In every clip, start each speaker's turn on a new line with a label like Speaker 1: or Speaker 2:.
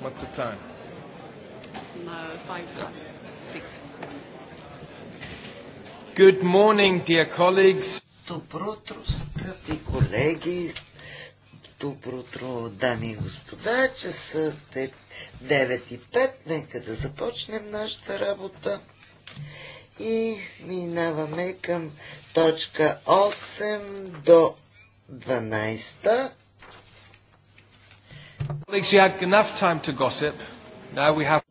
Speaker 1: What's the time?
Speaker 2: Uh, five plus six. Good morning, dear colleagues. Добро утро, скъпи колеги. Добро утро, дами и господа. Часът е 9 и 5. Нека да започнем нашата работа. И минаваме към точка 8 до 12.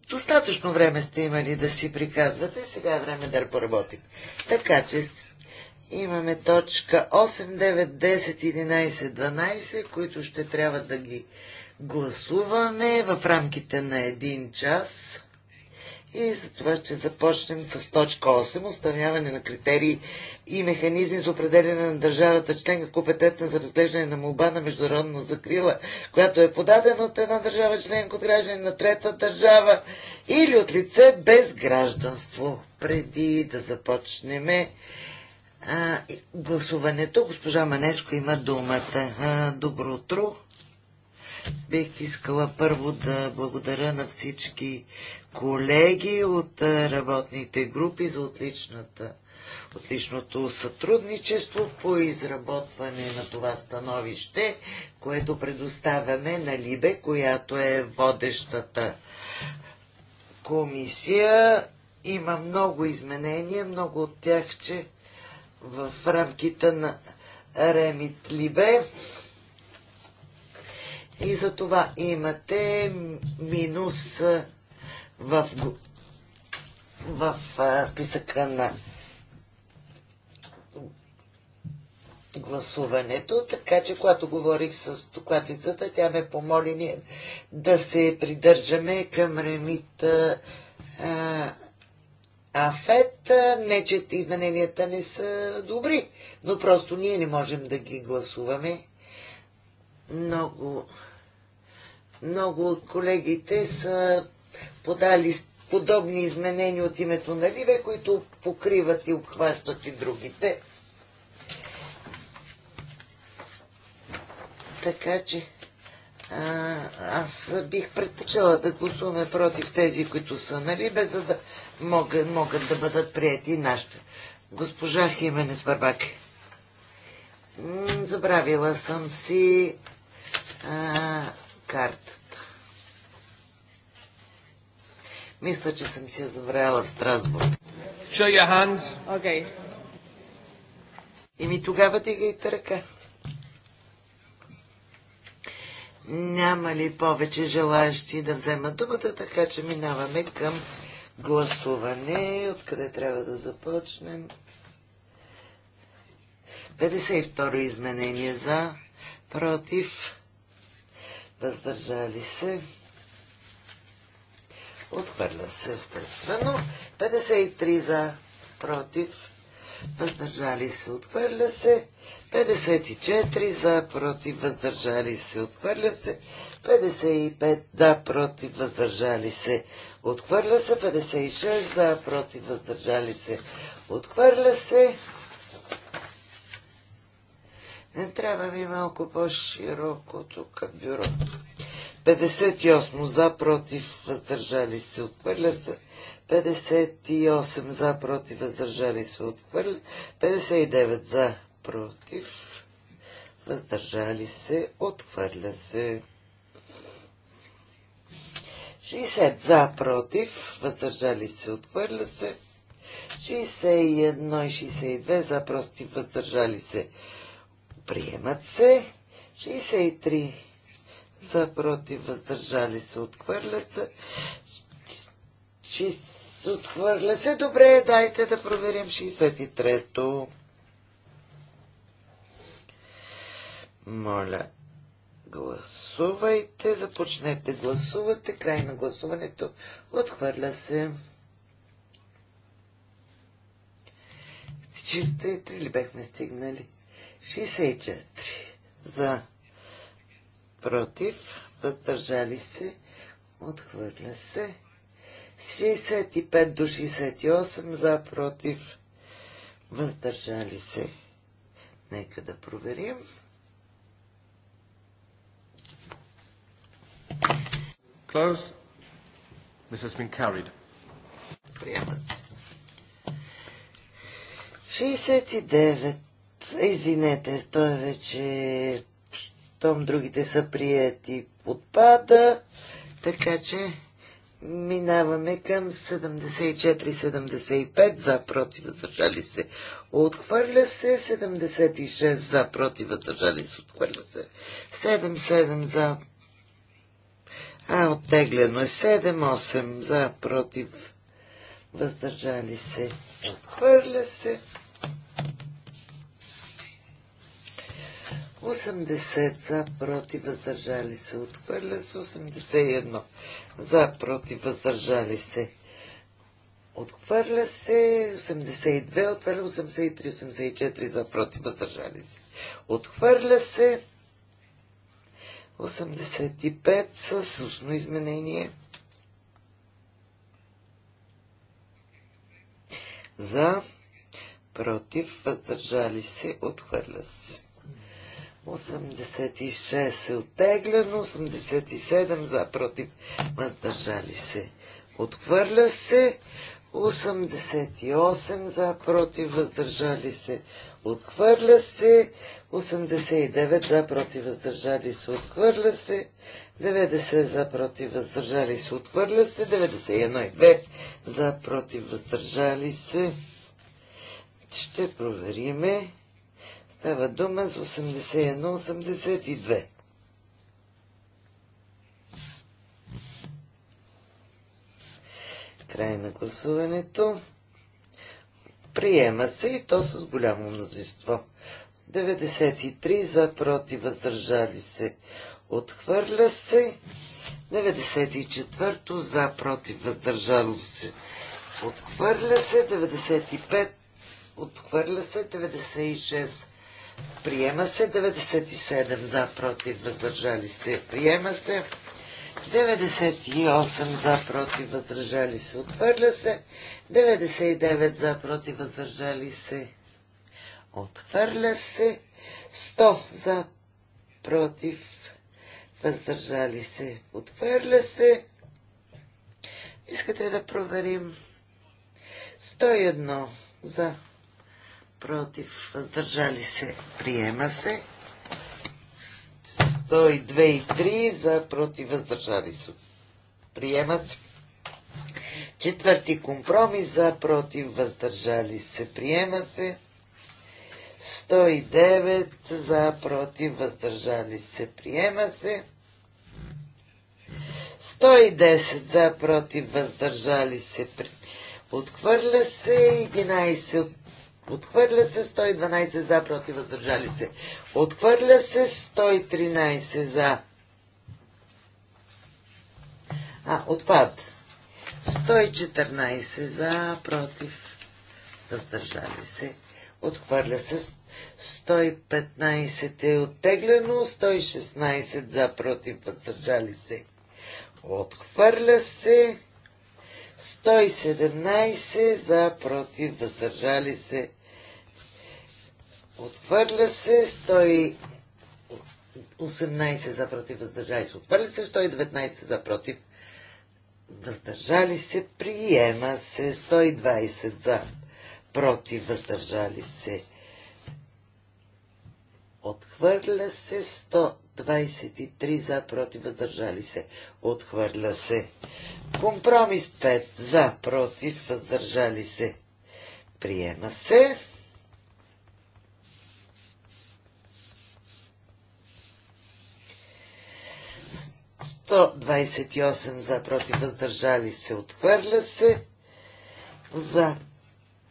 Speaker 2: Достатъчно време сте имали да си приказвате, сега е време да поработим. Така че имаме точка 8, 9, 10, 11, 12, които ще трябва да ги гласуваме в рамките на един час. И за това ще започнем с точка 8. Установяване на критерии и механизми за определене на държавата членка, компетентна за разглеждане на молба на международна закрила, която е подадена от една държава членка от граждани на трета държава или от лице без гражданство. Преди да започнем гласуването, госпожа Манеско има думата. А, добро утро! Бих искала първо да благодаря на всички колеги от е, работните групи за отличната, отличното сътрудничество по изработване на това становище, което предоставяме на Либе, която е водещата комисия. Има много изменения, много от тях, че в рамките на Ремит Либе. И за това имате минус е, в, в списъка на гласуването, така че когато говорих с докладчицата, тя ме помоли ние да се придържаме към ремита а, Афет. Не, че измененията не са добри, но просто ние не можем да ги гласуваме. Много, много от колегите са подали подобни изменения от името на Ливе, които покриват и обхващат и другите. Така че а, аз бих предпочела да гласуваме против тези, които са на Либе, за да могат, могат да бъдат прияти нашите. Госпожа Хименес Барбаки. Забравила съм си а, карта. Мисля, че съм си завряла в Страсбург. Show your hands. Okay. И ми тогава дигайте ръка. Няма ли повече желаящи да вземат думата, така че минаваме към гласуване. Откъде трябва да започнем? 52 изменение за, против, въздържали се. Отхвърля се естествено. 53 за против. Въздържали се. Отхвърля се. 54 за против. Въздържали се. Отхвърля се. 55 да против. Въздържали се. Отхвърля се. 56 за против. Въздържали се. Отхвърля се. Не трябва ми е малко по-широко тук бюро. 58 за, против, въздържали се, отхвърля се. 58 за, против, въздържали се, отхвърля. 59 за, против, въздържали се, отхвърля се. 60 за, против, въздържали се, отхвърля се. 61 и 62 за, против, въздържали се, приемат се. 63 са против въздържали се отхвърля се. Чи се отхвърля се. Добре, дайте да проверим 63-то. Моля, гласувайте, започнете гласувате, край на гласуването, отхвърля се. 63 ли бехме стигнали? 64 за против, въздържали се, отхвърля се. 65 до 68 за, против, въздържали се. Нека да проверим. Closed.
Speaker 1: This has been carried.
Speaker 2: Приема се. 69. Извинете, той вече е щом другите са прияти подпада. Така че минаваме към 74-75 за против въздържали се. Отхвърля се 76 за против въздържали се. Отхвърля се 7-7 за а, оттеглено е 7-8 за против въздържали се. Отхвърля се. 80 за против въздържали се. Отхвърля се 81 за против въздържали се. Отхвърля се 82, отхвърля 83, 84 за против въздържали се. Отхвърля се 85 с устно изменение. За против въздържали се. Отхвърля се. 86 е оттеглено, 87 за против въздържали се. Отхвърля се, 88 за против въздържали се. Отхвърля се, 89 за против въздържали се. Отхвърля се, 90 за против въздържали се. Отхвърля се, 91 и 2 за против въздържали се. Ще провериме. Става дума с 81-82. Край на гласуването. Приема се и то с голямо мнозинство. 93 за против въздържали се. Отхвърля се. 94 за против въздържало се. Отхвърля се. 95 отхвърля се. 96 Приема се 97 за против въздържали се. Приема се 98 за против въздържали се. Отхвърля се 99 за против въздържали се. Отхвърля се 100 за против въздържали се. Отхвърля се. Искате да проверим 101 за против, въздържали се, приема се. 102 и 3 за против, въздържали се, приема се. Четвърти компромис за против, въздържали се, приема се. 109 за против, въздържали се, приема се. 110 за против, въздържали се, отхвърля се. 11 от Отхвърля се 112 за, против въздържали се. Отхвърля се 113 за. А, отпад. 114 за, против въздържали се. Отхвърля се 115 е оттеглено, 116 за, против въздържали се. Отхвърля се 117 за, против въздържали се. Отвърля се 118 за против, въздържали се. Отвърля се 119 за против. Въздържали се, приема се 120 за против, въздържали се. Отхвърля се 123 за против, въздържали се. Отхвърля се. Компромис 5 за против, въздържали се. Приема се. 128 за против въздържали се, отхвърля се. За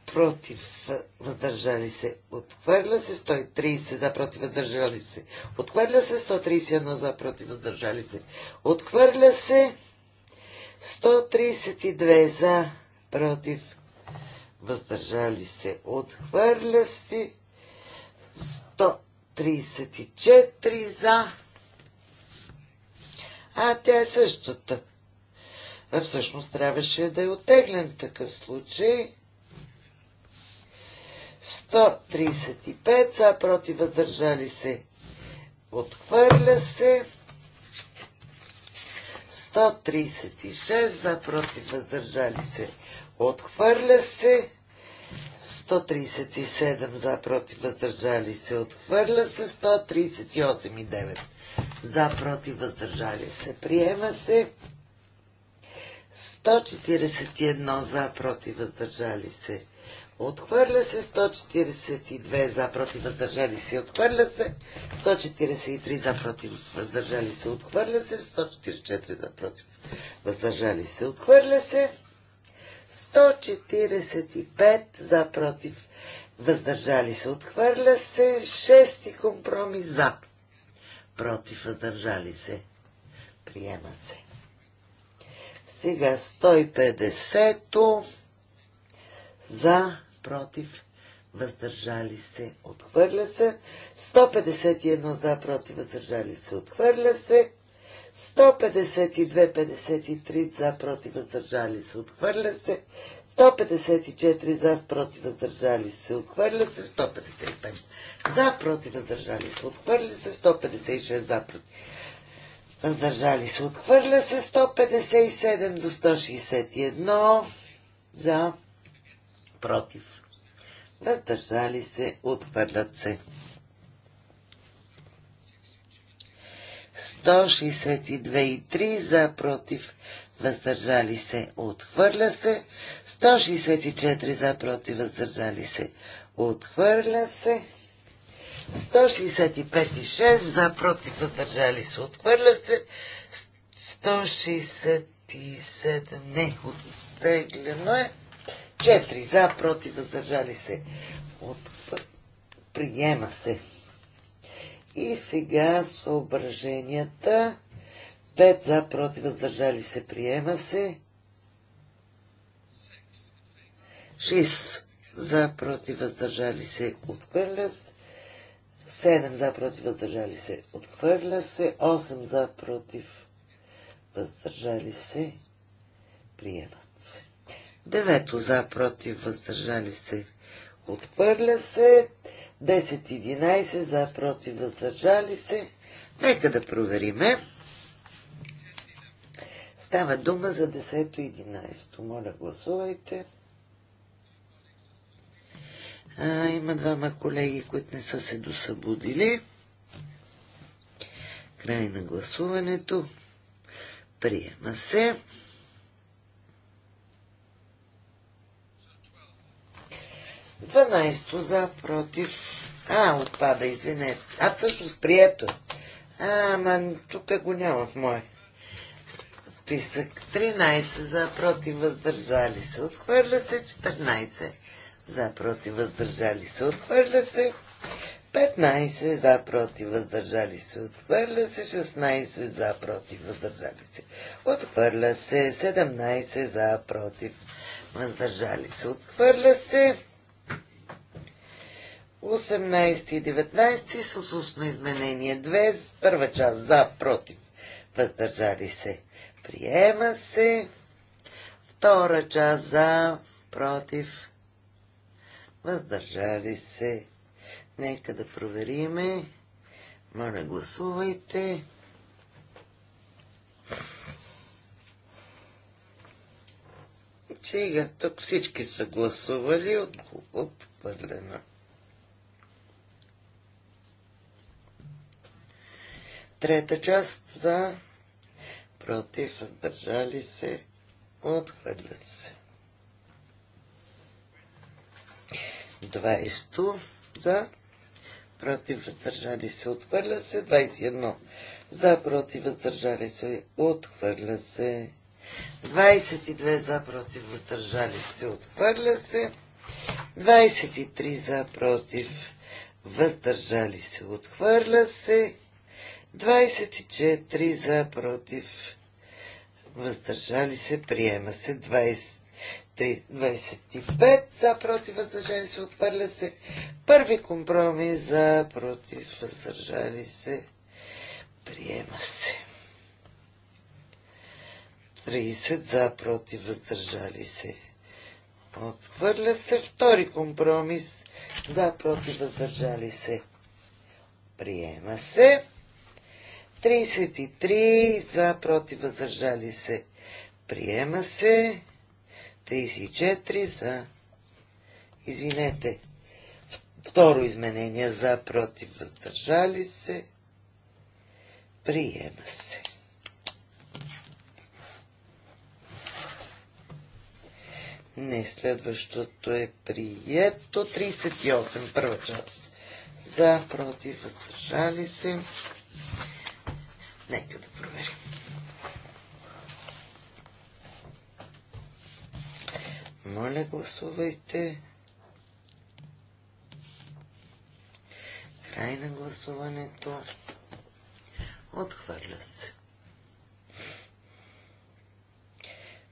Speaker 2: против въздържали се, отхвърля се. 130 за против въздържали се, отхвърля се. 131 за против въздържали се, отхвърля се. 132 за против въздържали се, отхвърля се. 134 за а тя е същата. А всъщност трябваше да е оттеглен такъв случай. 135 за против въздържали се. Отхвърля се. 136 за против въздържали се. Отхвърля се. 137 за против въздържали се. Отхвърля се. 138 и 9 за против въздържали се. Приема се 141 за против въздържали се. Отхвърля се 142 за против въздържали се. Отхвърля се 143 за против въздържали се. Отхвърля се 144 за против въздържали се. Отхвърля се 145 за против въздържали се. Отхвърля се 6 компромис за против, въздържали се. Приема се. Сега 150-то за, против, въздържали се, отхвърля се. 151 за, против, въздържали се, отхвърля се. 152-53 за, против, въздържали се, отхвърля се. 154 за, против, въздържали се, отхвърля се 155. За, против, въздържали се, отхвърля се 156 за, против. Въздържали се, отхвърля се 157 до 161 за, против. Въздържали се, отхвърлят се. 162 и 3 за, против, въздържали се, отхвърля се, 164 за против въздържали се. Отхвърля се. 165 и 6 за против въздържали се. Отхвърля се. 167 не оттеглено е. 4 за против въздържали се. Отхвърля. Приема се. И сега съображенията. 5 за против въздържали се. Приема се. 6 за против въздържали се отхвърля се. 7 за против въздържали се отхвърля се. 8 за против въздържали се приемат се. 9 за против въздържали се отхвърля се. 10-11 за против въздържали се. Нека да провериме. Става дума за 10-11. Моля, гласувайте. А, има двама колеги, които не са се досъбудили. Край на гласуването. Приема се. Дванайсто за, против. А, отпада, извинете. А, всъщност, прието. А, ама тук го няма в моя списък. 13 за, против, въздържали се. Отхвърля се 14 за против въздържали се отхвърля се. 15 за против въздържали се отхвърля се. 16 за против въздържали се отхвърля се. 17 за против въздържали се отхвърля се. 18 и 19 с устно изменение 2 с първа част за против въздържали се. Приема се. Втора част за против въздържали се. Нека да провериме. Моля, гласувайте. Сега тук всички са гласували от, отвърлена. Трета част за против, въздържали се, отхвърля се. 20 за, против въздържали се, отхвърля се. 21 за, против въздържали се, отхвърля се. 22 за, против въздържали се, отхвърля се. 23 за, против въздържали се, отхвърля се. 24 за, против въздържали се, приема се. 20 25 за против въздържали се, отвърля се. Първи компромис за против въздържали се, приема се. 30 за против въздържали се. Отхвърля се втори компромис за против въздържали се. Приема се. 33 за против въздържали се. Приема се. 34 за. Извинете. Второ изменение за против въздържали се. Приема се. Не, следващото е прието. 38, първа част. За, против, въздържали се. Нека да проверим. Моля, гласувайте. Край на гласуването. Отхвърля се.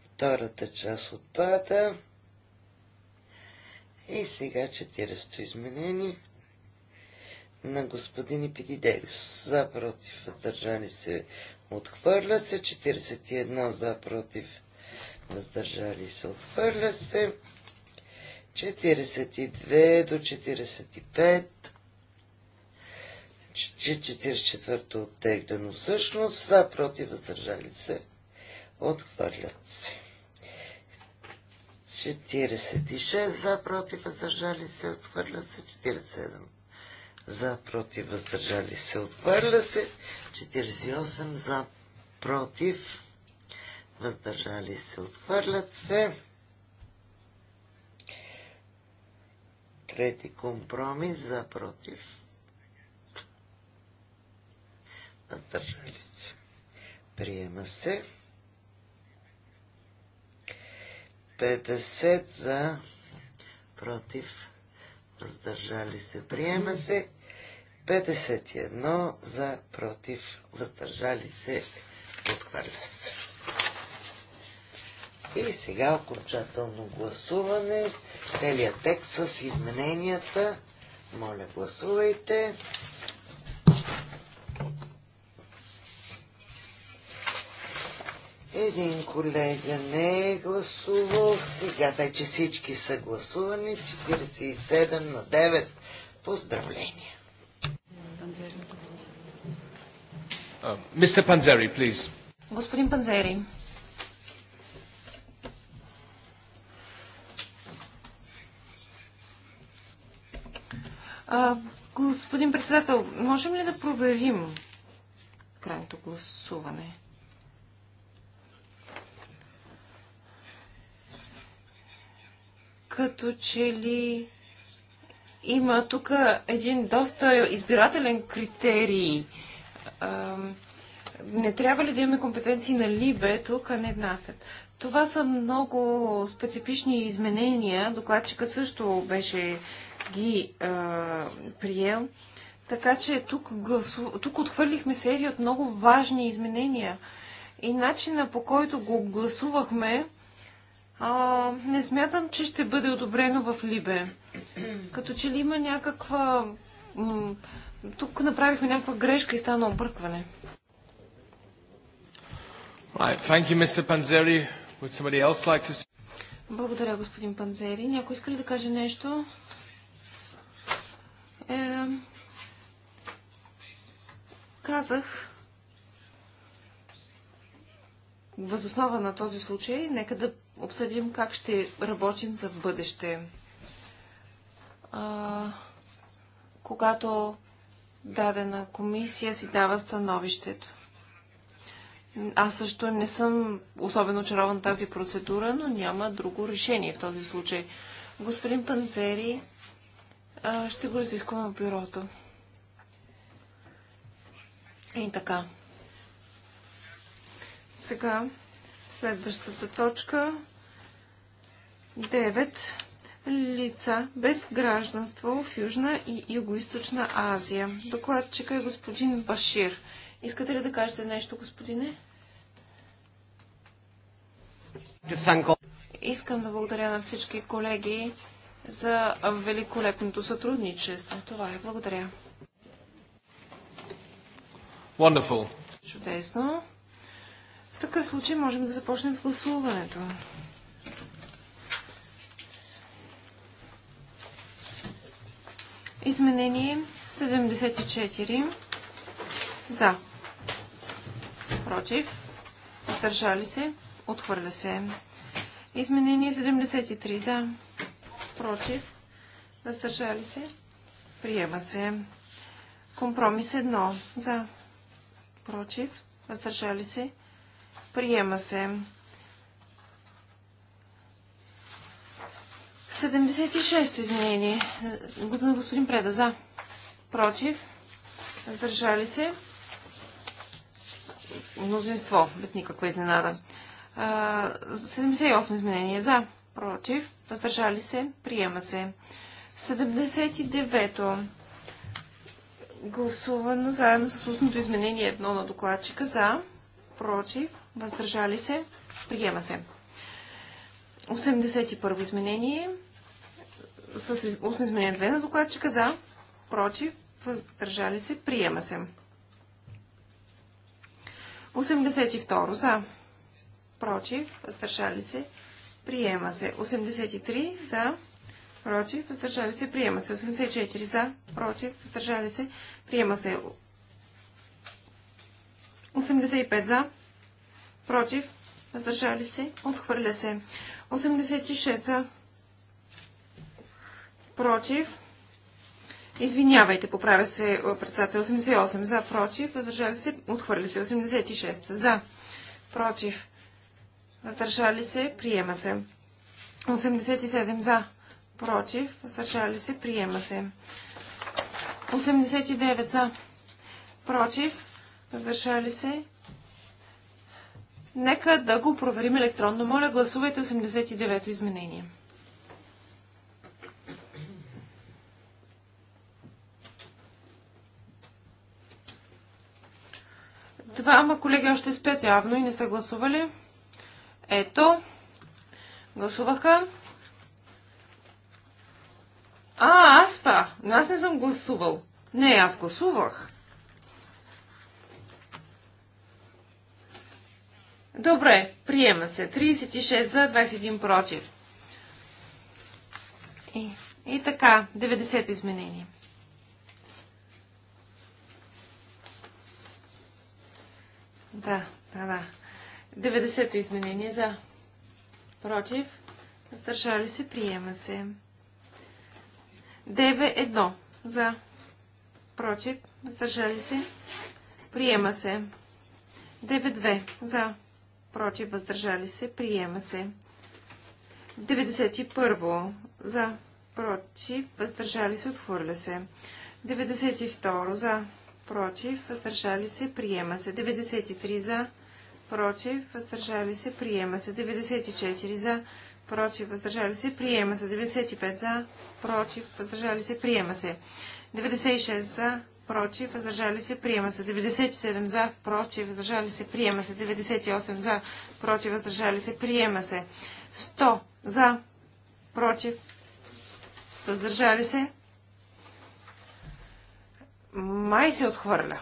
Speaker 2: Втората част отпада. И сега четиристо изменени на господин Епидидевиус. За, против, въздържали се, отхвърля се. 41 за, против, въздържали се, отхвърля се. 42 до 45. 44-то оттеглено всъщност, са против въздържали се, отхвърлят се. 46 за против въздържали се, отхвърля се 47. За против въздържали се, отхвърля се 48 за против въздържали се, отвърлят се. Трети компромис за против. Въздържали се. Приема се. 50 за против. Въздържали се. Приема се. 51 за против. Въздържали се. Отхвърля се. И сега окончателно гласуване. Целият текст с измененията. Моля, гласувайте. Един колега не е гласувал. Сега вече всички са гласувани. 47 на 9. Поздравления. Mr. Panzeri, please.
Speaker 1: Господин Панзери. А, господин председател, можем ли да проверим крайното гласуване? Като че ли има тук един доста избирателен критерий. А, не трябва ли да имаме компетенции на Либе тук, а не на АФЕД? Това са много специфични изменения. Докладчика също беше ги а, приел. Така че тук, гласу... тук отхвърлихме серия от много важни изменения. И начина по който го гласувахме, а, не смятам, че ще бъде одобрено в Либе. Като че ли има някаква. Тук направихме някаква грешка и стана объркване. Благодаря, господин Панзери. Някой иска ли да каже нещо? е, казах, възоснова на този случай, нека да обсъдим как ще работим за в бъдеще. А, когато дадена комисия си дава становището. Аз също не съм особено очарован тази процедура, но няма друго решение в този случай. Господин Панцери ще го разискваме в бюрото. И така. Сега следващата точка. 9. Лица без гражданство в Южна и Юго-Источна Азия. Докладчика е господин Башир. Искате ли да кажете нещо, господине? Искам да благодаря на всички колеги, за великолепното сътрудничество. Това е. Благодаря. Wonderful. Чудесно. В такъв случай можем да започнем с гласуването. Изменение 74. За. Против. Въздържали се. Отхвърля се. Изменение 73. За против, въздържали се, приема се. Компромис 1 за, против, въздържали се, приема се. 76-то изменение на господин Преда за, против, въздържали се, мнозинство, без никаква изненада. 78 изменение за, против, въздържали се, приема се. 79-то. Гласувано заедно с устното изменение едно на докладчика за, против, въздържали се, приема се. 81-во изменение с устно изменение 2 на докладчика за, против, въздържали се, приема се. 82 за, против, въздържали се, Приема се 83 за, против, въздържали се. Приема се 84 за, против, въздържали се. Приема се 85 за, против, въздържали се. Отхвърля се. 86 за, против. Извинявайте, поправя се председател 88 за, против, въздържали се, отхвърля се 86 за, против, въздържали се, приема се. 87 за, против, въздържали се, приема се. 89 за, против, въздържали се. Нека да го проверим електронно. Моля, гласувайте 89-то изменение. Двама колеги още спят явно и не са гласували. Ето. Гласуваха. А, аз па. Но аз не съм гласувал. Не, аз гласувах. Добре, приема се. 36 за, 21 против. И, и така, 90 изменения. Да, да, да. 90-то изменение за. Против. Въздържали се. Приема се. 9-1 за. Против. Въздържали се. Приема се. 9-2 за. Против. Въздържали се. Приема се. 91 за. Против. Въздържали се. Отхвърля се. 92 за. Против. Въздържали се. Приема се. 93 за против, въздържали се, приема се. 94 за, против, въздържали се, приема се. 95 за, против, въздържали се, приема се. 96 за, против, въздържали се, приема се. 97 за, против, въздържали се, приема се. 98 за, против, въздържали се, приема се. 100 за, против, въздържали се. Май се отхвърля.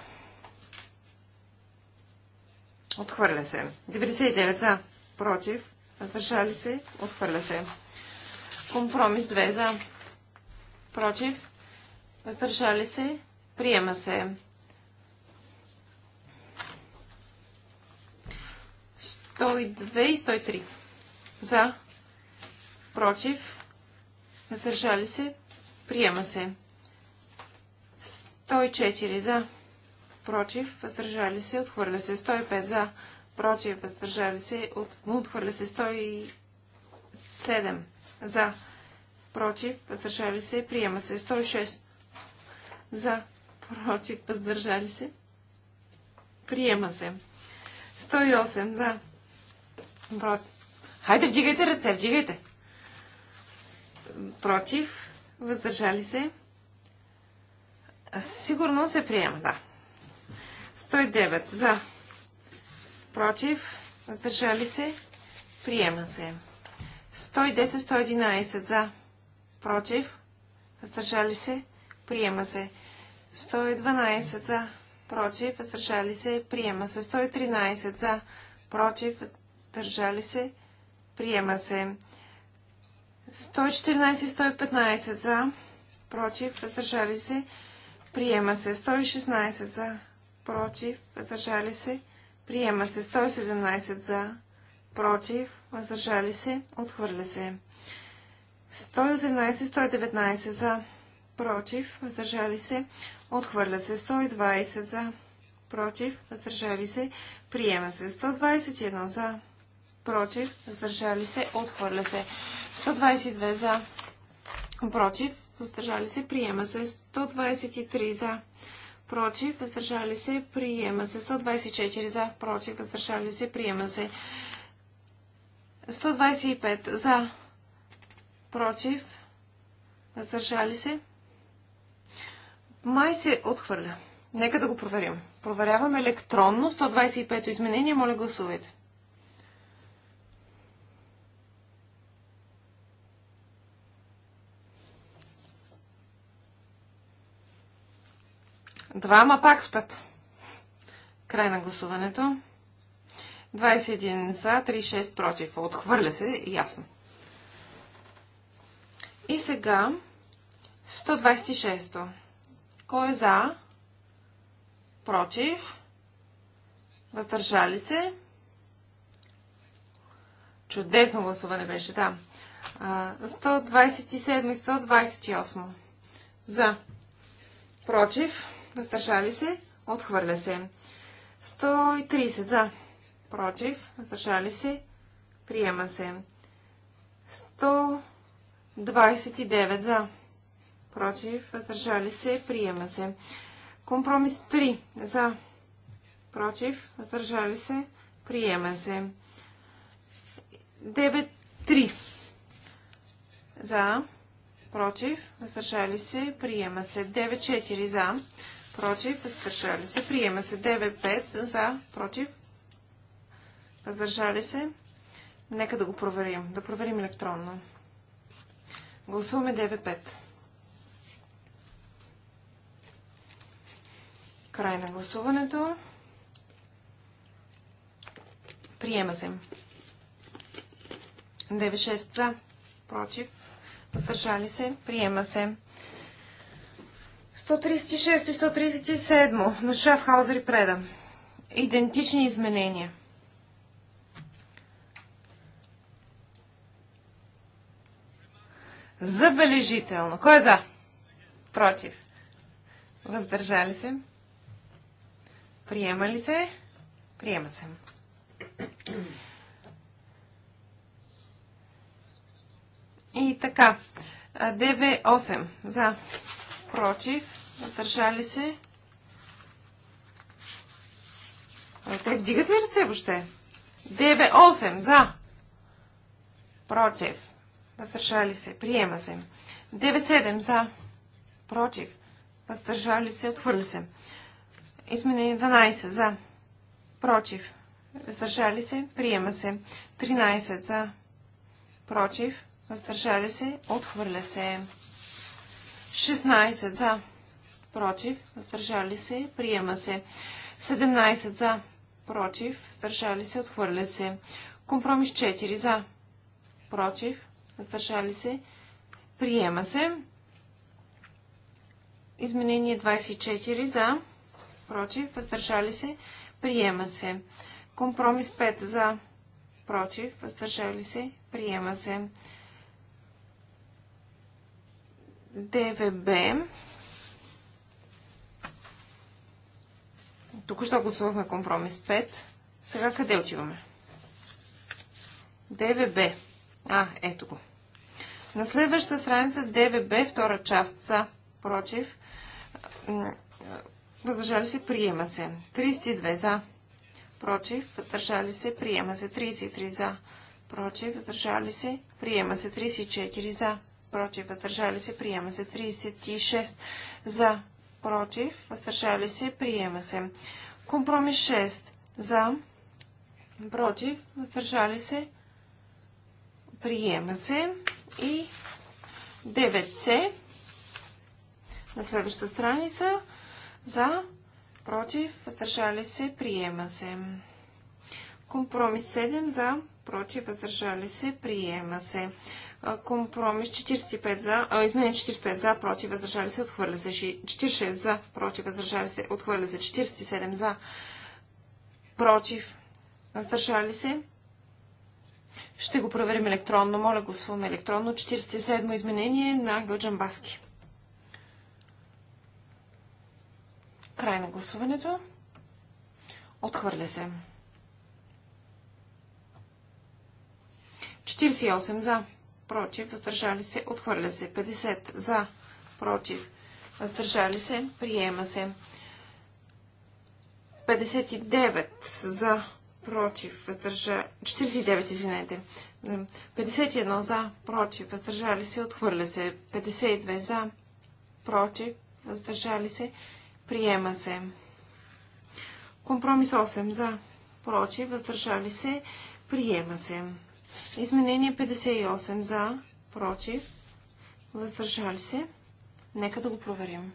Speaker 1: Отхвърля се. 99 за. Против. Въздържали се. Отхвърля се. Компромис 2 за. Против. Въздържали се. Приема се. 102 и 103. За. Против. Въздържали се. Приема се. 104 за против, въздържали се, отхвърля се 105 за, против, въздържали се, от... отхвърля се 107 за, против, въздържали се, приема се 106 за, против, въздържали се, приема се 108 за, против. Хайде, вдигайте ръце, вдигайте. Против, въздържали се. Сигурно се приема, да. 109 за. Против. Въздържали се. Приема се. 110-111 за. Против. Въздържали се. Приема се. 112 за. Против. Въздържали се. Приема се. 113 за. Против. Въздържали се. Приема се. 114-115 за. Против. Въздържали се. Приема се. 116 за против, въздържали се, приема се. 117 за, против, въздържали се, отхвърля се. 118, 119 за, против, въздържали се, отхвърля се. 120 за, против, въздържали се, приема се. 121 за, против, въздържали се, отхвърля се. 122 за, против, въздържали се, приема се. 123 за, против, въздържали се, приема се. 124 за, против, въздържали се, приема се. 125 за, против, въздържали се. Май се отхвърля. Нека да го проверим. Проверяваме електронно. 125 изменение. Моля гласувайте. Двама пак спят. Край на гласуването. 21 за, 36 против. Отхвърля се, ясно. И сега 126-то. Кой е за? Против? Въздържали се? Чудесно гласуване беше, да. 127 и 128. За. Против? въздържали се, отхвърля се. 130 за, против, въздържали се, приема се. 129 за, против, въздържали се, приема се. Компромис 3 за, против, въздържали се, приема се. 9-3 за, против, въздържали се, приема се. 9-4 за, против, въздържали се. Приема се 9-5 за, против, въздържали се. Нека да го проверим. Да проверим електронно. Гласуваме 9-5. Край на гласуването. Приема се. 9-6 за, против, въздържали се. Приема се. 136 и 137 на Шафхаузер и Преда. Идентични изменения. Забележително. Кой е за? Против. Въздържали се? Приема ли се? Приема се. И така. 9-8. За против, въздържали се. А е, те вдигат ли ръце въобще? 9-8 за. Против. Въздържали се. Приема се. 9-7 за. Против. Въздържали се. отвърли се. Изменение 12 за. Против. Въздържали се. Приема се. 13 за. Против. Въздържали се. Отхвърля се. 16 за, против, въздържали се, приема се. 17 за, против, въздържали се, отхвърля се. Компромис 4 за, против, въздържали се, приема се. Изменение 24 за, против, въздържали се, приема се. Компромис 5 за, против, въздържали се, приема се. ДВБ. Току-що гласувахме компромис 5. Сега къде отиваме? ДВБ. А, ето го. На следващата страница ДВБ, втора част са против. Въздържали се, приема се. 32 за. Против, въздържали се, приема се. 33 за. Против, въздържали се, приема се. 34 за против, въздържали се, приема се. 36 за, против, въздържали се, приема се. Компромис 6 за, против, въздържали се, приема се. И 9C на следващата страница за, против, въздържали се, приема се. Компромис 7 за, против, въздържали се, приема се. Компромис 45 за, а, измени 45 за, против, въздържали се, отхвърля се 46 за, против, въздържали се, отхвърля се 47 за, против, въздържали се. Ще го проверим електронно. Моля, гласуваме електронно. 47 изменение на Баски. Край на гласуването. Отхвърля се. 48 за против, въздържали се, отхвърля се. 50 за, против, въздържали се, приема се. 59 за, против, въздържали... 49, извинете. 51 за, против, въздържали се, отхвърля се. 52 за, против, въздържали се, приема се. Компромис 8 за, против, въздържали се, приема се. Изменение 58 за, против, въздържали се. Нека да го проверим.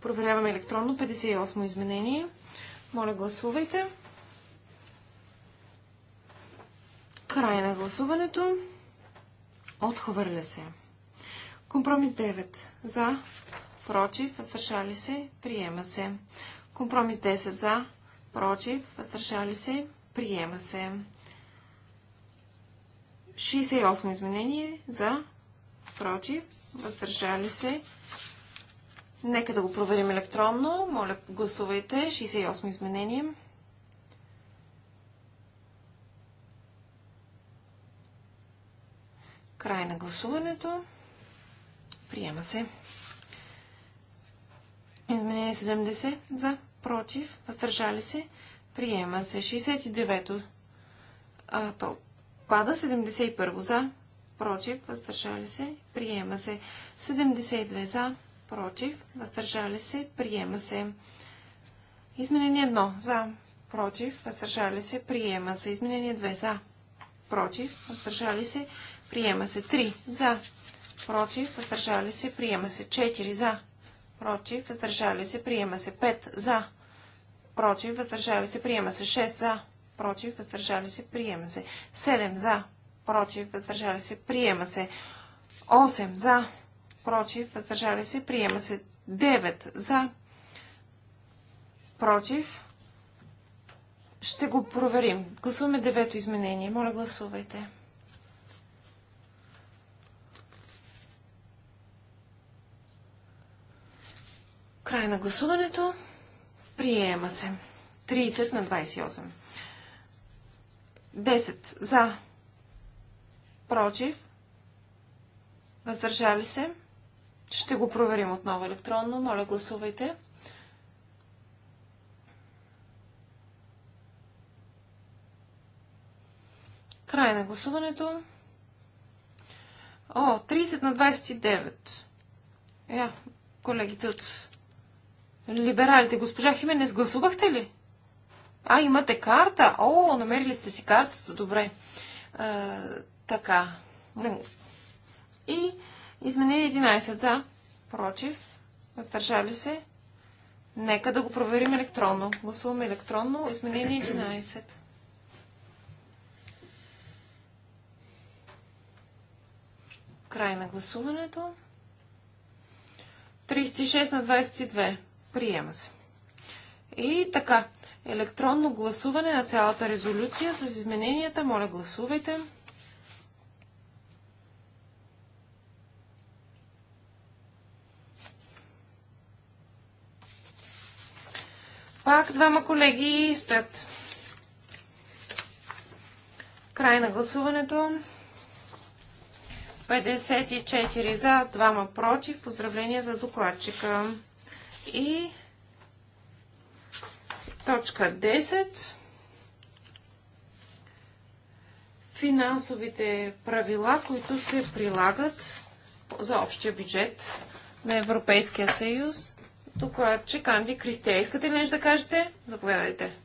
Speaker 1: Проверяваме електронно 58 изменение. Моля, гласувайте. Край на гласуването. Отхвърля се. Компромис 9. За. Против. Въздържали се. Приема се. Компромис 10. За. Против. Въздържали се. Приема се. 68 изменение за, против, въздържали се. Нека да го проверим електронно. Моля, гласувайте. 68 изменение. Край на гласуването. Приема се. Изменение 70 за, против, въздържали се. Приема се. 69-то. А, то Отпада 71 за, против, въздържали се, приема се. 72 за, против, въздържали се, приема се. Изменение 1 за, против, въздържали се, приема се. Изменение 2 за, против, въздържали се, приема се. 3 за, против, въздържали се, приема се. 4 за, против, въздържали се, приема се. 5 за, против, въздържали се, приема се. 6 за, против, въздържали се, приема се. 7 за, против, въздържали се, приема се. 8 за, против, въздържали се, приема се. 9 за, против. Ще го проверим. Гласуваме девето изменение. Моля, гласувайте. Край на гласуването. Приема се. 30 на 28. 10 за, против, въздържали се. Ще го проверим отново електронно. Моля, гласувайте. Край на гласуването. О, 30 на 29. Я, е, колегите от либералите. Госпожа Хименес, гласувахте ли? А, имате карта? О, намерили сте си картата, добре. А, така. И изменение 11 за, против, въздържали се. Нека да го проверим електронно. Гласуваме електронно. Изменение 11. Край на гласуването. 36 на 22. Приема се. И така електронно гласуване на цялата резолюция с измененията. Моля, гласувайте. Пак двама колеги стоят. Край на гласуването. 54 за, двама против. Поздравления за докладчика. И Точка 10. Финансовите правила, които се прилагат за общия бюджет на Европейския съюз. Докладчик Анди Кристия, искате ли нещо да кажете? Заповядайте.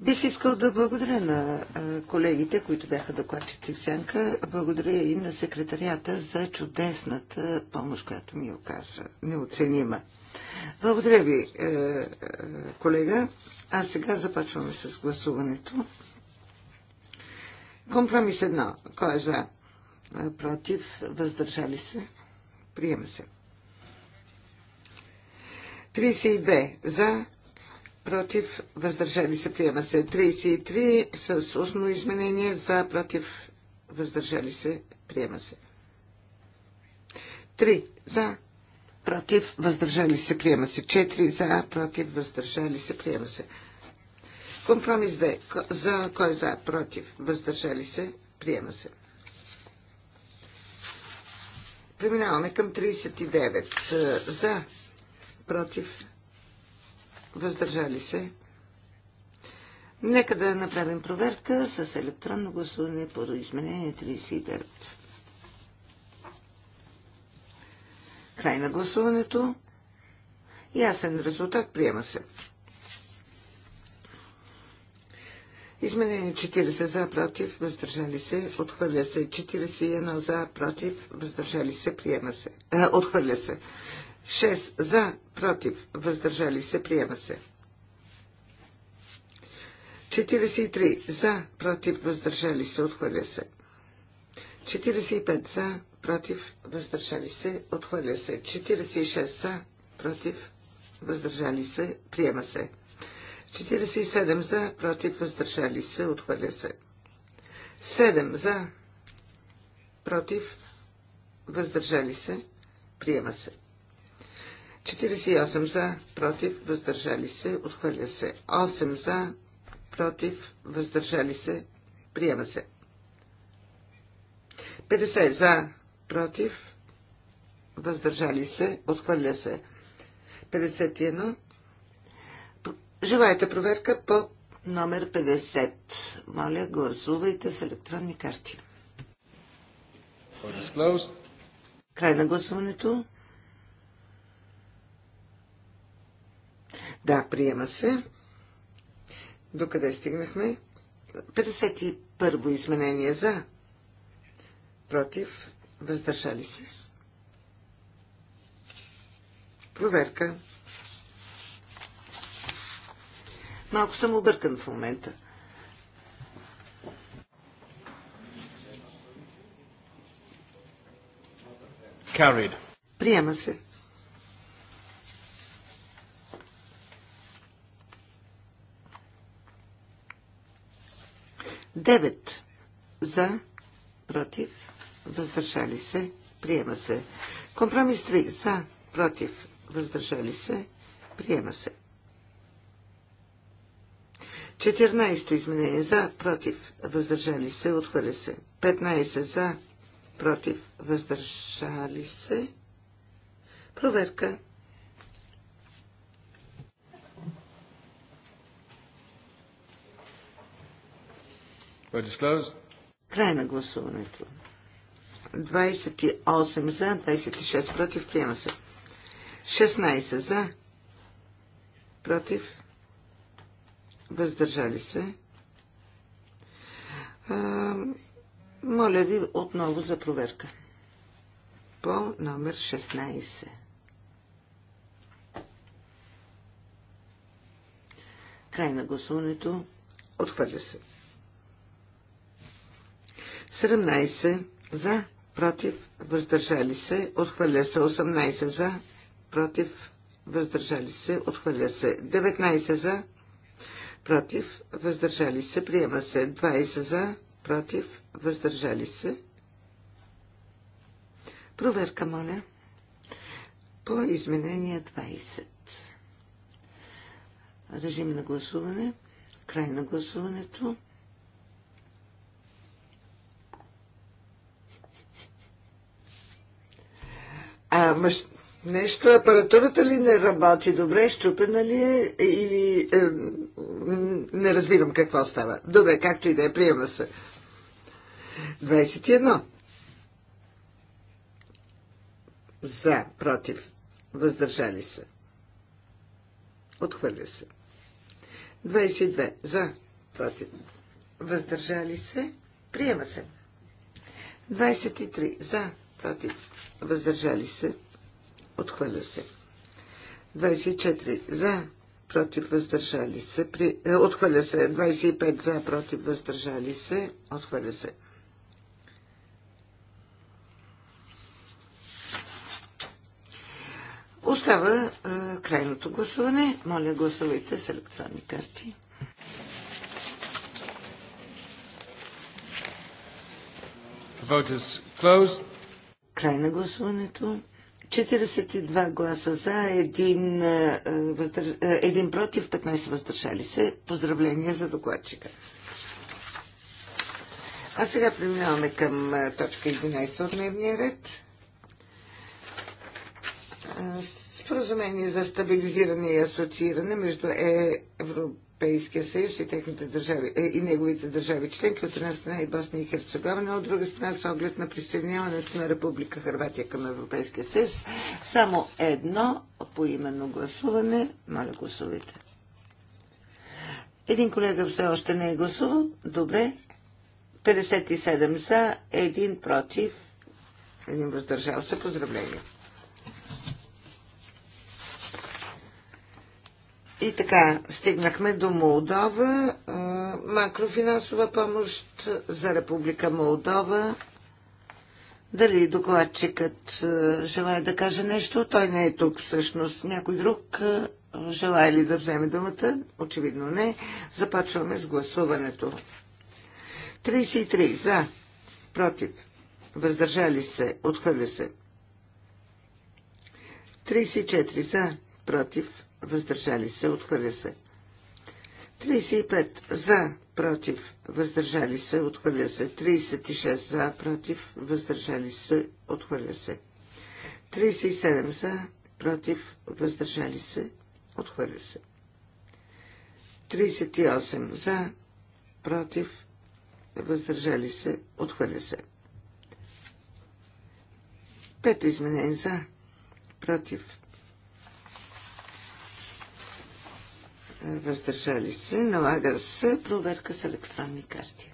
Speaker 2: Бих искал да благодаря на колегите, които бяха докладчици в Сянка. Благодаря и на секретарията за чудесната помощ, която ми оказа. Неоценима. Благодаря ви, е, е, колега. А сега започваме с гласуването. Компромис едно. Кой е за? Е, против? Въздържали се? Приема се. 32 за, против, въздържали се, приема се. 33 с устно изменение за, против, въздържали се, приема се. 3 за, против, въздържали се, приема се. 4 за, против, въздържали се, приема се. Компромис 2. За, кой за, против, въздържали се, приема се. Преминаваме към 39. Е, за, против, въздържали се. Нека да направим проверка с електронно гласуване по изменение 39. Край на гласуването. Ясен резултат. Приема се. Изменение 40 за, против, въздържали се, отхвърля се. 41 за, против, въздържали се, приема се. Е, отхвърля се. 6 за, против, въздържали се, приема се. 43 за, против, въздържали се, отхвърля се. 45 за, против, въздържали се, отхвърля се. 46 за, против, въздържали се, приема се. 47 за, против, въздържали се, отхвърля се. 7 за, против, въздържали се, приема се. 48 за, против, въздържали се, отхвърля се. 8 за, против, въздържали се, приема се. 50 за, против, въздържали се, отхвърля се. 51. Желаете проверка по номер 50. Моля, гласувайте с електронни карти. Край на гласуването. Да, приема се. Докъде стигнахме? 51 изменение за. Против въздържали се. Проверка. Малко съм объркан в момента. Carried. Приема се. Девет за против въздържали се, приема се. Компромис 3 за, против, въздържали се, приема се. 14-то изменение за, против, въздържали се, отхвърля се. 15 за, против, въздържали се. Проверка. Край на гласуването. 28 за, 26 против. Приема се. 16 за, против. Въздържали се. А, моля ви отново за проверка. По номер 16. Край на гласуването. Отхвърля се. 17 за против, въздържали се, отхвърля се 18 за, против, въздържали се, отхвърля се 19 за, против, въздържали се, приема се 20 за, против, въздържали се. Проверка, моля, по изменение 20. Режим на гласуване, край на гласуването. А мъж... нещо, апаратурата ли не работи добре, щупена ли е или е, не разбирам какво става. Добре, както и да е, приема се. 21. За, против, въздържали се. Отхвърля се. 22. За, против, въздържали се. Приема се. 23. За, против, въздържали се, отхвърля се. 24 за, против, въздържали се, при... Е, отхвърля се. 25 за, против, въздържали се, отхвърля се. Остава а, е, крайното гласуване. Моля, гласувайте с електронни карти. vote is closed. Край на гласуването. 42 гласа за, един, е, е, е, един против, 15 въздържали се. Поздравления за докладчика. А сега преминаваме към точка 11 от дневния ред. Споразумение за стабилизиране и асоцииране между Европейския Европейския съюз и, техните държави, е, и неговите държави членки, от една страна и Босния и Херцеговина, от друга страна с оглед на присъединяването на Република Харватия към Европейския съюз. Само едно поименно гласуване. Моля, гласувайте. Един колега все още не е гласувал. Добре. 57 за, един против, един въздържал се. Поздравление. И така, стигнахме до Молдова. Макрофинансова помощ за Република Молдова. Дали докладчикът желая да каже нещо? Той не е тук всъщност. Някой друг желая ли да вземе думата? Очевидно не. Започваме с гласуването. 33 за, против, въздържали се, отхвърля се. 34 за, против, въздържали се, отхвърля се. 35 за, против, въздържали се, отхвърля се. 36 за, против, въздържали се, отхвърля се. 37 за, против, въздържали се, отхвърля се. 38 за, против, въздържали се, отхвърля се. Пето изменение за, против, въздържали се, налага се проверка с електронни карти.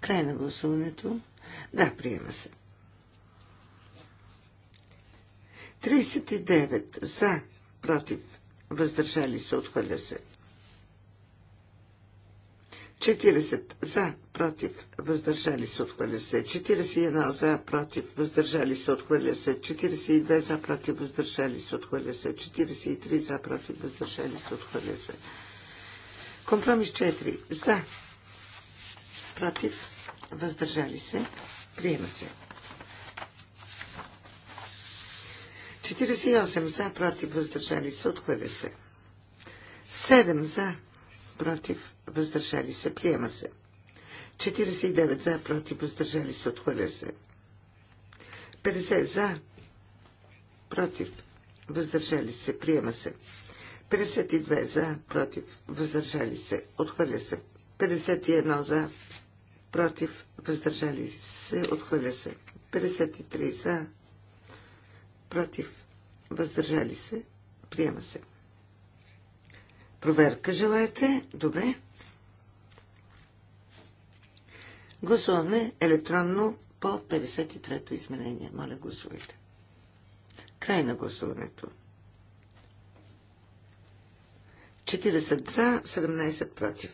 Speaker 2: Край на гласуването. Да, приема се. 39 за, против, въздържали се, отхвърля се. 40 за, против, въздържали се, отхвърля се. 41 за, против, въздържали се, отхвърля се. 42 за, против, въздържали се, отхвърля се. 43 за, против, въздържали се, отхвърля се. Компромис 4 за, против, въздържали се, приема се. 48 за, против, въздържали се, отхвърля се. 7 за, против, въздържали се, приема се. 49 за, против, въздържали се, отхвърля се. 50 за, против, въздържали се, приема се. 52 за, против, въздържали се, отхвърля се. 51 за, против, въздържали се, отхвърля се. 53 за, против, въздържали се, приема се. Проверка желаете? Добре. Гласуваме електронно по 53-то изменение. Моля, гласувайте. Край на гласуването. 40 за, 17 против.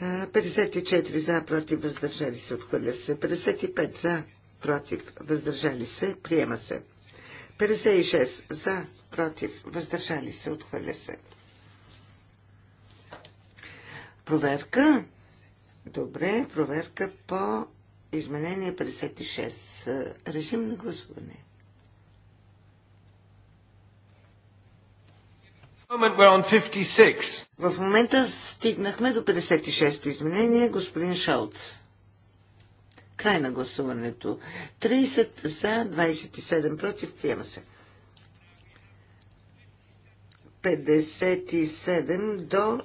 Speaker 2: 54 за, против, въздържали се, отхвърля се. 55 за, против, въздържали се, приема се. 56 за, против, въздържали се, отхвърля се. Проверка. Добре, проверка по изменение 56. Режим на гласуване. В момента стигнахме до 56-то изменение, господин Шалц. Край на гласуването. 30 за, 27 против, приема се. 57 до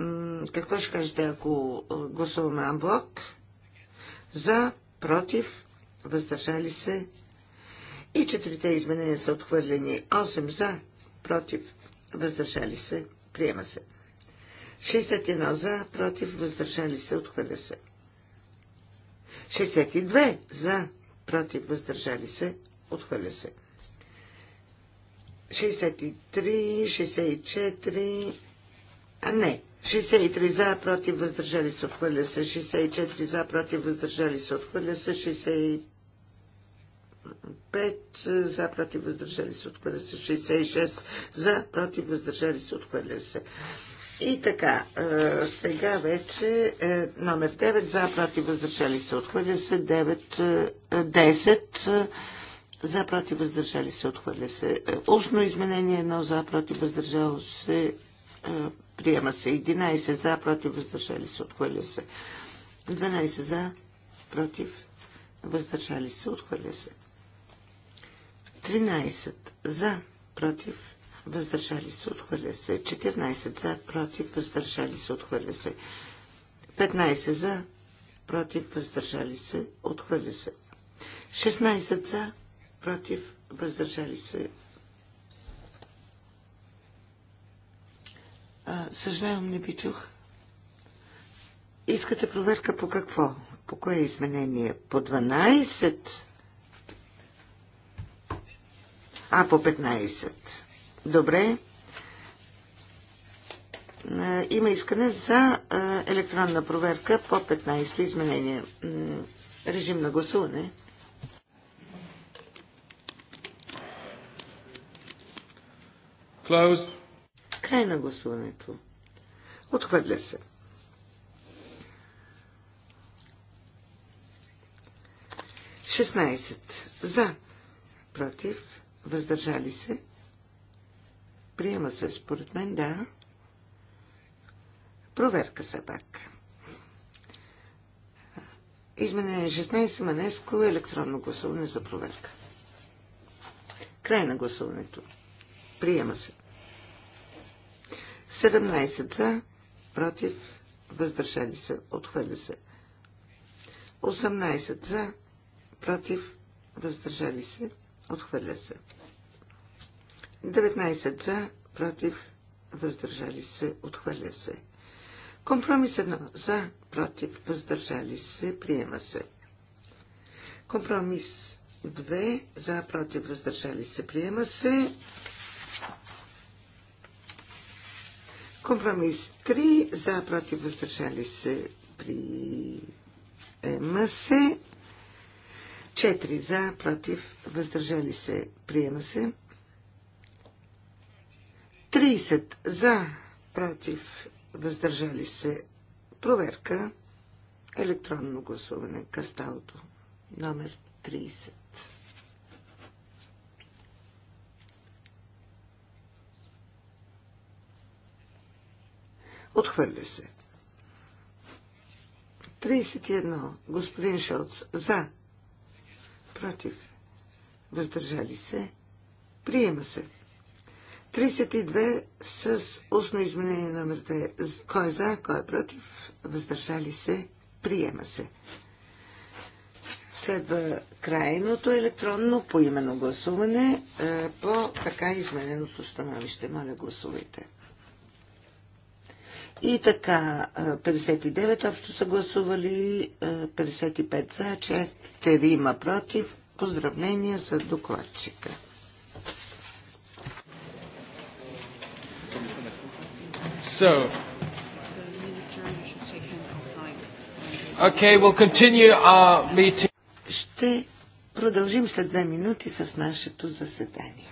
Speaker 2: 60. Какво ще кажете, ако гласуваме амблок? За, против, въздържали се. И четирите изменения са отхвърлени. 8 за, против, въздържали се. Приема се. 61 за, против, въздържали се, отхвърля се. 62 за, против, въздържали се, отхвърля се. 63, 64, а не, 63 за, против, въздържали се, отхвърля се, 64 за, против, въздържали се, отхвърля се, 65 за, против, въздържали се, отхвърля се, 66 за, против, въздържали се, отхвърля се. И така, сега вече е, номер 9 за, против, въздържали се, отхвърля се, 9, 10 е, за против въздържали се, отхвърля се. Е, устно изменение 1 за против въздържало се, е, приема се. 11 за против въздържали се, отхвърля се. 12 за против въздържали се, отхвърля се. 13 за против въздържали се, отхвърля се. 14 за против въздържали се, отхвърля се. 15 за против въздържали се, отхвърля се. 16 за против, въздържали се. съжалявам, не ви чух. Искате проверка по какво? По кое изменение? По 12? А, по 15. Добре. Има искане за електронна проверка по 15 изменение. Режим на гласуване. closed. Край на гласуването. Отхвърля се. Шестнайсет. За. Против. Въздържали се. Приема се според мен, да. Проверка се пак. Изменение 16 Манеско, електронно гласуване за проверка. Край на гласуването. Приема се. 17 за, против, въздържали се, отхвърля се. 18 за, против, въздържали се, отхвърля се. 19 за, против, въздържали се, отхвърля се. Компромис 1 за, против, въздържали се, приема се. Компромис 2 за, против, въздържали се, приема се. Компромис 3 за против въздържали се приема се. 4 за против въздържали се приема се. 30 за против въздържали се проверка електронно гласуване. Касталото номер 30. Отхвърля се. 31. Господин Шолц. За. Против. Въздържали се. Приема се. 32 с устно изменение номер 2. Кой е за, кой е против? Въздържали се. Приема се. Следва крайното електронно поименно гласуване по така измененото становище. Моля, гласувайте. И така, 59 общо са гласували, 55 за, 4 има против. Поздравления за докладчика. So, okay, we'll continue our meeting. Ще продължим след две минути с нашето заседание.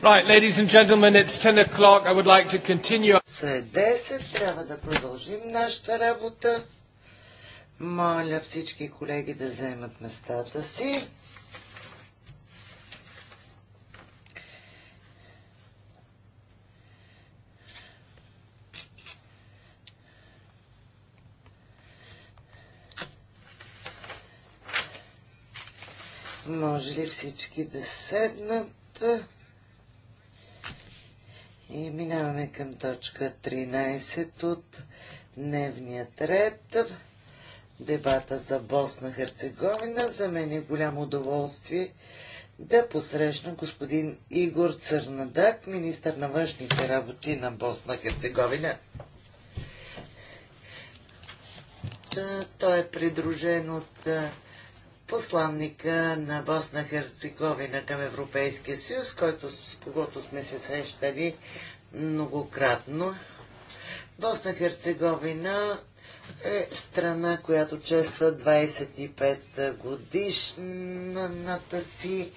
Speaker 2: Right, ladies and gentlemen, it's 10 o'clock. I would like to continue. След 10 трябва да продължим нашата работа. Моля всички колеги да вземат местата си. Може ли всички да седнат? към точка 13 от дневният ред. Дебата за Босна Херцеговина. За мен е голямо удоволствие да посрещна господин Игор Църнадак, министър на външните работи на Босна Херцеговина. Той е придружен от посланника на Босна Херцеговина към Европейския съюз, който, с когото сме се срещали многократно. Босна Херцеговина е страна, която чества 25 годишната си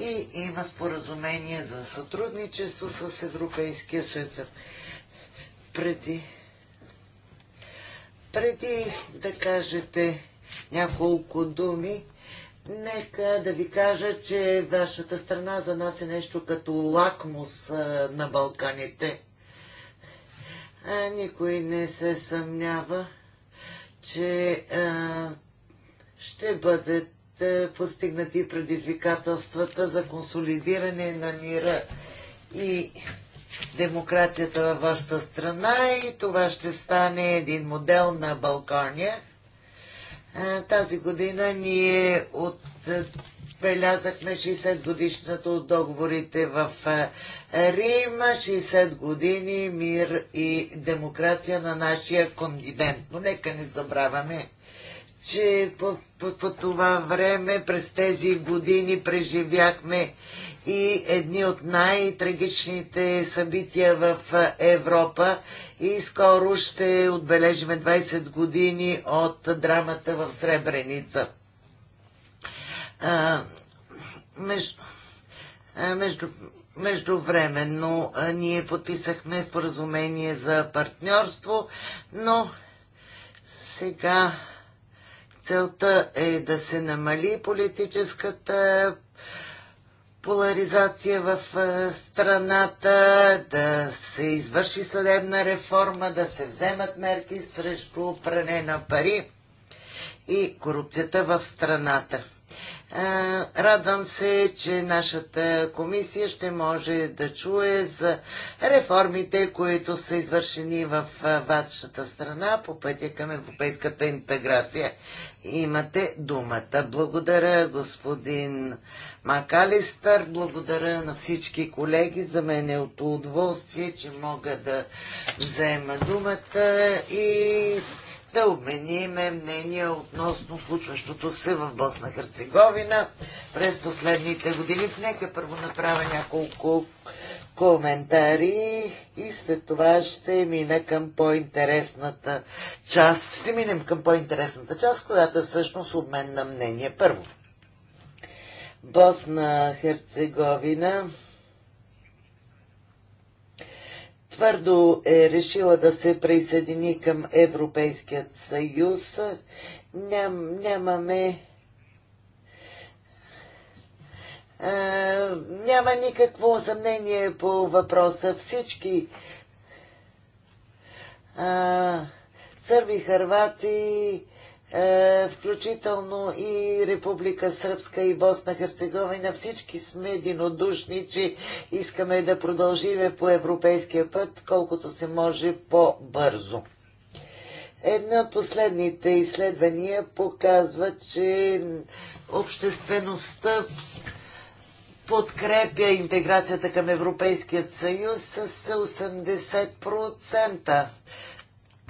Speaker 2: и има споразумение за сътрудничество с Европейския съюз. Преди, преди да кажете няколко думи, Нека да ви кажа, че вашата страна за нас е нещо като лакмус на Балканите. А, никой не се съмнява, че а, ще бъдат постигнати предизвикателствата за консолидиране на мира и демокрацията във вашата страна и това ще стане един модел на Балкания – тази година ние отбелязахме 60 годишната от договорите в Рим, 60 години мир и демокрация на нашия континент. Но нека не забравяме, че по, по, по това време, през тези години преживяхме и едни от най-трагичните събития в Европа и скоро ще отбележим 20 години от драмата в Сребреница. А, между, а, между, междувременно а, ние подписахме споразумение за партньорство, но сега Целта е да се намали политическата поляризация в страната, да се извърши съдебна реформа, да се вземат мерки срещу пране на пари и корупцията в страната. Радвам се, че нашата комисия ще може да чуе за реформите, които са извършени в вашата страна по пътя към европейската интеграция. Имате думата. Благодаря, господин Макалистър. Благодаря на всички колеги. За мен е от удоволствие, че мога да взема думата и да обмениме мнения относно случващото се в Босна Херцеговина през последните години. Нека първо направя няколко коментари и след това ще мина към по-интересната част. Ще минем към по-интересната част, която е всъщност обмен на мнение. Първо. Босна Херцеговина твърдо е решила да се присъедини към Европейският съюз. Ням, нямаме а, няма никакво съмнение по въпроса. Всички а, сърби, харвати, е, включително и Република Сръбска и Босна Херцеговина. Всички сме единодушни, че искаме да продължиме по европейския път, колкото се може по-бързо. Една от последните изследвания показва, че обществеността подкрепя интеграцията към Европейският съюз с 80%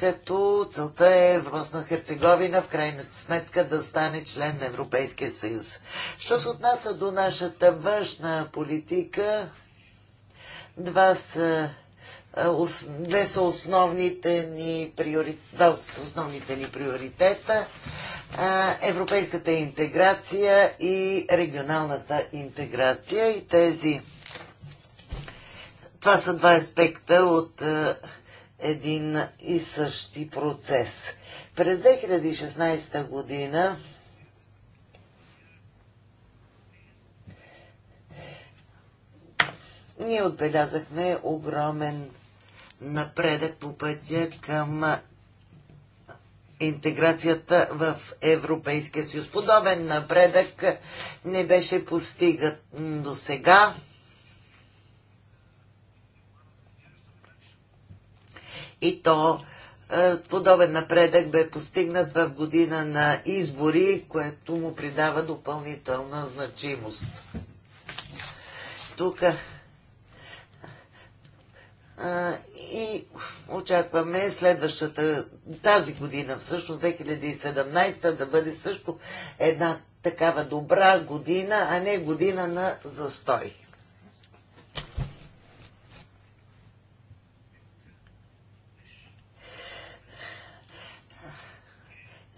Speaker 2: като целта е Босна Херцеговина в крайна сметка да стане член на Европейския съюз. Що се отнася до нашата външна политика, два са две са основните ни, приори... да, основните ни приоритета европейската интеграция и регионалната интеграция и тези това са два аспекта от един и същи процес. През 2016 година ние отбелязахме огромен напредък по пътя към интеграцията в Европейския съюз. Подобен напредък не беше постигат до сега. и то е, подобен напредък бе постигнат в година на избори, което му придава допълнителна значимост. Тук е, и очакваме следващата, тази година, всъщност 2017, да бъде също една такава добра година, а не година на застой.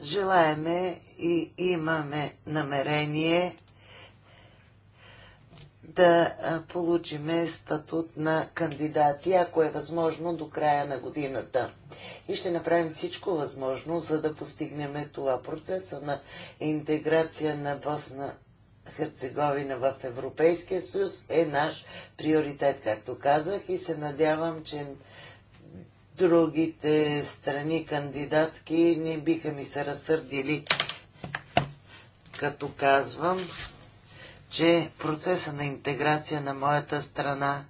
Speaker 2: Желаеме и имаме намерение да получиме статут на кандидати, ако е възможно до края на годината. И ще направим всичко възможно, за да постигнем това процеса на интеграция на Босна Херцеговина в Европейския съюз е наш приоритет, както казах, и се надявам, че другите страни кандидатки не биха ми се разсърдили, като казвам, че процеса на интеграция на моята страна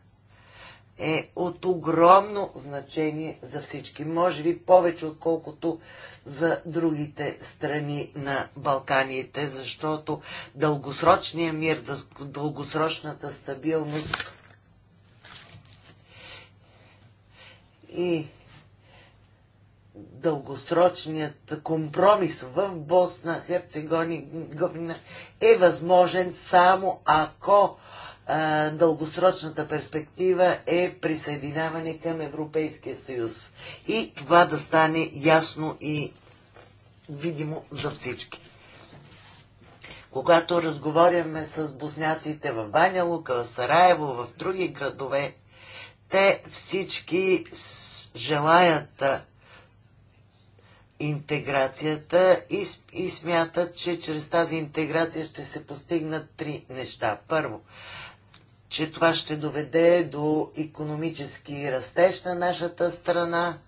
Speaker 2: е от огромно значение за всички. Може би повече отколкото за другите страни на Балканите, защото дългосрочният мир, дългосрочната стабилност и дългосрочният компромис в Босна, Херцеговина е възможен само ако дългосрочната перспектива е присъединяване към Европейския съюз. И това да стане ясно и видимо за всички. Когато разговаряме с босняците в Баня Лука, в Сараево, в други градове, те всички желаят интеграцията и, и смятат, че чрез тази интеграция ще се постигнат три неща. Първо, че това ще доведе до економически растеж на нашата страна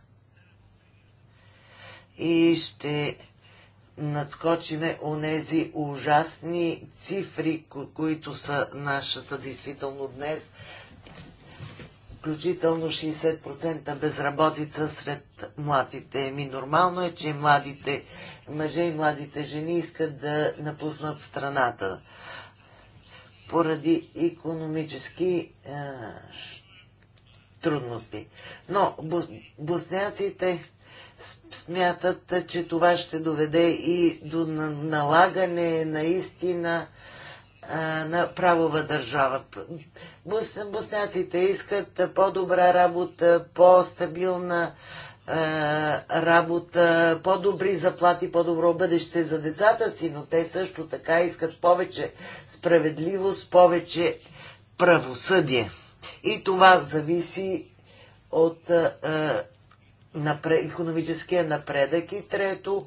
Speaker 2: и ще надскочиме онези ужасни цифри, които са нашата действително днес включително 60% безработица сред младите. Ми нормално е, че младите мъже и младите жени искат да напуснат страната поради економически е, трудности. Но босняците смятат, че това ще доведе и до налагане наистина на правова държава. Бус, бусняците искат по-добра работа, по-стабилна работа, по-добри заплати, по-добро бъдеще за децата си, но те също така искат повече справедливост, повече правосъдие. И това зависи от а, напред, економическия напредък. И трето, А,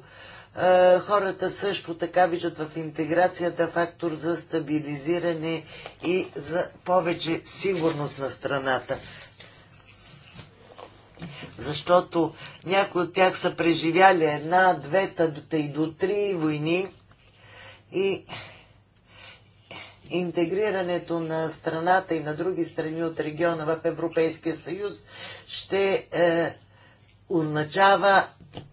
Speaker 2: е, хората също така виждат в интеграцията фактор за стабилизиране и за повече сигурност на страната. Защото някои от тях са преживяли една, двета и до три войни и интегрирането на страната и на други страни от региона в Европейския съюз ще е, означава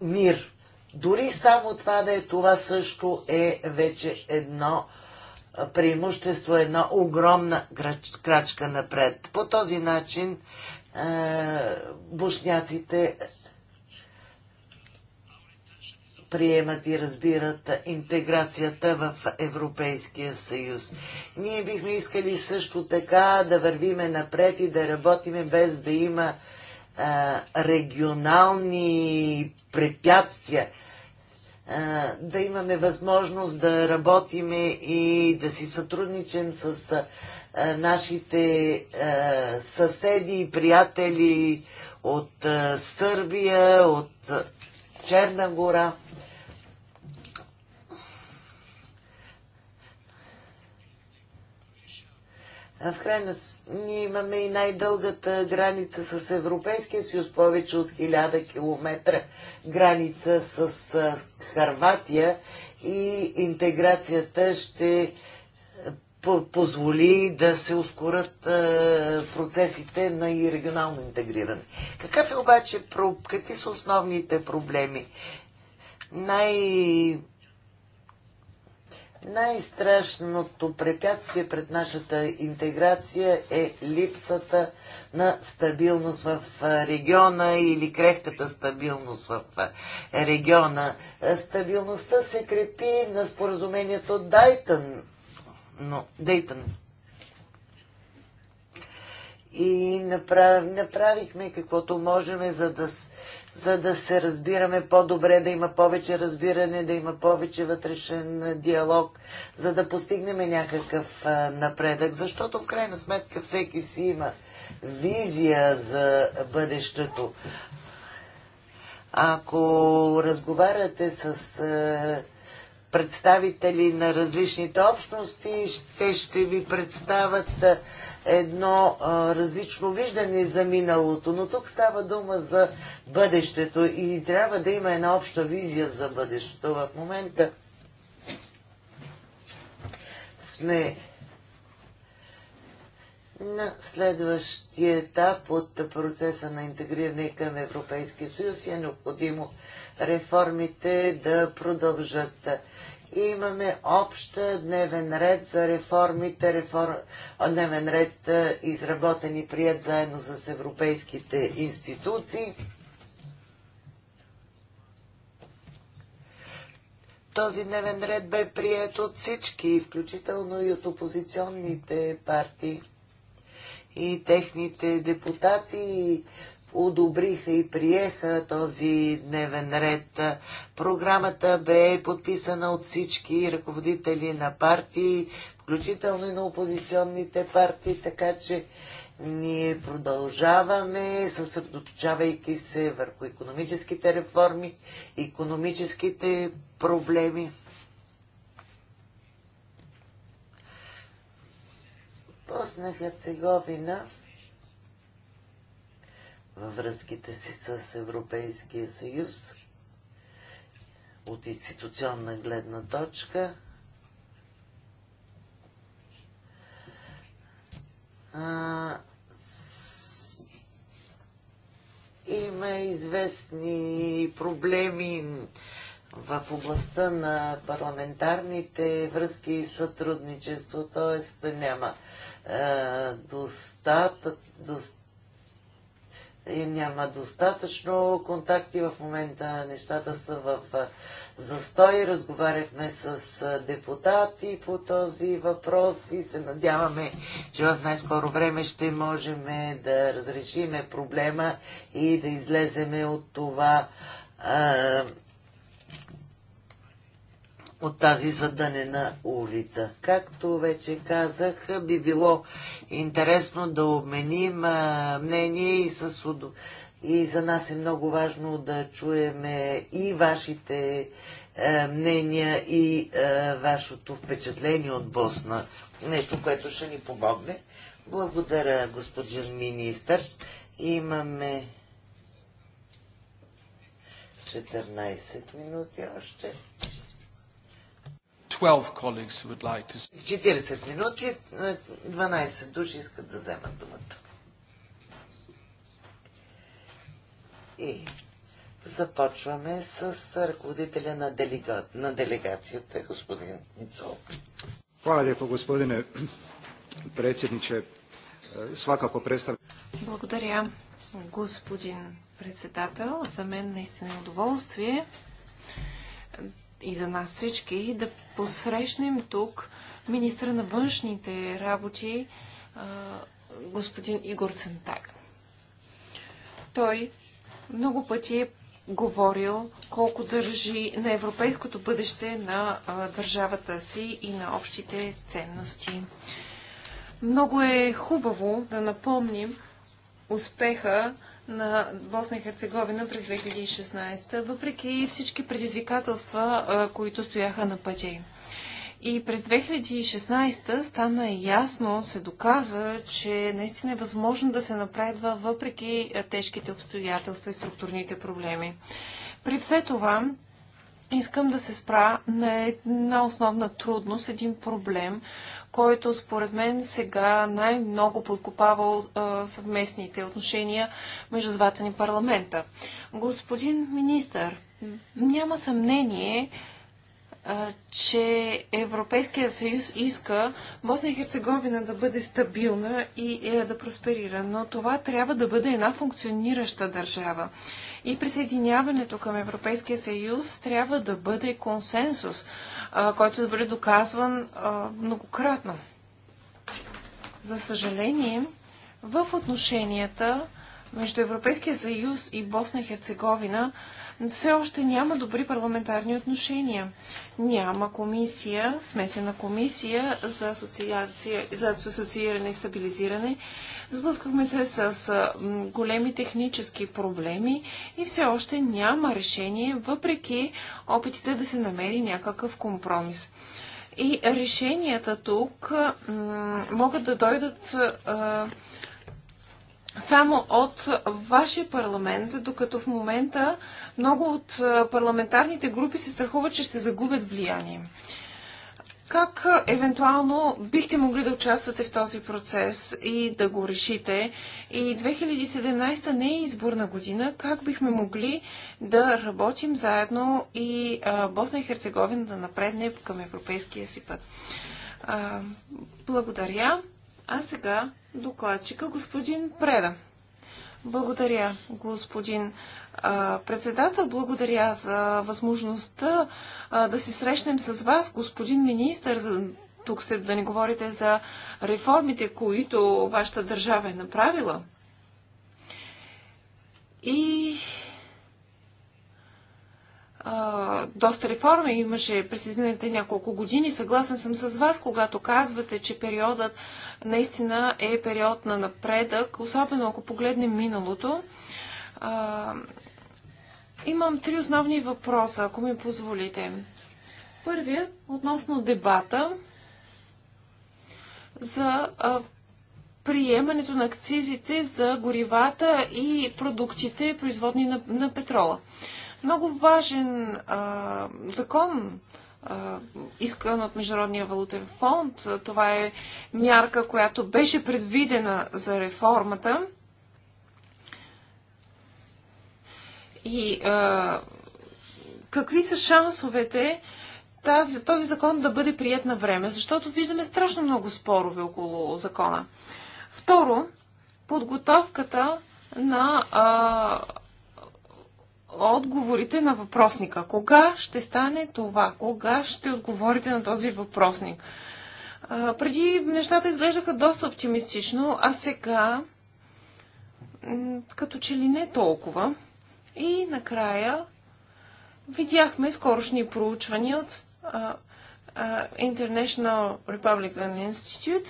Speaker 2: мир. Дори само това да е това също е вече едно преимущество, една огромна крачка напред. По този начин е, бушняците приемат и разбират интеграцията в Европейския съюз. Ние бихме искали също така да вървиме напред и да работиме без да има а, регионални препятствия, да имаме възможност да работиме и да си сътрудничим с нашите съседи и приятели от Сърбия, от Черна гора. В крайна сметка, ние имаме и най-дългата граница с Европейския съюз, повече от 1000 км граница с Харватия и интеграцията ще позволи да се ускорят процесите на и регионално интегриране. Какъв е обаче, какви са основните проблеми? Най- най-страшното препятствие пред нашата интеграция е липсата на стабилност в региона или крехката стабилност в региона. Е, стабилността се крепи на споразумението Дайтън, но, Дейтън. И направ, направихме каквото можем, за да, за да се разбираме по-добре, да има повече разбиране, да има повече вътрешен диалог, за да постигнем някакъв напредък. Защото в крайна сметка всеки си има визия за бъдещето. Ако разговаряте с представители на различните общности, те ще ви представят едно а, различно виждане за миналото, но тук става дума за бъдещето и трябва да има една обща визия за бъдещето. В момента сме на следващия етап от процеса на интегриране към Европейския съюз и е необходимо реформите да продължат и имаме общ дневен ред за реформите, рефор... дневен ред изработен и прият заедно с европейските институции. Този дневен ред бе прият от всички, включително и от опозиционните партии и техните депутати, и одобриха и приеха този дневен ред. Програмата бе подписана от всички ръководители на партии, включително и на опозиционните партии, така че ние продължаваме, съсредоточавайки се върху економическите реформи, економическите проблеми. Поснаха Херцеговина във връзките си с Европейския съюз от институционна гледна точка. Има известни проблеми в областта на парламентарните връзки и сътрудничество, т.е. няма е, достатъчно е, няма достатъчно контакти. В момента нещата са в застой. Разговаряхме с депутати по този въпрос и се надяваме, че в най-скоро време ще можем да разрешиме проблема и да излеземе от това от тази задънена улица. Както вече казах, би било интересно да обменим мнение и судо. и за нас е много важно да чуем и вашите а, е, мнения и а, е, вашето впечатление от Босна. Нещо, което ще ни помогне. Благодаря, господин министър. Имаме 14 минути още. 12 colleagues would like to... 40 минути, 12 души искат да вземат думата. И започваме с ръководителя на, делега... на делегацията, господин Ницол.
Speaker 1: Hvala lijepo gospodine predsjedniče. Svakako predstavljam. Благодаря, господин председател. За мен наистина е удоволствие и за нас всички да посрещнем тук министра на външните работи господин Игор Центаль. Той много пъти е говорил колко държи на европейското бъдеще на държавата си и на общите ценности. Много е хубаво да напомним успеха на Босна и Херцеговина през 2016, въпреки всички предизвикателства, които стояха на пътя им. И през 2016 стана ясно, се доказа, че наистина е възможно да се напредва въпреки тежките обстоятелства и структурните проблеми. При все това, искам да се спра на една основна трудност, един проблем, който според мен сега най-много подкопава съвместните отношения между двата ни парламента. Господин министър, няма съмнение, че Европейският съюз иска Босна и Херцеговина да бъде стабилна и е, да просперира, но това трябва да бъде една функционираща държава. И присъединяването към Европейския съюз трябва да бъде консенсус, който да бъде доказван многократно. За съжаление, в отношенията между Европейския съюз и Босна и Херцеговина все още няма добри парламентарни отношения. Няма комисия, смесена комисия за, за асоцииране и стабилизиране. Сблъскахме се с големи технически проблеми и все още няма решение, въпреки опитите да се намери някакъв компромис. И решенията тук могат да дойдат а, само от вашия парламент, докато в момента много от парламентарните групи се страхуват, че ще загубят влияние. Как евентуално бихте могли да участвате в този процес и да го решите? И 2017 не е изборна година. Как бихме могли да работим заедно и Босна и Херцеговина да напредне към европейския си път? благодаря. А сега докладчика господин Преда. Благодаря, господин председател. Благодаря за възможността да се срещнем с вас, господин министр. Тук се да не говорите за реформите, които вашата държава е направила. И доста реформи имаше през изминалите няколко години. Съгласен съм с вас, когато казвате, че периодът наистина е период на напредък, особено ако погледнем миналото. А, имам три основни въпроса, ако ми позволите. Първият относно дебата за а, приемането на акцизите за горивата и продуктите, производни на, на петрола. А, много важен а, закон, а, искан от Международния валутен фонд. Това е мярка, която беше предвидена за реформата. И а, какви са шансовете тази, този закон да бъде прият на време? Защото виждаме страшно много спорове около закона. Второ, подготовката на а, отговорите на въпросника. Кога ще стане това? Кога ще отговорите на този въпросник? А, преди нещата изглеждаха доста оптимистично, а сега като че ли не толкова. И накрая видяхме скорошни проучвания от а, а, International Republican Institute.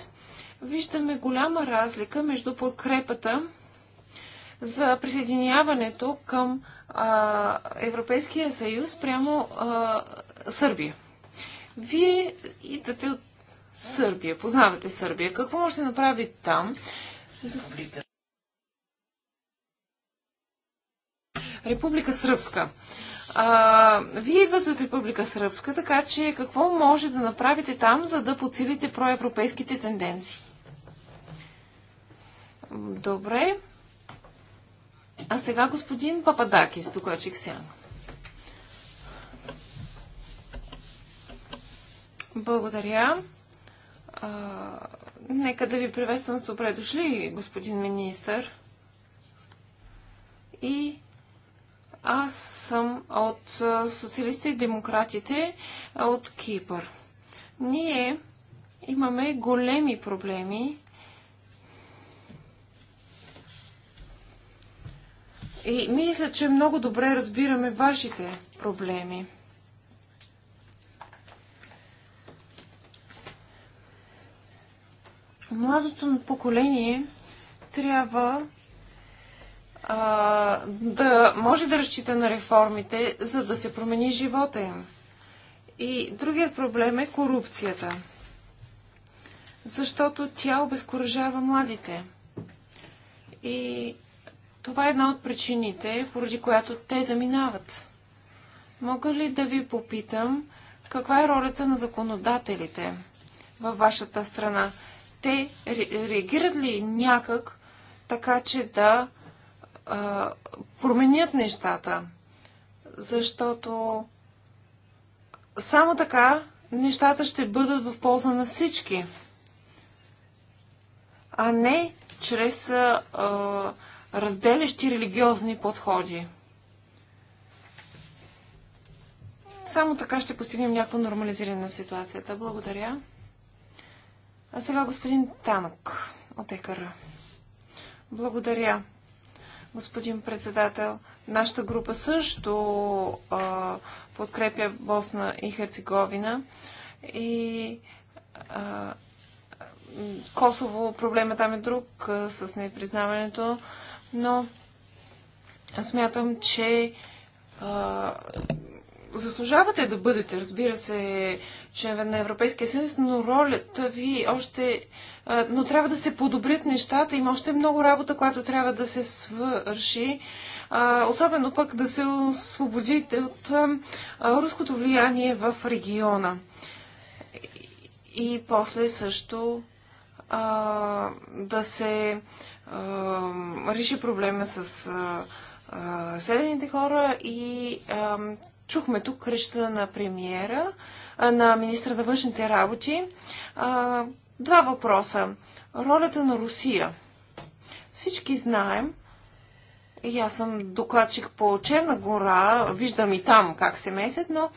Speaker 1: Виждаме голяма разлика между подкрепата за присъединяването към а, Европейския съюз прямо а, Сърбия. Вие идвате от Сърбия, познавате Сърбия. Какво може да се направи там? Република Сръбска. А, вие идвате от Република Сръбска, така че какво може да направите там, за да подсилите проевропейските тенденции? Добре. А сега господин Пападакис, е Чиксиан. Благодаря. А, нека да ви приветствам с добре дошли, господин министър. И аз съм от социалистите и демократите от Кипър. Ние имаме големи проблеми И мисля, че много добре разбираме вашите проблеми. Младото поколение трябва а, да може да разчита на реформите, за да се промени живота им. И другият проблем е корупцията. Защото тя обезкуражава младите. И това е една от причините, поради която те заминават. Мога ли да ви попитам каква е ролята на законодателите във вашата страна? Те реагират ли някак така, че да а, променят нещата? Защото само така нещата ще бъдат в полза на всички, а не чрез а, а, разделящи религиозни подходи. Само така ще постигнем някакво нормализиране на ситуацията. Благодаря. А сега господин Танок от ЕКР. Благодаря, господин председател. Нашата група също а, подкрепя Босна и Херцеговина и а, Косово проблема там е друг а, с непризнаването. А, но аз смятам, че а, заслужавате да бъдете, разбира се, членове на Европейския съюз, но ролята ви още... А, но трябва да се подобрят нещата. Има още много работа, която трябва да се свърши. А, особено пък да се освободите от а, руското влияние в региона. И, и после също да се реши проблема с разселените хора и чухме тук креща на премиера, на министра на външните работи. Два въпроса. Ролята на Русия. Всички знаем, и аз съм докладчик по Черна гора, виждам и там как се месят, но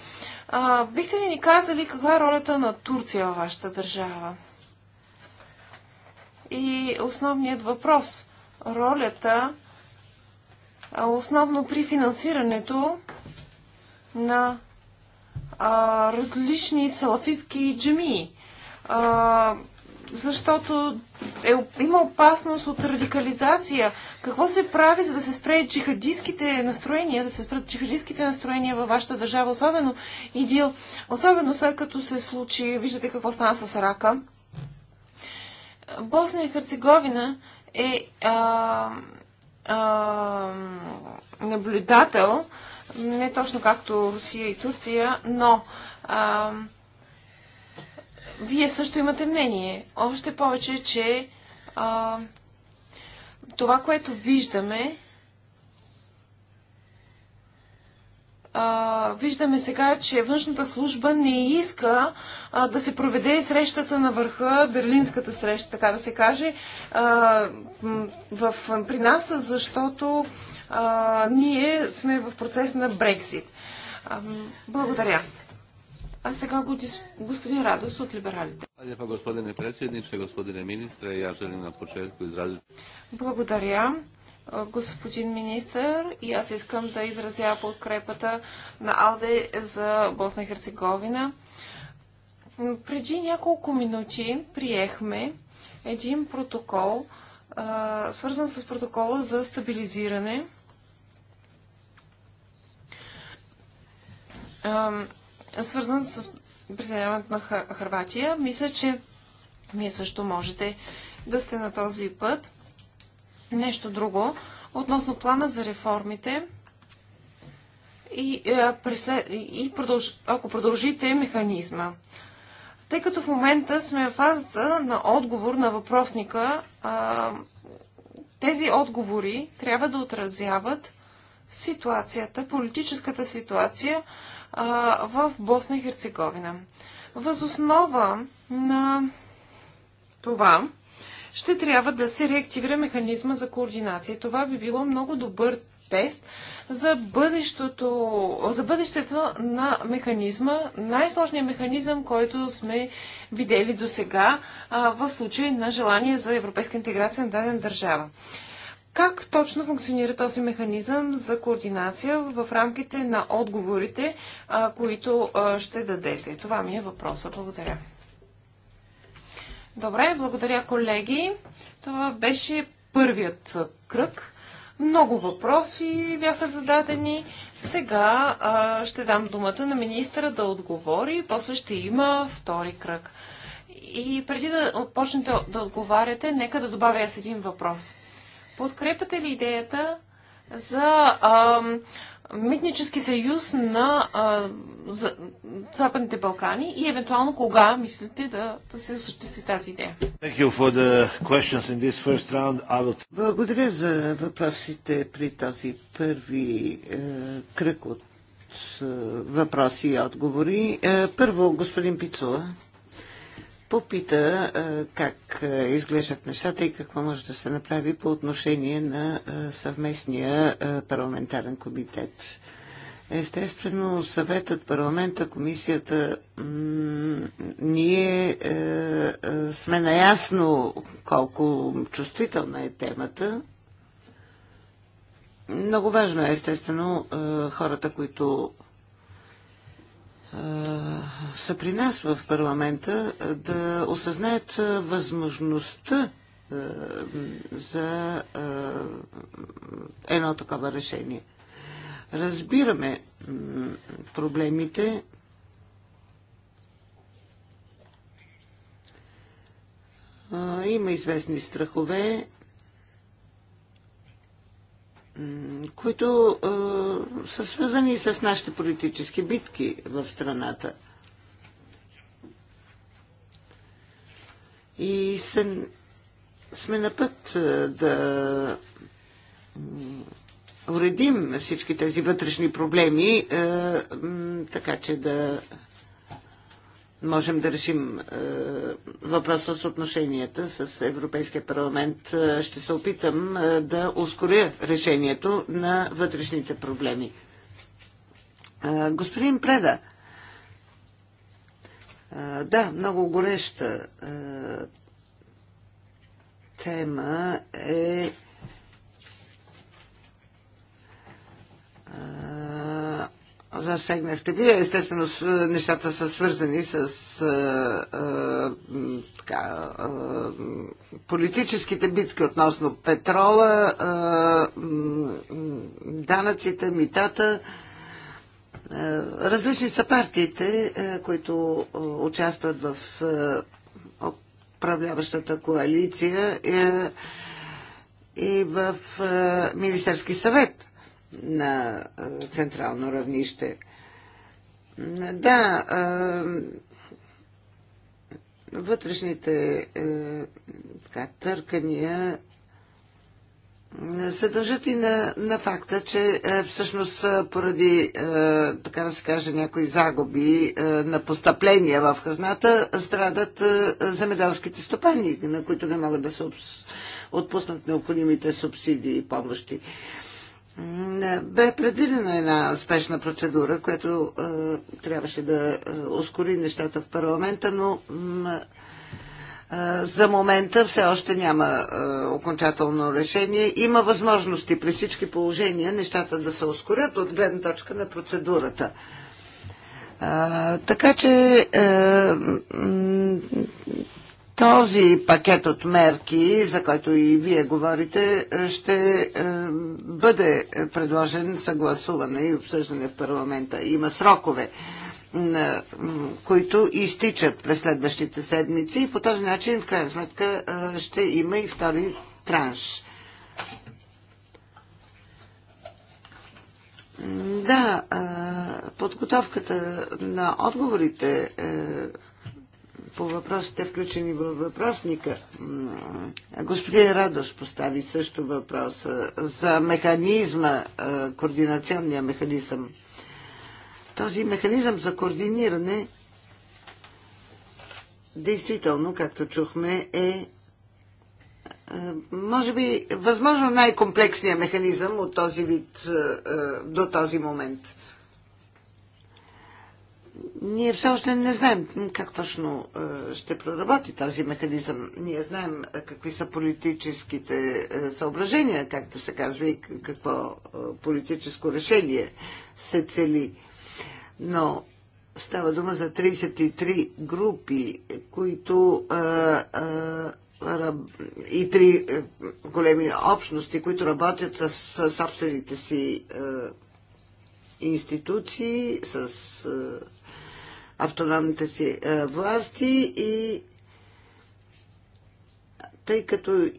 Speaker 1: а, бихте ли ни казали каква е ролята на Турция във вашата държава? и основният въпрос ролята основно при финансирането на а, различни салафистски джамии. А, защото е, има опасност от радикализация. Какво се прави, за да се спре джихадистските настроения, да се спрат джихадистските настроения във вашата държава, особено идил, особено след като се случи, виждате какво стана с рака, Босна и Херцеговина е а, а, наблюдател, не точно както Русия и Турция, но а, вие също имате мнение. Още повече, че а, това, което виждаме, а, виждаме сега, че външната служба не иска а, да се проведе срещата на върха, берлинската среща, така да се каже, а, в, при нас, защото а, ние сме в процес на Брексит. А, благодаря. А сега господин Радос от либералите.
Speaker 2: Лепа, господине председниче, господине министре, я желим на почетку изразити.
Speaker 1: Благодаря господин министър, и аз искам да изразя подкрепата на АЛДЕ за Босна и Херцеговина. Преди няколко минути приехме един протокол, свързан с протокола за стабилизиране. свързан с присъединяването на Хърватия, Хрватия. Мисля, че вие също можете да сте на този път нещо друго относно плана за реформите. И, е, и продълж, ако продължите механизма. Тъй като в момента сме в фазата на отговор на въпросника, а, тези отговори трябва да отразяват ситуацията, политическата ситуация а, в Босна и Херцеговина. Възоснова на това ще трябва да се реактивира механизма за координация. Това би било много добър тест за, бъдещото, за бъдещето на механизма, най-сложният механизъм, който сме видели до сега в случай на желание за европейска интеграция на дадена държава. Как точно функционира този механизъм за координация в рамките на отговорите, които ще дадете? Това ми е въпроса. Благодаря. Добре, благодаря колеги. Това беше първият кръг. Много въпроси бяха зададени. Сега а, ще дам думата на министра да отговори. После ще има втори кръг. И преди да почнете да отговаряте, нека да добавя аз един въпрос. Подкрепате ли идеята за А, митнически съюз на а, за, Западните Балкани и евентуално кога мислите да, да се осъществи
Speaker 2: тази идея? Will... Благодаря за въпросите при този първи е, кръг от е, въпроси и отговори. Е, първо, господин Пицула попита как изглеждат нещата и какво може да се направи по отношение на съвместния парламентарен комитет. Естествено, съветът, парламента, комисията, ние е, е, сме наясно колко чувствителна е темата. Много важно е, естествено, е, хората, които са при нас в парламента, да осъзнаят възможността за едно такова решение. Разбираме проблемите, има известни страхове които е, са свързани с нашите политически битки в страната. И се, сме на път е, да уредим всички тези вътрешни проблеми, е, така че да можем да решим е, въпроса с отношенията с Европейския парламент. Е, ще се опитам е, да ускоря решението на вътрешните проблеми. Господин Преда, да, много гореща тема е засегнахте. Вие, естествено, нещата са свързани с а, а, така, а, политическите битки относно петрола, данъците, митата. Различни са партиите, които участват в управляващата коалиция е, и в Министерски съвет на централно равнище. Да, вътрешните така, търкания се дължат и на, на факта, че всъщност поради, така да се каже, някои загуби на постъпления в хазната страдат земеделските стопани, на които не могат да се отпуснат необходимите субсидии и помощи бе предвидена една спешна процедура, която е, трябваше да е, ускори нещата в парламента, но е, за момента все още няма е, окончателно решение. Има възможности при всички положения нещата да се ускорят от гледна точка на процедурата. А, е, така че е, този пакет от мерки, за който и вие говорите, ще е, бъде предложен съгласуване и обсъждане в парламента. Има срокове, е, които изтичат през следващите седмици и по този начин, в крайна сметка, е, ще има и втори транш. Да, подготовката на отговорите по въпросите, включени във въпросника. Господин Радош постави също въпрос за механизма, е, координационния механизъм. Този механизъм за координиране действително, както чухме, е, е може би, възможно най-комплексният механизъм от този вид е, до този момент. Ние все още не знаем как точно е, ще проработи този механизъм. Ние знаем е, какви са политическите е, съображения, както се казва, и какво политическо решение се цели. Но става дума за 33 групи, които и три големи общности, които работят с собствените си институции, с автономните си е, власти и тъй като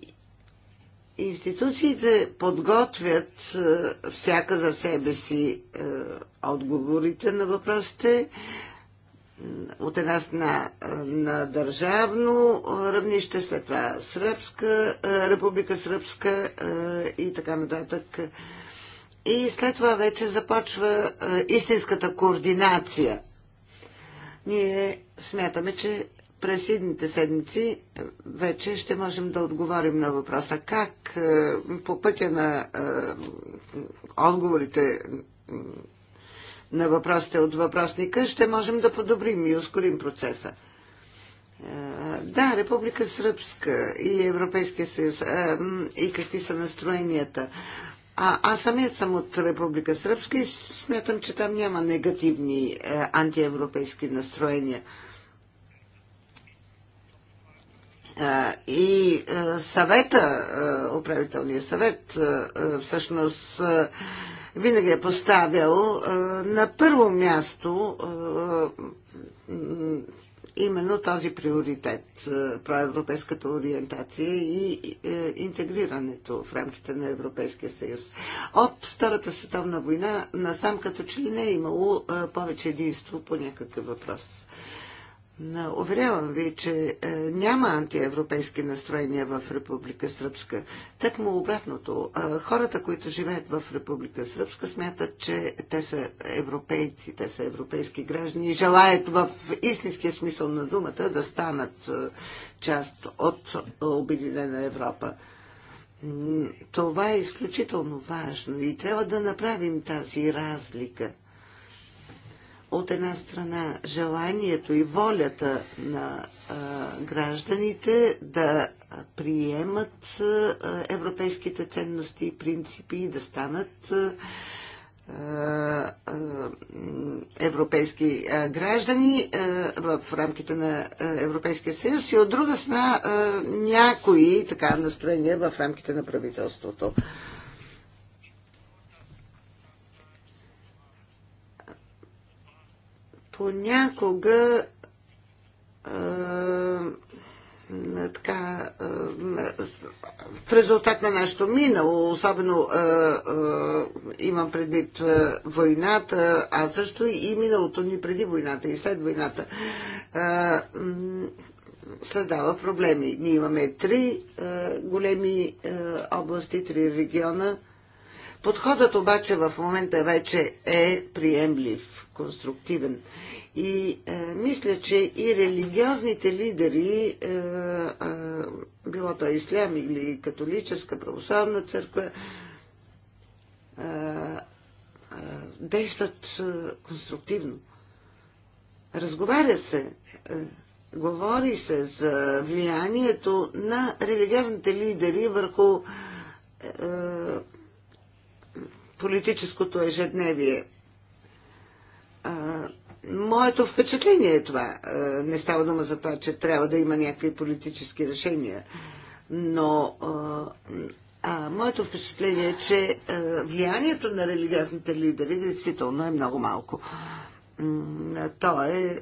Speaker 2: институциите подготвят е, всяка за себе си е, отговорите на въпросите, от една страна на държавно равнище, след това Сръбска, Република Сръбска и така нататък. И след това вече започва истинската координация ние смятаме, че през едните седмици вече ще можем да отговорим на въпроса как е, по пътя на е, отговорите на въпросите от въпросника ще можем да подобрим и ускорим процеса. Е, да, Република Сръбска и Европейския съюз. И какви са настроенията? А, аз самият съм от Република Сръбска и смятам, че там няма негативни е, антиевропейски настроения. Е, и е, съвета, е, управителният съвет, всъщност винаги е поставял на първо място именно този приоритет, е, проевропейската ориентация и е, интегрирането в рамките на Европейския съюз. От Втората световна война насам като че ли не е имало е, повече единство по някакъв въпрос. Уверявам ви, че е, няма антиевропейски настроения в Република Сръбска. Так му обратното. Е, хората, които живеят в Република Сръбска, смятат, че те са европейци, те са европейски граждани и желаят в истинския смисъл на думата да станат е, част от Обединена Европа. Това е изключително важно и трябва да направим тази разлика – от една страна желанието и волята на гражданите да приемат европейските ценности и принципи и да станат европейски граждани в рамките на Европейския съюз и от друга страна някои така настроения в рамките на правителството. понякога така, в резултат на нашето минало, особено имам предвид войната, а също и миналото ни преди войната и след войната, създава проблеми. Ние имаме три големи области, три региона. Подходът обаче в момента вече е приемлив, конструктивен. И е, мисля, че и религиозните лидери, е, е, било то ислям или католическа православна църква, е, е, действат е, конструктивно. Разговаря се, е, говори се за влиянието на религиозните лидери върху е, политическото ежедневие. Е, моето впечатление е това. Е, не става дума за това, че трябва да има някакви политически решения. Но е, а, моето впечатление е, че е, влиянието на религиозните лидери действително е много малко. То е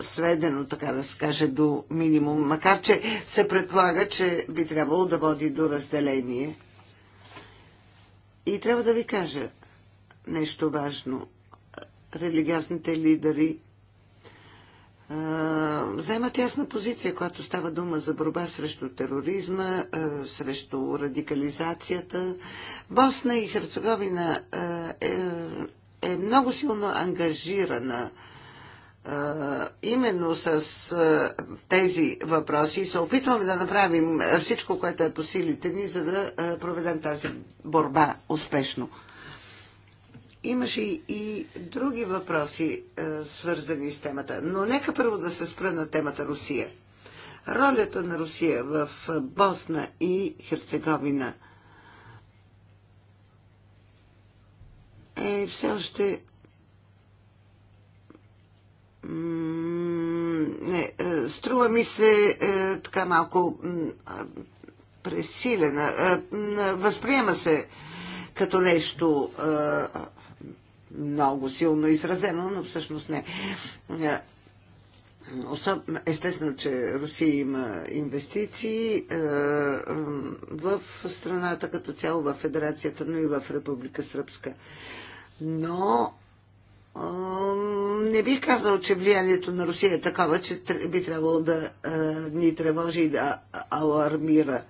Speaker 2: сведено, така да се каже, до минимум, макар че се предполага, че би трябвало да води до разделение. И трябва да ви кажа нещо важно религиозните лидери вземат ясна позиция, когато става дума за борба срещу тероризма, срещу радикализацията. Босна и Херцеговина е, е много силно ангажирана именно с тези въпроси и се опитваме да направим всичко, което е по силите ни, за да проведем тази борба успешно. Имаше и други въпроси, е, свързани с темата. Но нека първо да се спра на темата Русия. Ролята на Русия в е, Босна и Херцеговина е все още не, е, струва ми се така малко пресилена. Възприема се като нещо много силно изразено, но всъщност не. Е, естествено, че Русия има инвестиции е, в страната като цяло, в Федерацията, но и в Република Сръбска. Но не бих казал, че влиянието на Русия е такова, че би трябвало да е, ни тревожи и да алармира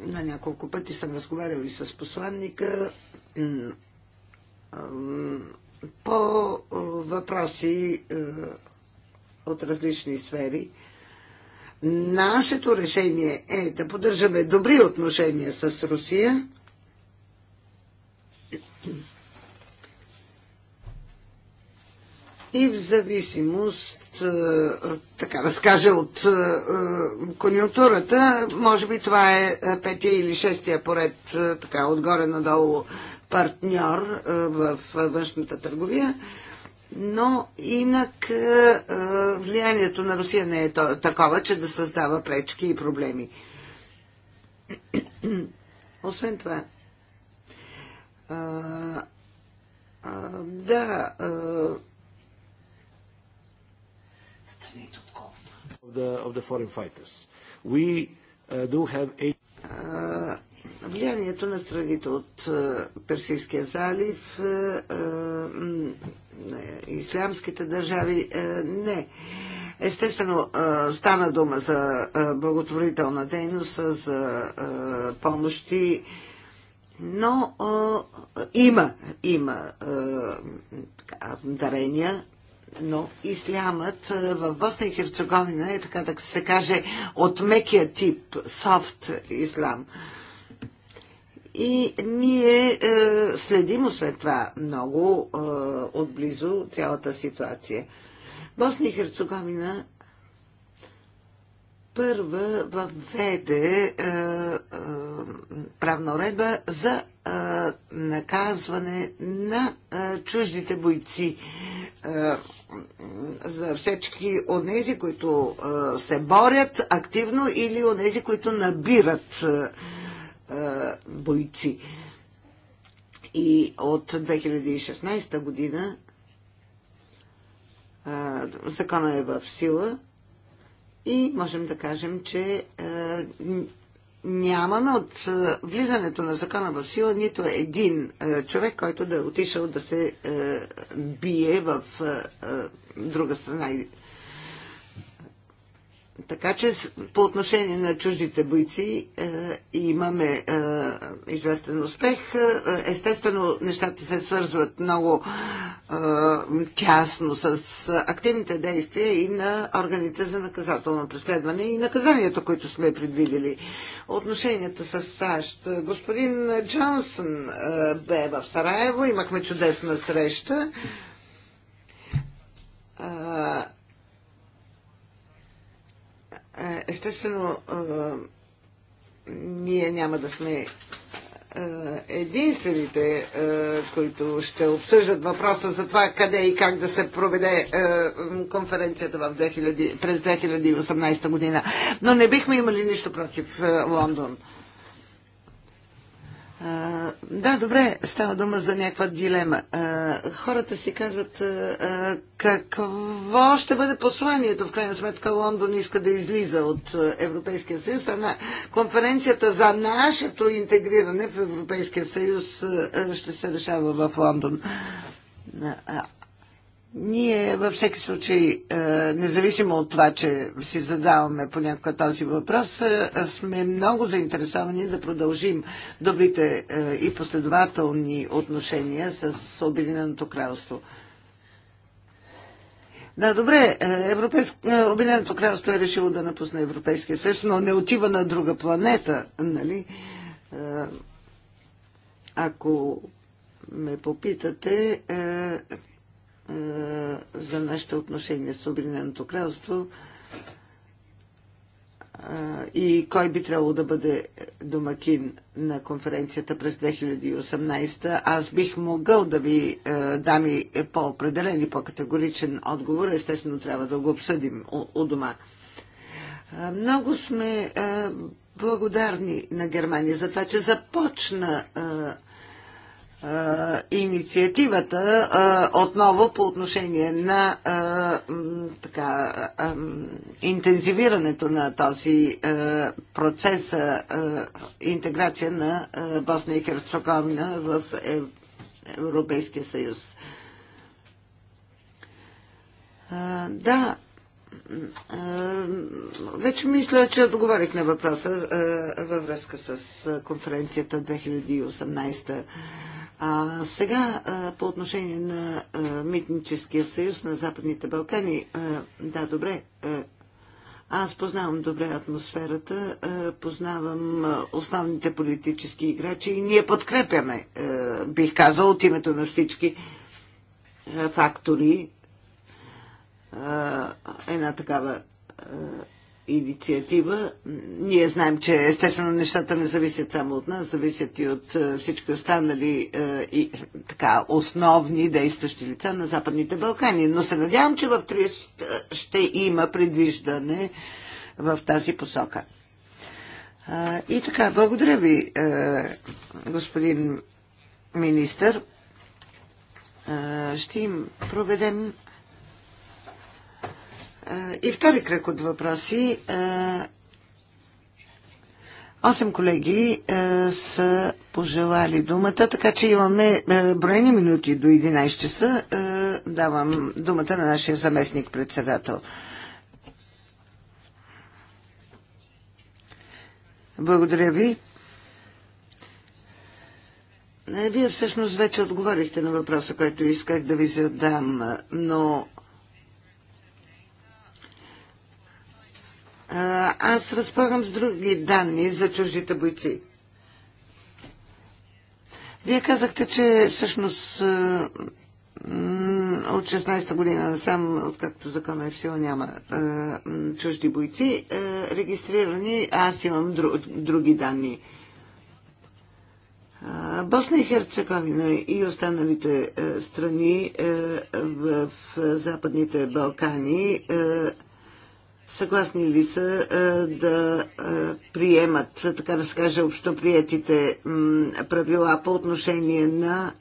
Speaker 2: на няколко пъти съм разговарял и с посланника по въпроси е, от различни сфери. Нашето решение е да поддържаме добри отношения с Русия. И в зависимост е, така да скажа, от е, е, конюнктурата. Може би това е петия или шестия поред, така, отгоре надолу партньор в външната търговия. Но инак влиянието на Русия не е такова, че да създава пречки и проблеми. Освен това, да, of the foreign fighters. We uh, do have a... Uh, влиянието на страните от uh, Персийския залив, uh, uh, ислямските държави, uh, не. Естествено, стана дума за благотворителна дейност, за помощи, но има, има така, дарения но ислямът в Босна и Херцеговина е, така да се каже, от мекия тип, софт ислам. И ние е, следим, освен това, много е, отблизо цялата ситуация. Босна и Херцеговина първа въведе е, е, правна уредба за а, наказване на а, чуждите бойци а, за всички от тези, които а, се борят активно или от тези, които набират а, а, бойци. И от 2016 година а, закона е в сила и можем да кажем, че а, нямаме от е, влизането на закона в сила нито един е, човек, който да е отишъл да се е, бие в друга страна така че по отношение на чуждите бойци е, имаме е, известен успех. Е, естествено, нещата се свързват много е, тясно с активните действия и на органите за наказателно преследване и наказанията, които сме предвидели. Отношенията с САЩ. Господин Джонсън е, бе в Сараево. Имахме чудесна среща. Е, Естествено, ние няма да сме единствените, които ще обсъждат въпроса за това къде и как да се проведе конференцията в 2000, през 2018 година. Но не бихме имали нищо против Лондон. Да, добре, става дума за някаква дилема. Хората си казват какво ще бъде посланието. В крайна сметка Лондон иска да излиза от Европейския съюз, а на конференцията за нашето интегриране в Европейския съюз ще се решава в Лондон. Ние във всеки случай, е, независимо от това, че си задаваме понякога този въпрос, е, сме много заинтересовани да продължим добрите е, и последователни отношения с Обединеното кралство. Да, добре, Европейск... Обединеното кралство е решило да напусне Европейския съюз, но не отива на друга планета, нали? Ако ме попитате, е, за нашите отношения с Обединеното кралство е, и кой би трябвало да бъде домакин на конференцията през 2018, аз бих могъл да ви е, дам и по-определен и по-категоричен отговор. Естествено, трябва да го обсъдим у, у дома. Много сме благодарни на Германия за това, че започна инициативата а, отново по отношение на а, така, а, интензивирането на този а, процес за интеграция на а, Босна и Херцеговина в Европейския съюз. А, да, вече мисля, че договорих на въпроса във връзка с конференцията 2018 а сега по отношение на Митническия съюз на Западните Балкани, да, добре, аз познавам добре атмосферата, познавам основните политически играчи и ние подкрепяме, бих казал, от името на всички фактори една такава инициатива. Ние знаем, че естествено нещата не зависят само от нас, зависят и от е, всички останали е, и, така, основни действащи лица на Западните Балкани. Но се надявам, че в 30 е, ще има предвиждане в тази посока. И така, благодаря ви, господин министър. Ще им проведем и втори кръг от въпроси. Осем колеги са пожелали думата, така че имаме броени минути до 11 часа. Давам думата на нашия заместник-председател. Благодаря ви. Вие всъщност вече отговорихте на въпроса, който исках да ви задам, но Аз разполагам с други данни за чуждите бойци. Вие казахте, че всъщност от 16-та година насам, откакто закона е в сила, няма чужди бойци регистрирани. Аз имам други данни. Босна и Херцеговина и останалите страни в Западните Балкани Съгласни ли са е, да е, приемат, така да се каже, м, правила по отношение на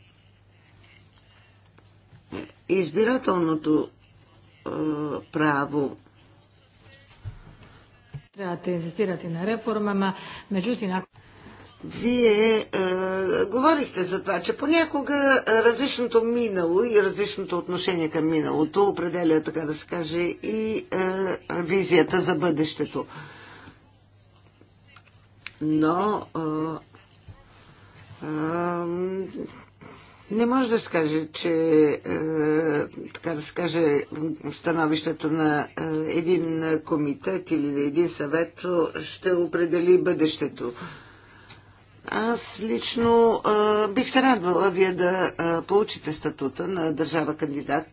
Speaker 2: избирателното е, право? Трябва Trebate inzistirati na reformama, međutim ako... Вие е, говорихте за това, че понякога е, различното минало и различното отношение към миналото определя, така да се каже, и е, визията за бъдещето. Но е, е, не може да се каже, че е, така да се каже становището на е, един комитет или на един съвет ще определи бъдещето. Аз лично а, бих се радвала вие да а, получите статута на държава кандидат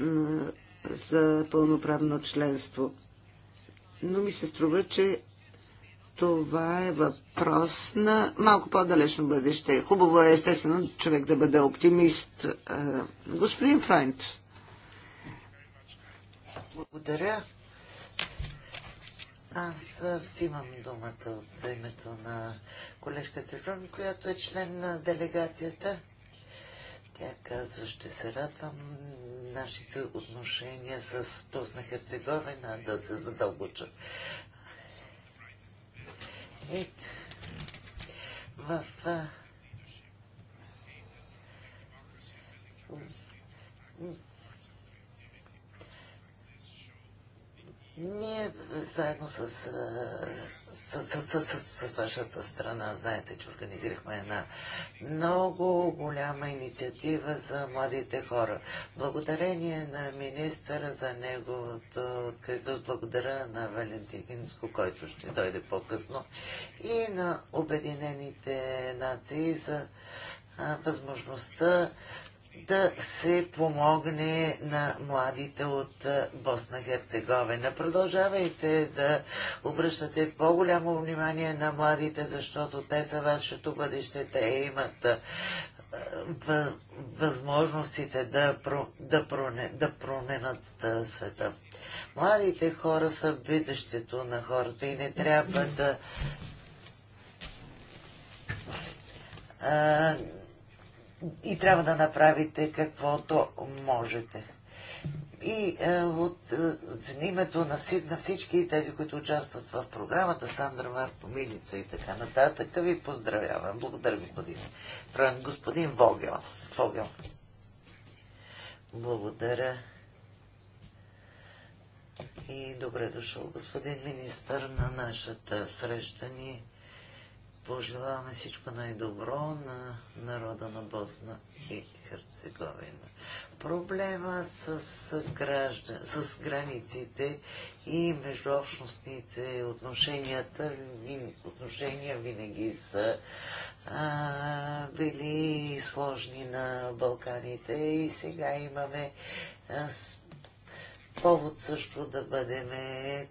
Speaker 2: а, за пълноправно членство. Но ми се струва, че това е въпрос на малко по-далечно бъдеще. Хубаво е, естествено, човек да бъде оптимист. А, господин Фрайнт. Благодаря. Аз взимам думата от името на колежката Трифон, която е член на делегацията. Тя казва, ще се радвам нашите отношения с Босна Херцеговина да се задълбочат. И в Ние заедно с, с, с, с, с, с вашата страна, знаете, че организирахме една много голяма инициатива за младите хора. Благодарение на министъра за неговото открито, благодаря на Валентин Хинско, който ще дойде по-късно, и на Обединените нации за възможността да се помогне на младите от Босна Херцеговина. Продължавайте да обръщате по-голямо внимание на младите, защото те са вашето бъдеще, те имат възможностите да, про, да, проне, да променят света. Младите хора са бъдещето на хората и не трябва да а, и трябва да направите каквото можете. И е, от е, името на, вси, на всички тези, които участват в програмата, Сандра Марко, Милица и така нататък, ви поздравявам. Благодаря, господин Франк. Господин Вогел. Вогел. Благодаря. И добре дошъл, господин министър, на нашата среща ни пожелаваме всичко най-добро на народа на Босна и Херцеговина. Проблема с, граждан, с границите и междуобщностните отношенията, отношения винаги са а, били сложни на Балканите и сега имаме а, повод също да бъдем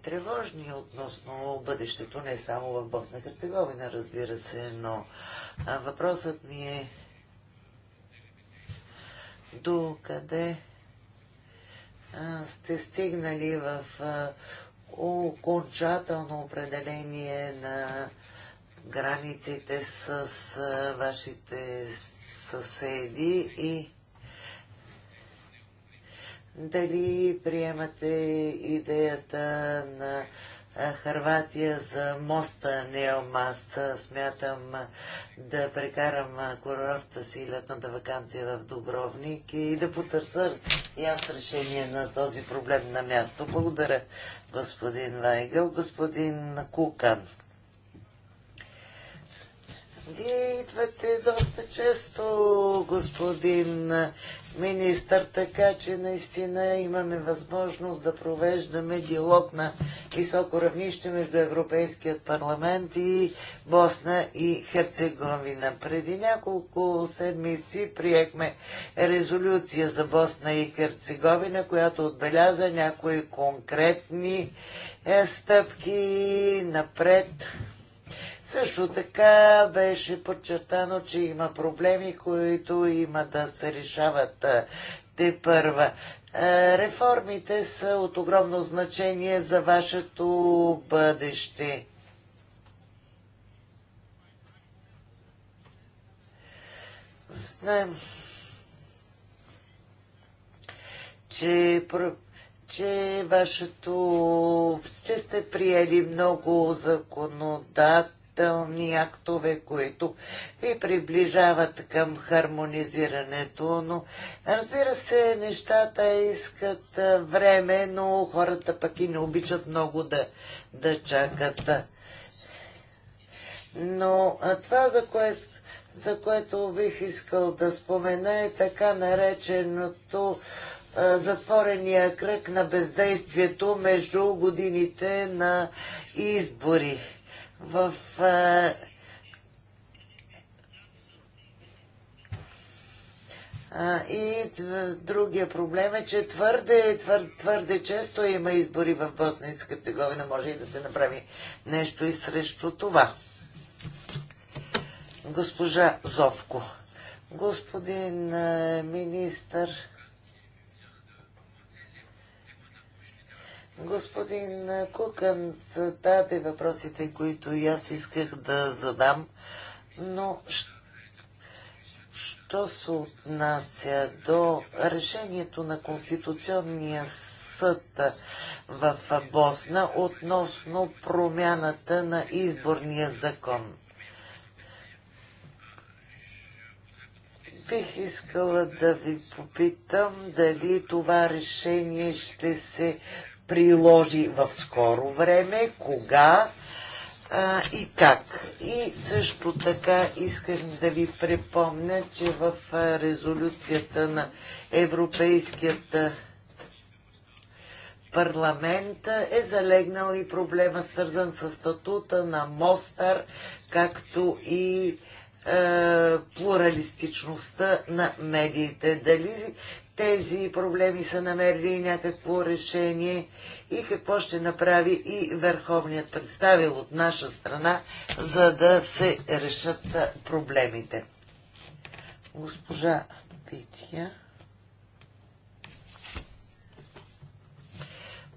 Speaker 2: тревожни относно бъдещето, не само в Босна Херцеговина, разбира се, но въпросът ми е до къде сте стигнали в окончателно определение на границите с вашите съседи и дали приемате идеята на Харватия за моста Неомаст. Смятам да прекарам курорта си летната вакансия в Дубровник и да потърся и аз решение на този проблем на място. Благодаря, господин Вайгъл. Господин Кукан. Вие идвате доста често, господин министър, така че наистина имаме възможност да провеждаме диалог на високо равнище между Европейският парламент и Босна и Херцеговина. Преди няколко седмици приехме резолюция за Босна и Херцеговина, която отбеляза някои конкретни е, стъпки напред също така беше подчертано, че има проблеми, които има да се решават те първа. Реформите са от огромно значение за вашето бъдеще. Знаем, че че вашето... Че сте приели много законодател законодателни актове, които ви приближават към хармонизирането, но разбира се, нещата искат време, но хората пък и не обичат много да, да чакат. Но това, за което за което бих искал да спомена е така нареченото затворения кръг на бездействието между годините на избори в а, е, а, е, и другия проблем е, че твърде, твърде, твърде често има избори в Босна и Скърцеговина. Може и да се направи нещо и срещу това. Госпожа Зовко. Господин е, министър, Господин Кукан зададе въпросите, които и аз исках да задам, но що се отнася до решението на Конституционния съд в Босна относно промяната на изборния закон. Бих искала да ви попитам дали това решение ще се приложи в скоро време, кога а, и как. И също така искам да ви припомня, че в резолюцията на Европейският парламент е залегнал и проблема свързан с статута на Мостър, както и плуралистичността на медиите. Дали тези проблеми са намерили някакво решение и какво ще направи и върховният представил от наша страна, за да се решат проблемите. Госпожа Пития.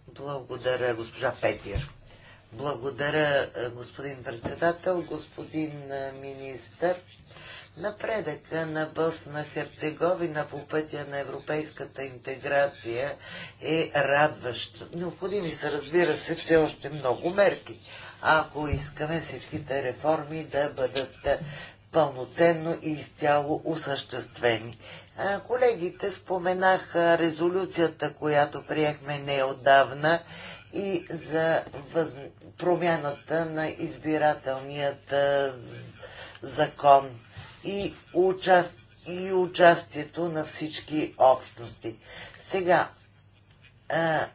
Speaker 2: Благодаря, госпожа Петир. Благодаря, господин председател, господин министър. Напредъка на Босна Херцеговина по пътя на европейската интеграция е радващ. Необходими са, разбира се, все още много мерки, ако искаме всичките реформи да бъдат пълноценно и изцяло осъществени. Колегите споменаха резолюцията, която приехме неодавна и за въз... промяната на избирателният закон и, участ... и участието на всички общности. Сега, а, е,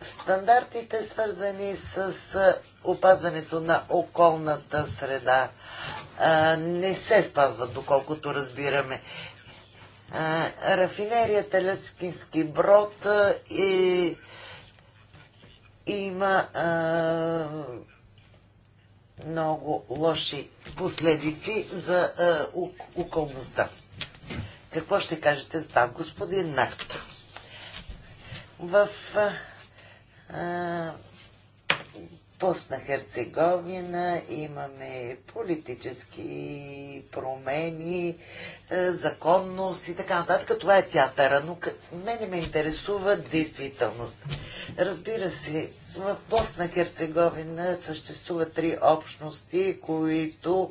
Speaker 2: стандартите свързани с е, опазването на околната среда а, е, не се спазват, доколкото разбираме. А, рафинерията Лецкински брод и има а, много лоши последици за е, околността. Какво ще кажете за това, господин Нарт? В е, е Босна Херцеговина имаме политически промени, е, законност и така нататък. Това е театъра, но мене ме интересува действителност. Разбира се, в Босна Херцеговина съществуват три общности, които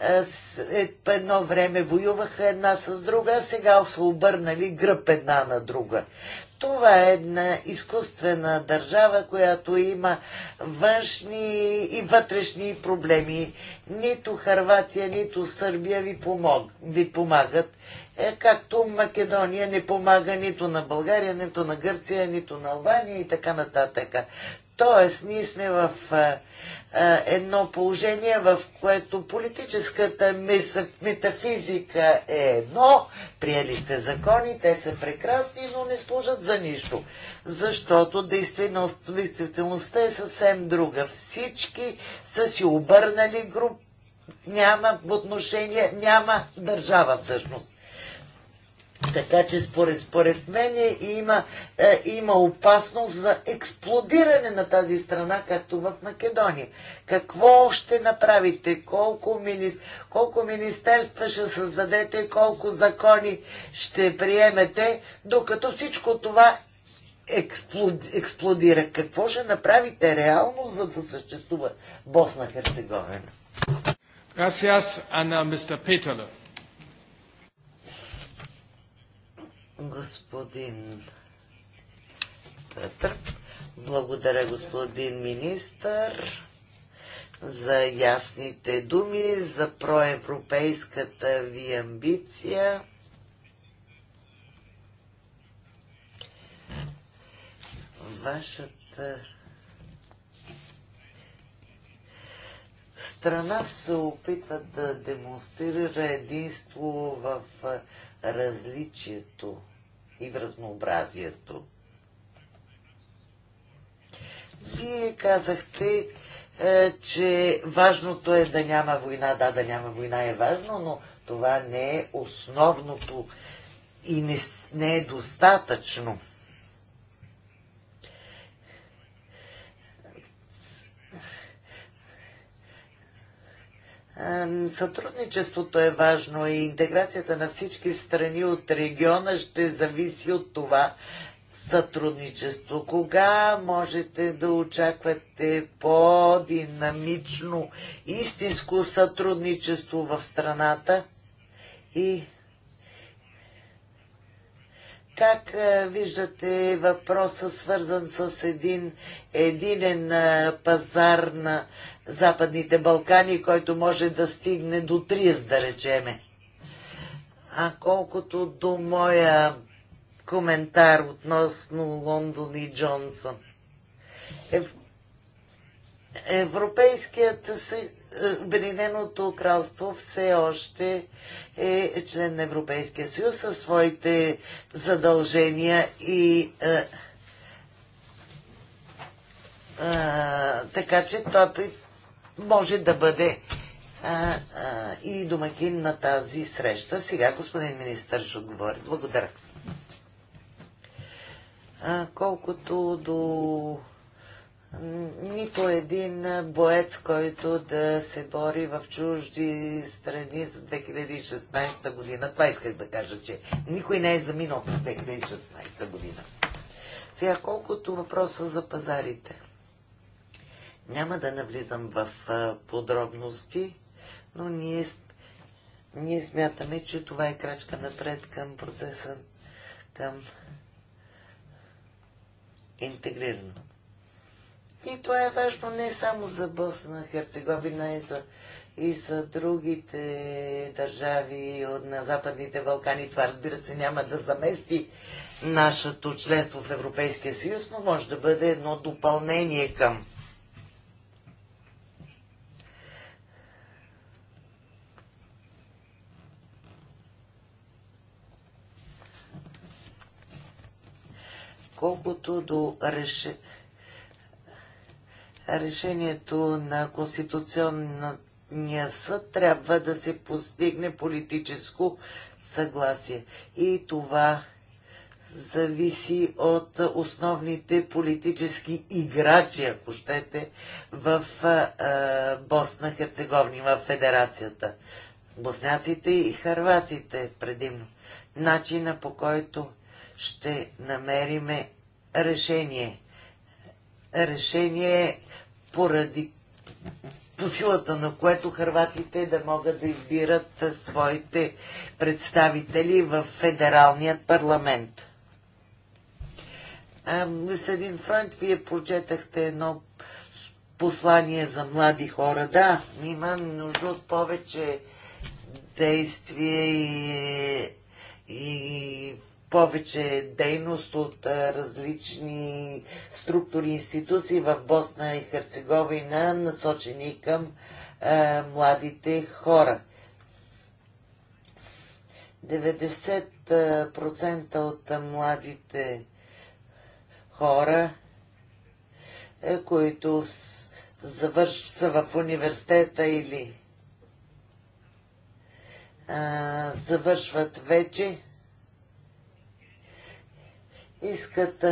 Speaker 2: по е, е, едно време воюваха една с друга, а сега са обърнали гръб една на друга. Това е една изкуствена държава, която има външни и вътрешни проблеми. Нито Харватия, нито Сърбия ви, помог, ви помагат. Е, както Македония не помага нито на България, нито на Гърция, нито на Албания и така нататък. Тоест, ние сме в едно положение, в което политическата метафизика е едно, приели сте закони, те са прекрасни, но не служат за нищо. Защото действителност, действителността е съвсем друга. Всички са си обърнали груп, няма отношение, няма държава всъщност. Така че според, според мен е, има, е, има опасност за експлодиране на тази страна, както в Македония. Какво ще направите? Колко, мини, колко министерства ще създадете? Колко закони ще приемете? Докато всичко това експлод, експлодира. Какво ще направите реално, за да съществува Босна Херцеговина? Gracias, Анна, мистер Петърле. господин Петър. Благодаря, господин министър, за ясните думи, за проевропейската ви амбиция. Вашата страна се опитва да демонстрира единство в различието и в разнообразието. Вие казахте, е, че важното е да няма война. Да, да няма война е важно, но това не е основното и не, не е достатъчно. Сътрудничеството е важно и интеграцията на всички страни от региона ще зависи от това сътрудничество. Кога можете да очаквате по-динамично истинско сътрудничество в страната? И как е, виждате въпроса свързан с един единен е, пазар на Западните Балкани, който може да стигне до 30, да речеме? А колкото до моя коментар относно Лондон и Джонсън. Е, в Европейският е, Обединеното кралство все още е член на Европейския съюз със своите задължения и е, е, така че той може да бъде и домакин на тази среща. Сега господин министър ще отговори. Благодаря. колкото до нито един боец, който да се бори в чужди страни за 2016 година. Това исках да кажа, че никой не е заминал в 2016 година. Сега колкото въпроса за пазарите. Няма да навлизам в подробности, но ние, ние смятаме, че това е крачка напред към процеса, към интегрирано и това е важно не само за Босна, Херцеговина и за, и за другите държави от, на Западните Балкани. Това, разбира се, няма да замести нашето членство в Европейския съюз, но може да бъде едно допълнение към. Колкото до решение решението на Конституционния съд трябва да се постигне политическо съгласие. И това зависи от основните политически играчи, ако щете, в Босна Херцеговина, в Федерацията. Босняците и харватите предимно. Начина по който ще намериме решение. Решение поради по силата на което хрватите да могат да избират своите представители в федералният парламент. Мистерин Фронт, вие прочетахте едно послание за млади хора. Да, има нужда от повече действие и, и повече дейност от различни структури и институции в Босна и Херцеговина, насочени към е, младите хора. 90% от младите хора, е, които завърш, са в университета или а, завършват вече, искат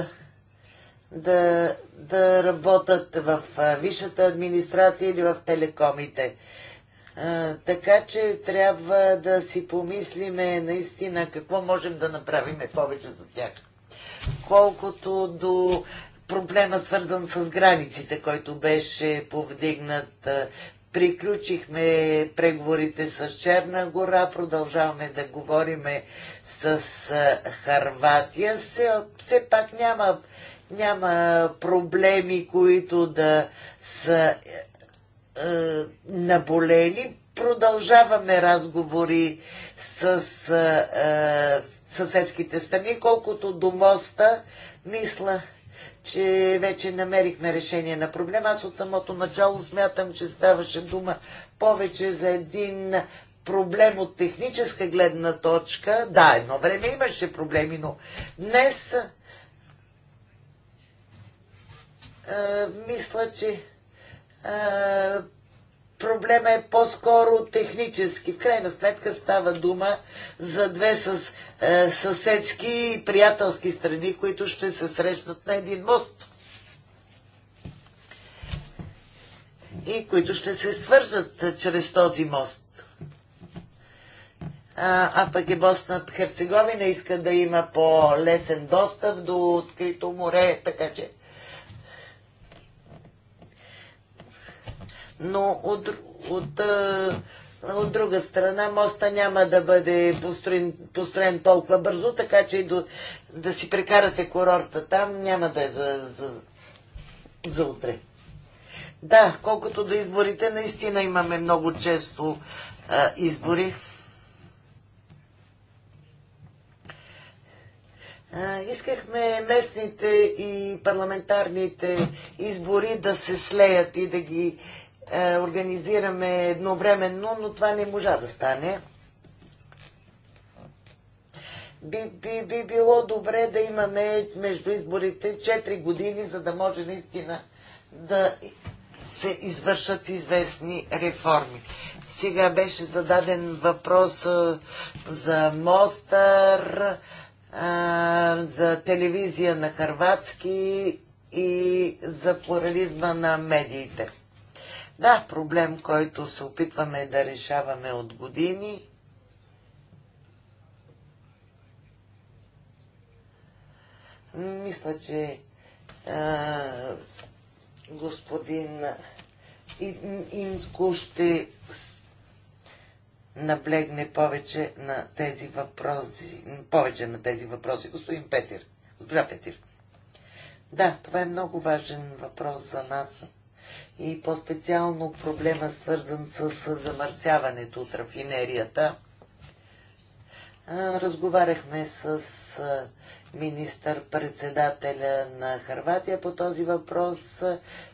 Speaker 2: да, да работят в висшата администрация или в телекомите. А, така че трябва да си помислиме наистина какво можем да направим повече за тях. Колкото до проблема свързан с границите, който беше повдигнат приключихме преговорите с Черна гора, продължаваме да говориме с Харватия. Все, все пак няма, няма проблеми, които да са е, наболели. Продължаваме разговори с е, съседските страни, колкото до моста, мисля, че вече намерихме решение на проблема. Аз от самото начало смятам, че ставаше дума повече за един проблем от техническа гледна точка. Да, едно време имаше проблеми, но днес а, мисля, че проблема е по-скоро технически. В крайна сметка става дума за две със, е, съседски и приятелски страни, които ще се срещнат на един мост. И които ще се свържат е, чрез този мост. А, а пък и Босна Херцеговина иска да има по-лесен достъп до открито море, така че но от, от, от друга страна моста няма да бъде построен, построен толкова бързо, така че и до, да си прекарате курорта там няма да е за, за, за утре. Да, колкото до изборите, наистина имаме много често а, избори. А, искахме местните и парламентарните избори да се слеят и да ги е, организираме едновременно, но това не можа да стане. Би, би, би било добре да имаме между изборите 4 години, за да може наистина да се извършат известни реформи. Сега беше зададен въпрос е, за Мостър, е, за телевизия на Харватски и за плурализма на медиите. Да, проблем, който се опитваме да решаваме от години. Мисля, че а, господин Инско ще наблегне повече на тези въпроси. Повече на тези въпроси. Господин Петир. Госпожа Петир. Да, това е много важен въпрос за нас и по-специално проблема свързан с замърсяването от рафинерията. Разговаряхме с министър-председателя на Харватия по този въпрос,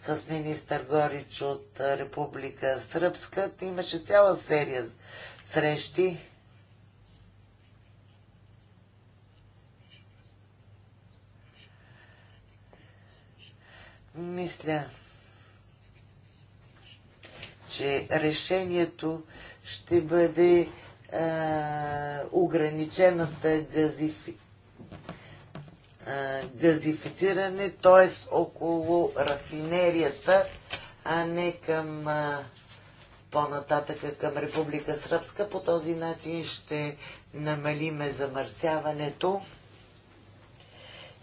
Speaker 2: с министър Горич от Република Сръбска. Имаше цяла серия срещи. Мисля, че решението ще бъде а, ограничената газифи, а, газифициране, т.е. около рафинерията, а не към а, по-нататъка към Република Сръбска. По този начин ще намалиме замърсяването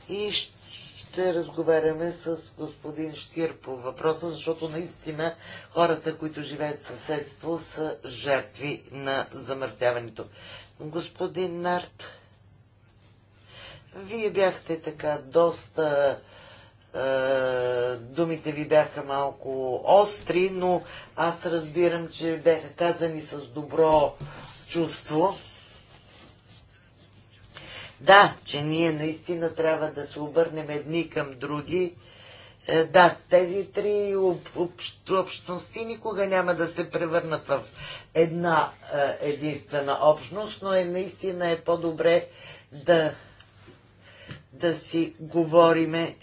Speaker 2: и ще ще разговаряме с господин Штир по въпроса, защото наистина хората, които живеят в съседство, са жертви на замърсяването. Господин Нарт, вие бяхте така доста думите ви бяха малко остри, но аз разбирам, че бяха казани с добро чувство. Да, че ние наистина трябва да се обърнем едни към други. Е, да, тези три об, общности никога няма да се превърнат в една е, единствена общност, но е, наистина е по-добре да, да си говориме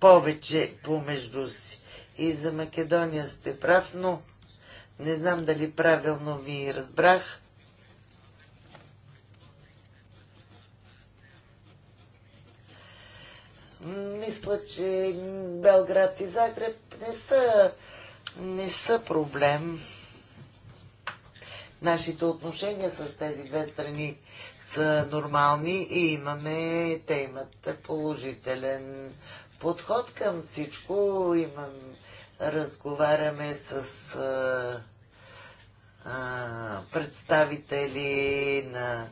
Speaker 2: повече помежду си. И за Македония сте прав, но не знам дали правилно ви разбрах. Мисля, че Белград и Загреб не са, не са проблем. Нашите отношения с тези две страни са нормални и имаме, те имат положителен подход към всичко. Имам, разговаряме с а, а, представители на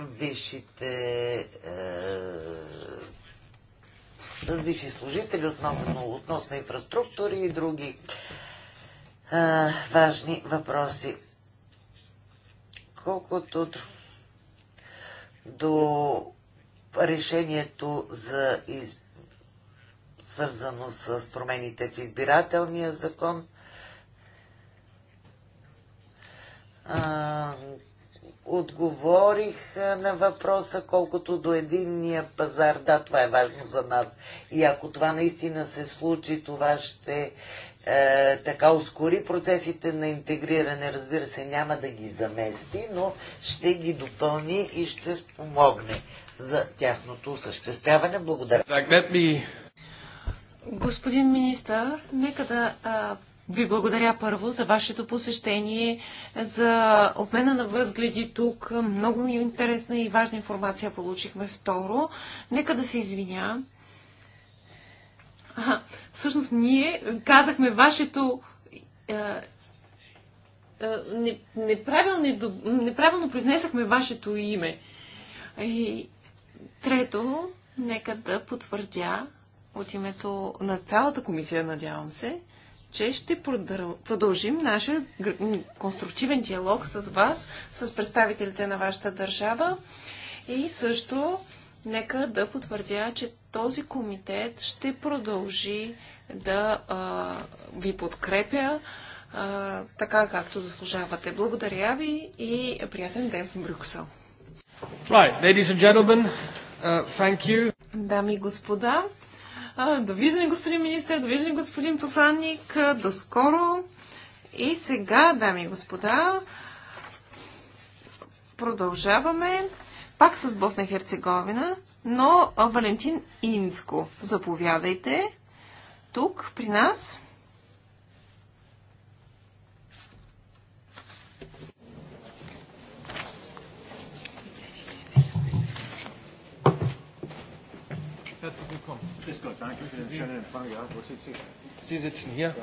Speaker 2: висшите е, с висши служители отново, относно инфраструктури и други е, важни въпроси. Колкото до решението за из... свързано с промените в избирателния закон, отговорих на въпроса, колкото до единния пазар. Да, това е важно за нас. И ако това наистина се случи, това ще е, така ускори процесите на интегриране. Разбира се, няма да ги замести, но ще ги допълни и ще спомогне за тяхното осъществяване. Благодаря.
Speaker 1: Господин министър, нека да а, ви благодаря първо за вашето посещение, за обмена на възгледи тук. Много е интересна и важна информация получихме. Второ, нека да се извиня. А, всъщност ние казахме вашето е, е неправилно, неправилно произнесахме вашето име. И трето, нека да потвърдя от името на цялата комисия, надявам се, че ще продължим нашия конструктивен диалог с вас, с представителите на вашата държава и също нека да потвърдя, че този комитет ще продължи да а, ви подкрепя а, така както заслужавате. Благодаря ви и приятен ден в Брюксел.
Speaker 2: Right, ladies and gentlemen, uh, thank you.
Speaker 1: Дами и господа, Довиждане, господин министр, довиждане, господин посланник. до скоро. И сега, дами и господа, продължаваме пак с Босна и Херцеговина, но Валентин Инско. Заповядайте тук при нас.
Speaker 2: Herzlich willkommen. Grüß Gott, danke für den schönen Empfang. Ja, wo sind Sie?
Speaker 1: Sie sitzen hier.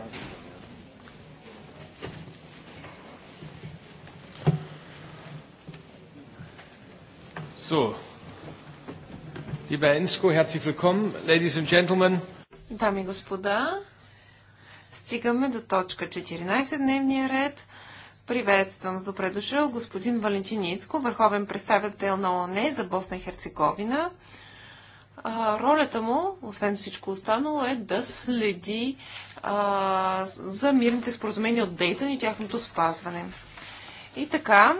Speaker 2: So, lieber Ensko, herzlich willkommen, ladies and gentlemen.
Speaker 1: Дами и господа, стигаме до точка 14 дневния ред. Приветствам с добре дошъл господин Валентин Яцко, върховен представител на ООН за Босна и Херцеговина а, ролята му, освен всичко останало, е да следи а, за мирните споразумения от Дейтън и тяхното спазване. И така,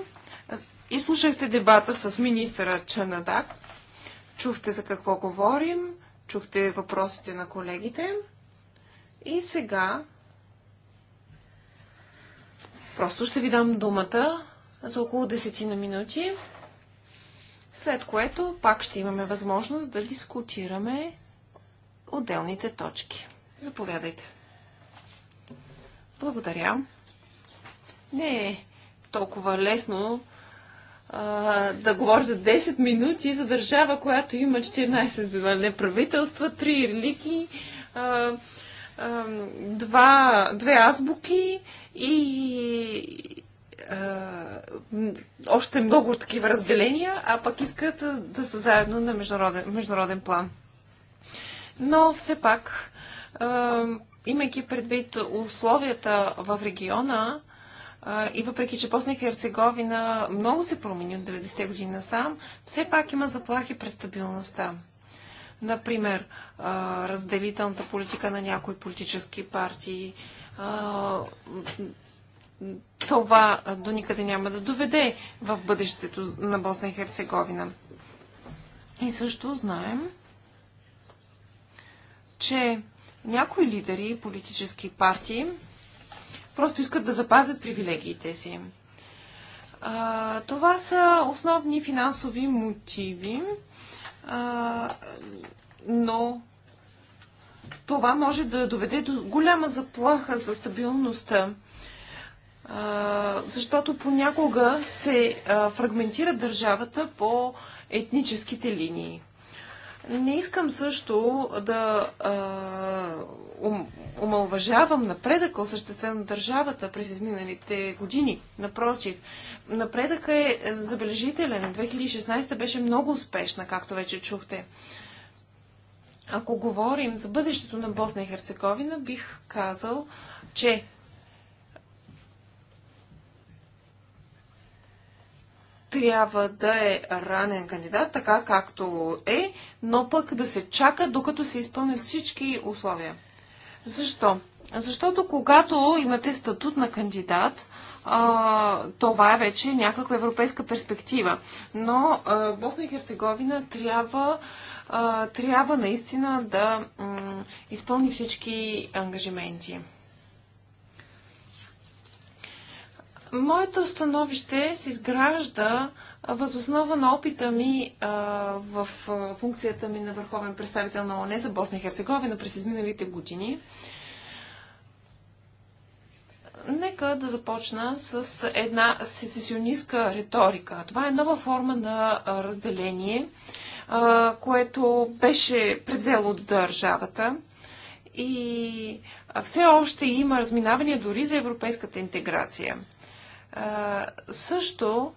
Speaker 1: и слушахте дебата с министъра Чанадак, чухте за какво говорим, чухте въпросите на колегите. И сега просто ще ви дам думата за около 10 на минути след което пак ще имаме възможност да дискутираме отделните точки. Заповядайте. Благодаря. Не е толкова лесно а, да говори за 10 минути за държава, която има 14 неправителства, 3 религии, а, а, 2, 2 азбуки и, още много такива разделения, а пък искат да са заедно на международен, международен план. Но все пак, имайки предвид условията в региона, и въпреки, че Босна и Херцеговина много се промени от 90-те години насам, все пак има заплахи пред стабилността. Например, разделителната политика на някои политически партии, това до никъде няма да доведе в бъдещето на Босна и Херцеговина. И също знаем, че някои лидери и политически партии просто искат да запазят привилегиите си. А, това са основни финансови мотиви, а, но това може да доведе до голяма заплаха за стабилността защото понякога се фрагментира държавата по етническите линии. Не искам също да омалважавам ум, напредъка, осъществен държавата през изминалите години. Напротив, напредъка е забележителен. 2016 беше много успешна, както вече чухте. Ако говорим за бъдещето на Босна и Херцеговина, бих казал, че трябва да е ранен кандидат, така както е, но пък да се чака, докато се изпълнят всички условия. Защо? Защото когато имате статут на кандидат, а, това е вече някаква европейска перспектива. Но а, Босна и Херцеговина трябва, а, трябва наистина да изпълни всички ангажименти. Моето становище се изгражда възоснова на опита ми а, в а, функцията ми на върховен представител на ОНЕ за Босна и Херцеговина през изминалите години. Нека да започна с една сецесионистка риторика. Това е нова форма на разделение, а, което беше превзело от държавата и все още има разминавания дори за европейската интеграция също,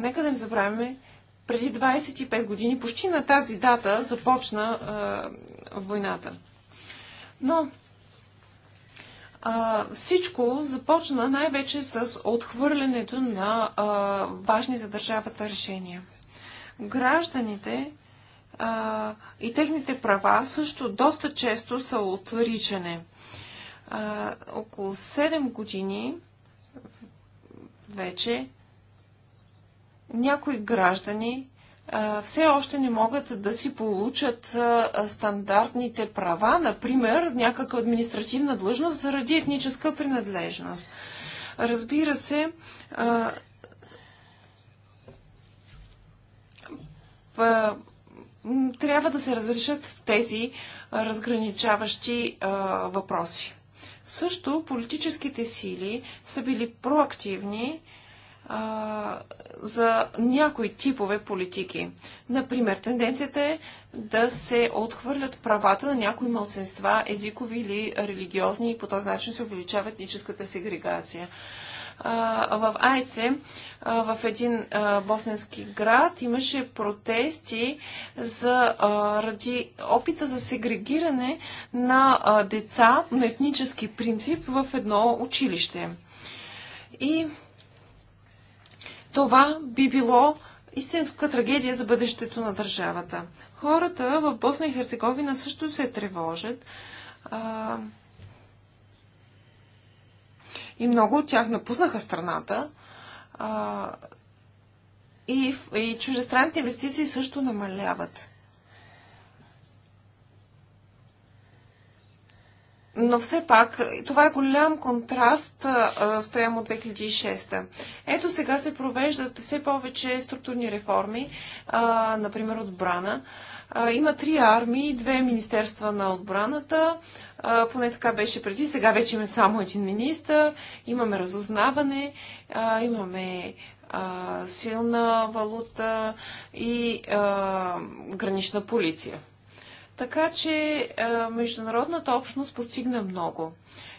Speaker 1: нека да не забравяме, преди 25 години, почти на тази дата, започна войната. Но а, всичко започна най-вече с отхвърлянето на а, важни за държавата решения. Гражданите а, и техните права също доста често са отричане а, около 7 години вече някои граждани а, все още не могат да си получат а, стандартните права, например някаква административна длъжност заради етническа принадлежност. Разбира се, а, трябва да се разрешат тези разграничаващи въпроси. Също политическите сили са били проактивни а, за някои типове политики. Например, тенденцията е да се отхвърлят правата на някои мълценства, езикови или религиозни и по този начин се увеличава етническата сегрегация в Айце, в един босненски град, имаше протести за, ради опита за сегрегиране на деца на етнически принцип в едно училище. И това би било истинска трагедия за бъдещето на държавата. Хората в Босна и Херцеговина също се тревожат и много от тях напуснаха страната. А, и, и чуждестранните инвестиции също намаляват. Но все пак, това е голям контраст а, спрямо 2006. Ето сега се провеждат все повече структурни реформи, а, например отбрана има три армии, две министерства на отбраната, поне така беше преди, сега вече имаме само един министр, имаме разузнаване, имаме силна валута и гранична полиция. Така че международната общност постигна много.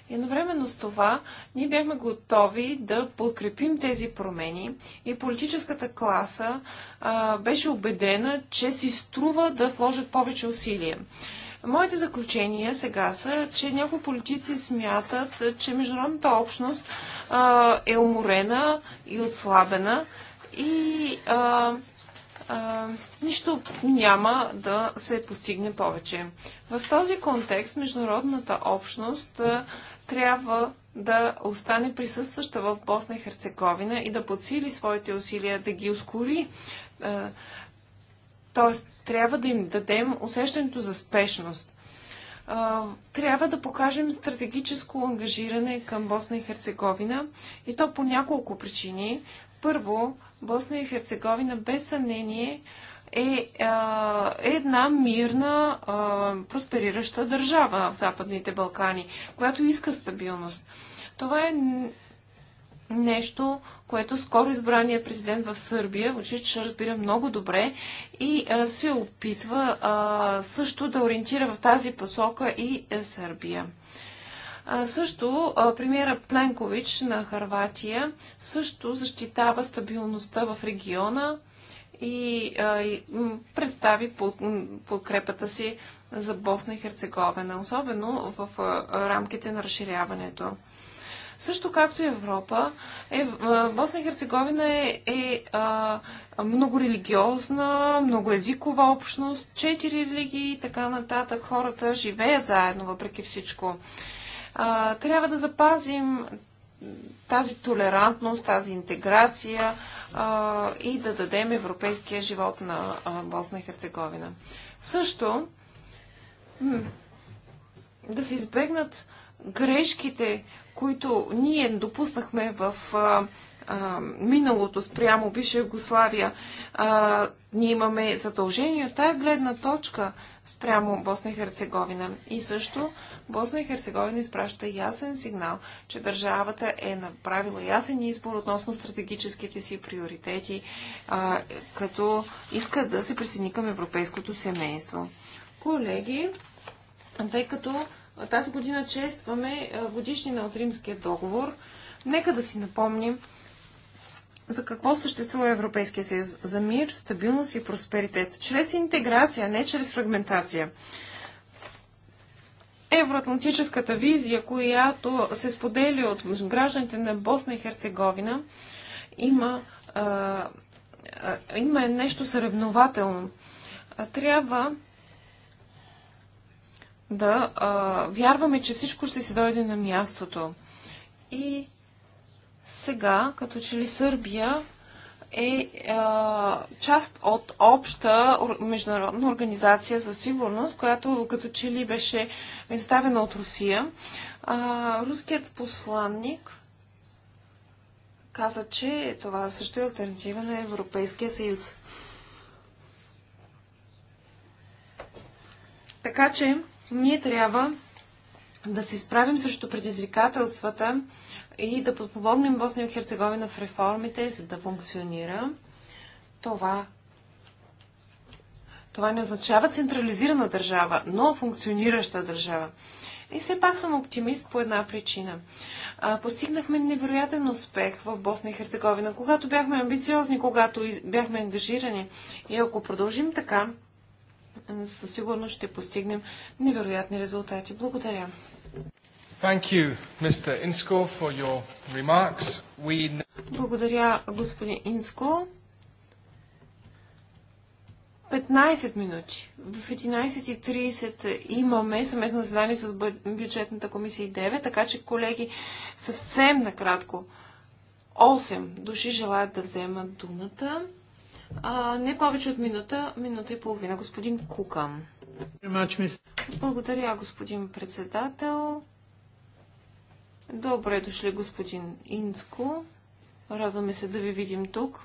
Speaker 1: Едновременно с това, ние бяхме готови да подкрепим тези промени и политическата класа а, беше убедена, че си струва да вложат повече усилия. Моите заключения сега са, че някои политици смятат, че международната общност а, е уморена и отслабена и а, а, нищо няма да се постигне повече. В този контекст международната общност а, трябва да остане присъстваща в Босна и Херцеговина и да подсили своите усилия, да ги ускори. Е, тоест, трябва да им дадем усещането за спешност. Е, трябва да покажем стратегическо ангажиране към Босна и Херцеговина и то по няколко причини. Първо, Босна и Херцеговина без съмнение е е една мирна, е, просперираща държава в Западните Балкани, която иска стабилност. Това е нещо, което скоро избраният президент в Сърбия, Вучич, разбира много добре и е, се опитва е, също да ориентира в тази посока и Сърбия. също премиера Пленкович на Харватия също защитава стабилността в региона и, а, и представи подкрепата си за Босна и Херцеговина, особено в а, рамките на разширяването. Също както и Европа, е, а, Босна и Херцеговина е, е а, много религиозна, много езикова общност, четири религии и така нататък. Хората живеят заедно, въпреки всичко. А, трябва да запазим тази толерантност, тази интеграция, а, и да дадем европейския живот на а, Босна и Херцеговина. Също да се избегнат грешките, които ние допуснахме в а, а, миналото спрямо бивша Югославия, а, ние имаме задължение от тая гледна точка спрямо Босна и Херцеговина. И също Босна и Херцеговина изпраща ясен сигнал, че държавата е направила ясен избор относно стратегическите си приоритети, като иска да се присъедини към европейското семейство. Колеги, тъй като тази година честваме годишнина от Римския договор, нека да си напомним, за какво съществува Европейския съюз? За мир, стабилност и просперитет. Чрез интеграция, не чрез фрагментация. Евроатлантическата визия, която се споделя от гражданите на Босна и Херцеговина, има, а, а, има нещо съревнователно. Трябва да а, вярваме, че всичко ще се дойде на мястото. И сега, като че ли Сърбия е а, част от обща международна организация за сигурност, която като че ли беше изставена от Русия. А, руският посланник каза, че това също е альтернатива на Европейския съюз. Така че ние трябва да се справим срещу предизвикателствата, и да подпомогнем Босния и Херцеговина в реформите, за да функционира. Това, това не означава централизирана държава, но функционираща държава. И все пак съм оптимист по една причина. А, постигнахме невероятен успех в Босна и Херцеговина, когато бяхме амбициозни, когато бяхме ангажирани. И ако продължим така, със сигурност ще постигнем невероятни резултати. Благодаря. Thank you, Mr. Insko, for your remarks. We... Благодаря, господин Инско. 15 минути. В 11.30 имаме съместно задание с бюджетната комисия 9, така че, колеги, съвсем накратко. 8 души желаят да вземат думата. А, не повече от минута, минута и половина. Господин Кукан. Благодаря, господин председател. Добре дошли, господин Инско. Радваме се да ви видим тук.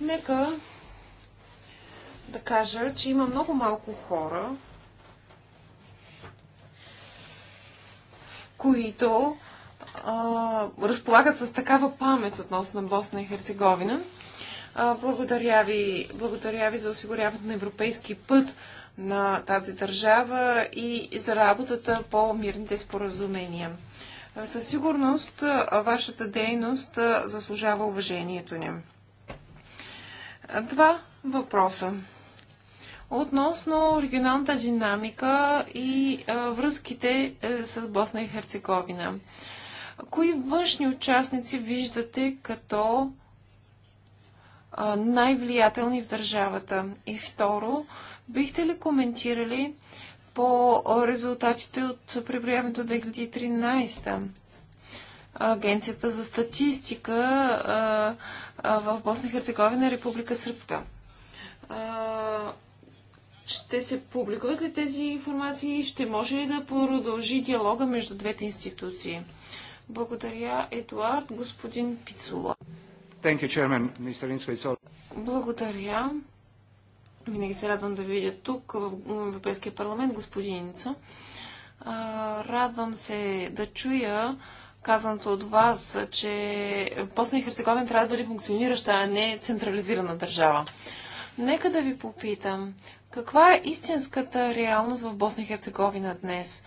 Speaker 1: Нека да кажа, че има много малко хора, които а, разполагат с такава памет относно Босна и Херцеговина. А, благодаря, ви, благодаря ви за осигуряването на европейски път на тази държава и за работата по мирните споразумения. Е, със сигурност е, вашата дейност е, заслужава уважението ни. Два въпроса. Относно регионалната динамика и връзките с Босна и Херцеговина. Кои външни участници виждате като най-влиятелни в държавата? И второ, бихте ли коментирали по резултатите от преброяването 2013. Агенцията за статистика в Босна и Херцеговина и е Република Сръбска. ще се публикуват ли тези информации? Ще може ли да продължи диалога между двете институции? Благодаря, Едуард, господин Пицула. Благодаря. Винаги се радвам да видя тук, в Европейския парламент, господиница. Радвам се да чуя казаното от вас, че Босна и Херцеговина трябва да бъде функционираща, а не централизирана държава. Нека да ви попитам, каква е истинската реалност в Босна и Херцеговина днес?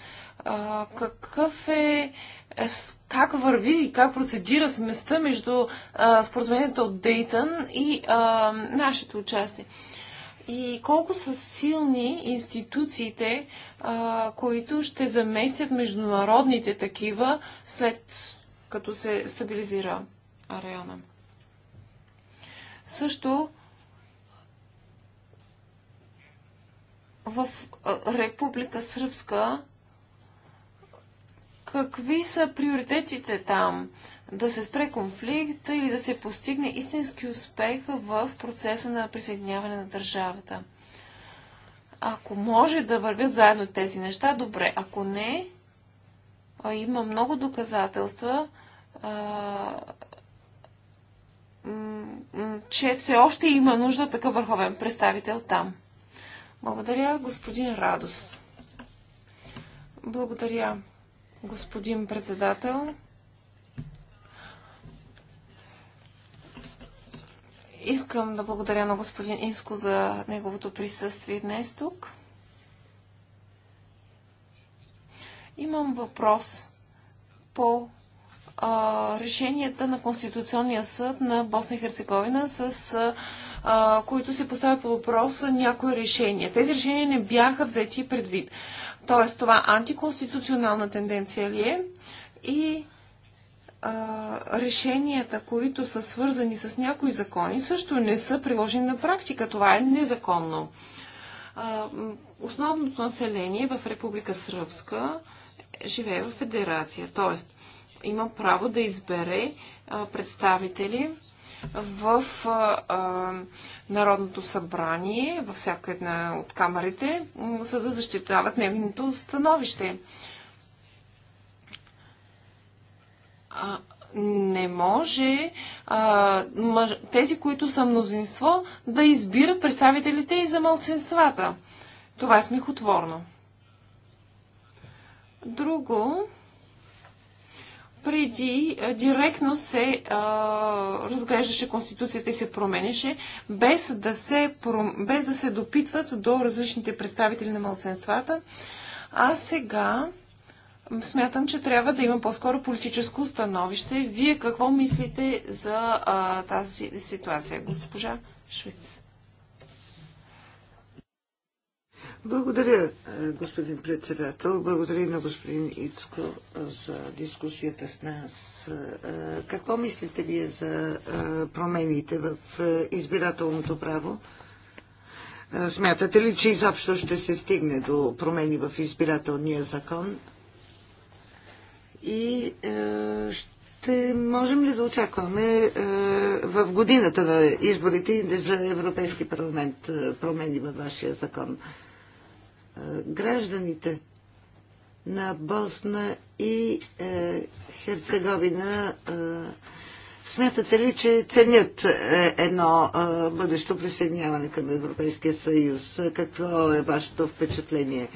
Speaker 1: какъв е, е как върви и как процедира сместа между а, споразумението от Дейтън и а, нашето участие? и колко са силни институциите, а, които ще заместят международните такива след като се стабилизира района. Също в Република Сръбска какви са приоритетите там? да се спре конфликт или да се постигне истински успех в процеса на присъединяване на държавата. Ако може да вървят заедно тези неща, добре. Ако не, има много доказателства, че все още има нужда такъв върховен представител там. Благодаря, господин Радост. Благодаря, господин председател. Искам да благодаря на господин Инско за неговото присъствие днес тук. Имам въпрос по а, решенията на Конституционния съд на Босна и Херцеговина, с а, които се поставя по въпрос някои решения. Тези решения не бяха взети предвид. Тоест, това антиконституционална тенденция ли е? И решенията, които са свързани с някои закони, също не са приложени на практика. Това е незаконно. А, основното население в Република Сръбска живее в федерация, т.е. има право да избере а, представители в Народното събрание, във всяка една от камерите, за да защитават неговото становище. а, не може а, мъж, тези, които са мнозинство, да избират представителите и за мълцинствата. Това е смехотворно. Друго, преди а, директно се а, разглеждаше Конституцията и се променеше, без да се, без да се допитват до различните представители на мълценствата. А сега смятам, че трябва да има по-скоро политическо становище. Вие какво мислите за а, тази ситуация, госпожа Швиц?
Speaker 2: Благодаря, е, господин председател. Благодаря на господин Ицко е, за дискусията с нас. Е, какво мислите вие за промените в избирателното право? Смятате ли, че изобщо ще се стигне до промени в избирателния закон? И е, ще можем ли да очакваме е, в годината на изборите за Европейски парламент е, промени във вашия закон? Гражданите на Босна и Херцеговина Смятате ли, че ценят едно бъдещо присъединяване към Европейския съюз? Какво е вашето впечатление?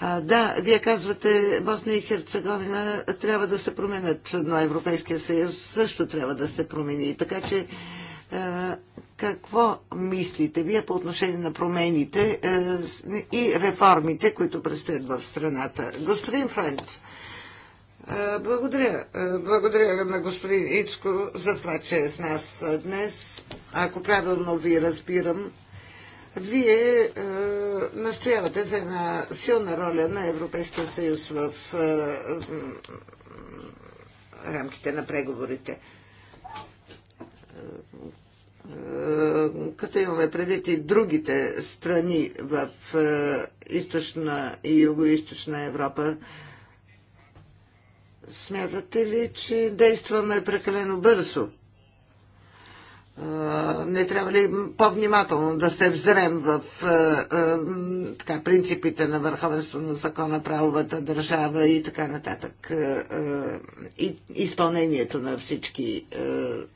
Speaker 2: А, да, вие казвате, Босна и Херцеговина трябва да се променят, но Европейския съюз също трябва да се промени. Така че, а, е, какво мислите вие по отношение на промените а, е, и реформите, които предстоят в страната? Господин Френд, е, благодаря. Благодаря на господин Ицко за това, че е с нас днес. Ако правилно ви разбирам, вие е, настоявате за една силна роля на Европейския съюз в е, е, рамките на преговорите. Е, е, като имаме предвид и другите страни в е, източна и юго-источна Европа, смятате ли, че действаме прекалено бързо? не трябва ли по-внимателно да се взрем в така, принципите на върховенство на закона, правовата държава и така нататък и изпълнението на всички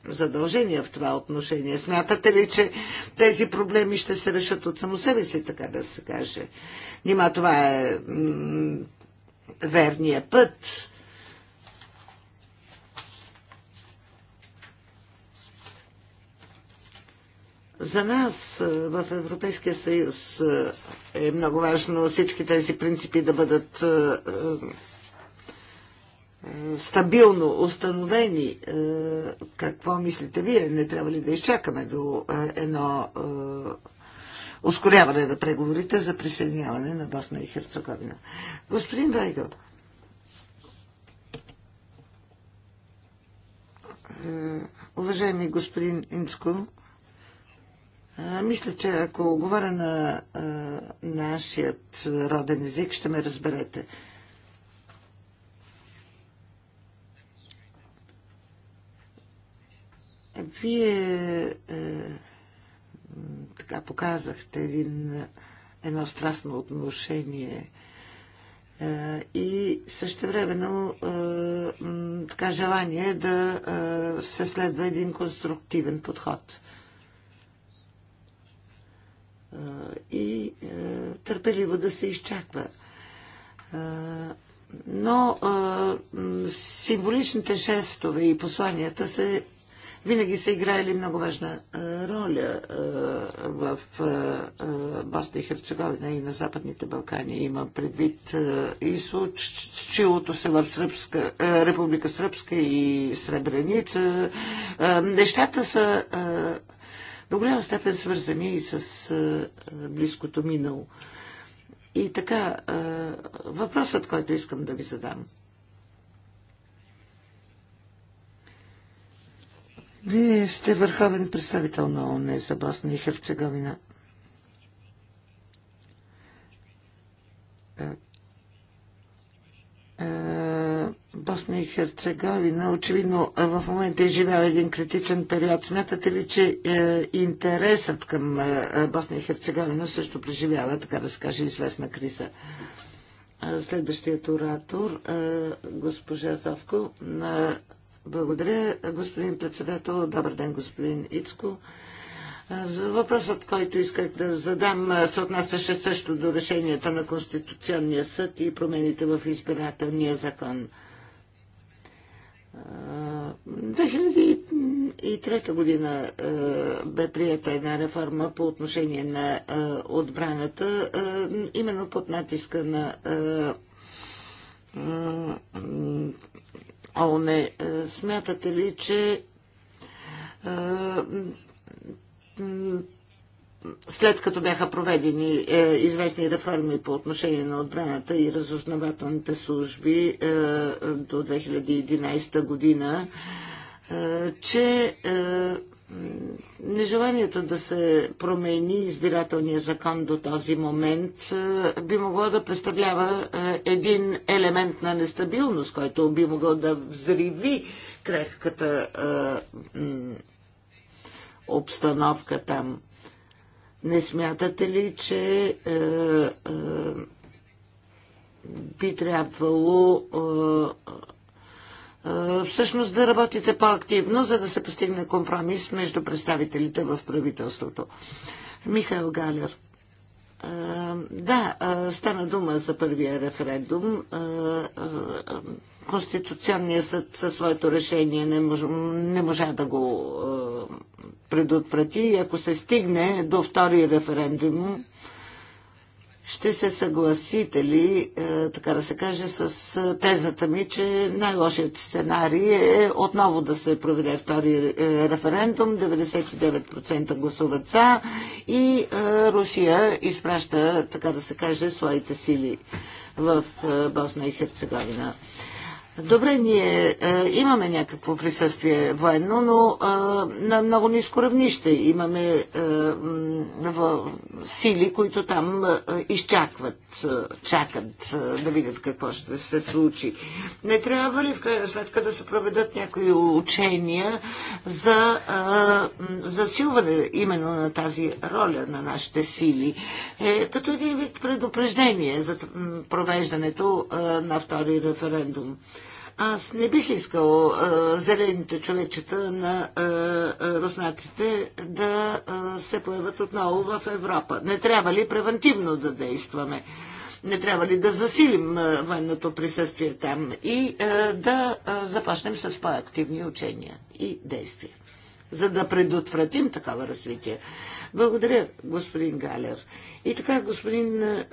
Speaker 2: задължения в това отношение? Смятате ли, че тези проблеми ще се решат от само себе си, така да се каже? Нима това е верния път? За нас е, в Европейския съюз е, е много важно всички тези принципи да бъдат е, стабилно установени. Какво мислите вие? Не трябва ли да изчакаме до едно ускоряване на преговорите за присъединяване на Босна и Херцеговина? Господин Вайгъл, уважаеми господин Инцко, мисля, че ако говоря на а, нашият роден език, ще ме разберете. Вие е, така показахте един, едно страстно отношение е, и същевременно е, така желание да е, се следва един конструктивен подход и е, търпеливо да се изчаква. Но символичните шестове и посланията се винаги са играели много важна роля в Босна и Херцеговина и на Западните Балкани. Има предвид и случилото се в Сръбска, Република Сръбска и Сребреница. Нещата са до голяма степен свързани и с близкото минало. И така, въпросът, който искам да ви задам. Вие сте върховен представител на ООН за Босна и Херцеговина. Босна и Херцеговина очевидно е, в момента е живял един критичен период. Смятате ли, че е, интересът към е, Босна и Херцеговина също преживява, така да се каже, известна криза? Следващият оратор, госпожа Завко. Благодаря, господин председател. Добър ден, господин Ицко. Въпросът, който исках да задам, се отнасяше също до решенията на Конституционния съд и промените в избирателния закон. 2003 година бе прията една реформа по отношение на отбраната, именно под натиска на ООН. Е, смятате ли, че след като бяха проведени е, известни реформи по отношение на отбраната и разузнавателните служби е, до 2011 година, е, че е, нежеланието да се промени избирателния закон до този момент е, би могло да представлява е, един елемент на нестабилност, който би могъл да взриви крехката е, обстановка там. Не смятате ли, че е, е, би трябвало е, е, всъщност да работите по-активно, за да се постигне компромис между представителите в правителството? Михаил Галер. Е, да, е, стана дума за първия референдум. Е, е, е Конституционния съд със своето решение не, мож, не можа да го е, предотврати и ако се стигне до втори референдум, ще се съгласите ли, е, така да се каже, с е, тезата ми, че най-лошият сценарий е отново да се проведе втори е, референдум, 99% гласуват за и е, Русия изпраща, така да се каже, своите сили в е, Босна и Херцеговина. Добре, ние е, имаме някакво присъствие военно, но е, на много ниско равнище. Имаме е, в, сили, които там е, изчакват, е, чакат е, да видят какво ще се случи. Не трябва ли в крайна сметка да се проведат някои учения за е, засилване именно на тази роля на нашите сили, е, като един вид предупреждение за провеждането е, на втори референдум? Аз не бих искал а, зелените човечета на а, руснаците да а, се появят отново в Европа. Не трябва ли превентивно да действаме? Не трябва ли да засилим а, военното присъствие там и а, да а, започнем с по-активни учения и действия? за да предотвратим такава развитие. Благодаря, господин Галер. И така, господин е,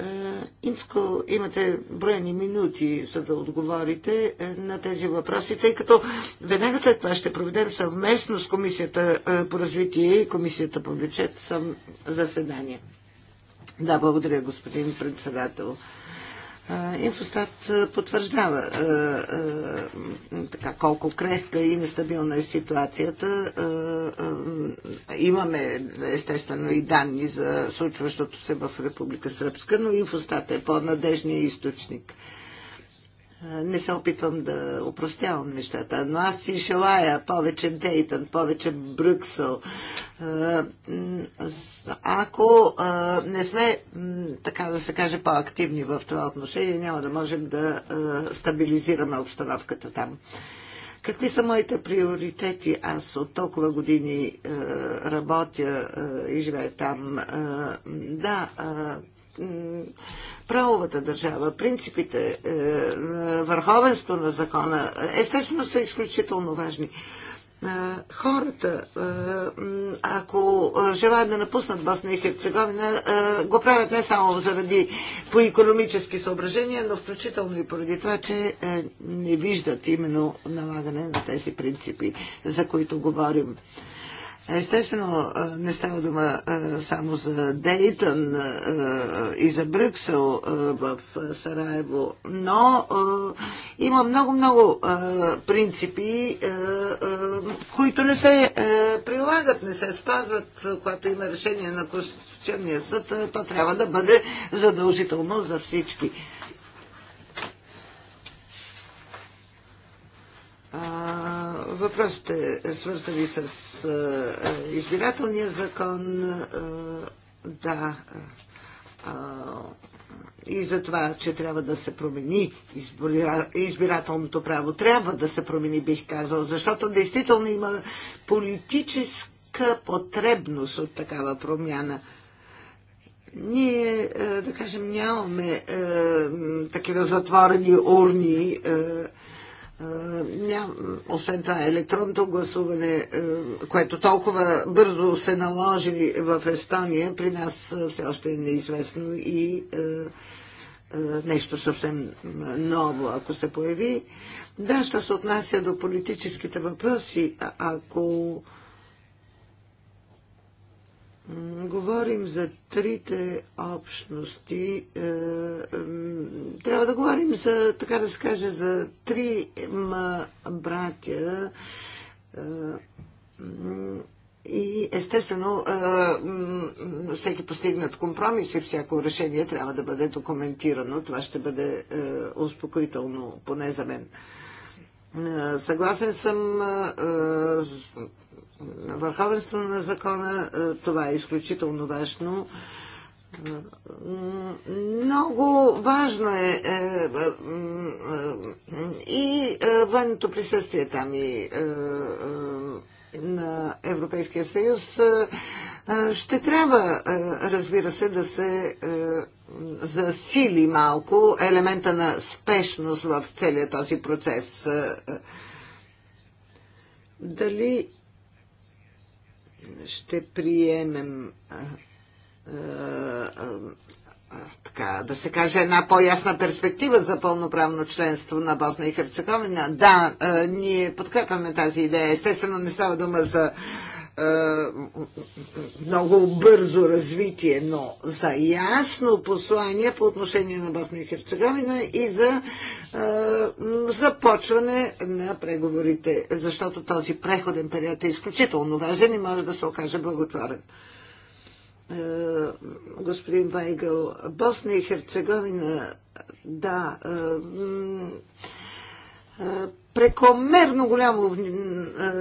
Speaker 2: Инско, имате броени минути, за да отговорите е, на тези въпроси, тъй като веднага след това ще проведем съвместно с Комисията е, по развитие и Комисията по бюджет съм заседание. Да, благодаря, господин председател. Инфостат потвърждава така, колко крехка и нестабилна е ситуацията. Имаме естествено и данни за случващото се в Република Сръбска, но Инфостат е по-надежният източник. Не се опитвам да упростявам нещата, но аз си желая повече Дейтън, повече Брюксел. Ако не сме, така да се каже, по-активни в това отношение, няма да можем да стабилизираме обстановката там. Какви са моите приоритети? Аз от толкова години работя и живея там. да, правовата държава, принципите, е, е, върховенство на закона, естествено са изключително важни. Е, хората, ако желаят да напуснат Босна и Херцеговина, го правят не само заради по економически съображения, но включително и поради това, че не виждат именно налагане на тези принципи, за които говорим. Естествено, не става дума само за Дейтън и за Брюксел в Сараево, но има много-много принципи, които не се прилагат, не се спазват, когато има решение на Конституционния съд, то трябва да бъде задължително за всички. въпросите свързани с избирателния закон, да, и за това, че трябва да се промени избирателното право. Трябва да се промени, бих казал, защото действително има политическа потребност от такава промяна ние, да кажем, нямаме такива затворени урни, освен това, електронното гласуване, е, което толкова бързо се наложи в Естония, при нас е, все още е неизвестно и е, нещо съвсем ново, ако се появи. Да, що се отнася до политическите въпроси, ако говорим за трите общности, е, трябва да говорим за, така да се каже, за три братя е, и естествено е, всеки постигнат компромис и всяко решение трябва да бъде документирано. Това ще бъде успокоително, поне за мен. Съгласен съм върховенство на закона. Е, това е изключително важно. Много важно е, е, е и военното присъствие там и на Европейския съюз. Ще трябва, разбира се, да се засили малко елемента на спешност в целия този процес. Дали ще приемем така, да се каже, една по-ясна перспектива за пълноправно членство на Босна и Херцеговина. Да, ние подкрепяме тази идея. Естествено, не става дума за е, много бързо развитие, но за ясно послание по отношение на Босния и Херцеговина и за е, започване на преговорите, защото този преходен период е изключително важен и може да се окаже благотворен. Е, господин Вайгъл, Босния и Херцеговина, да, е, прекомерно голямо е,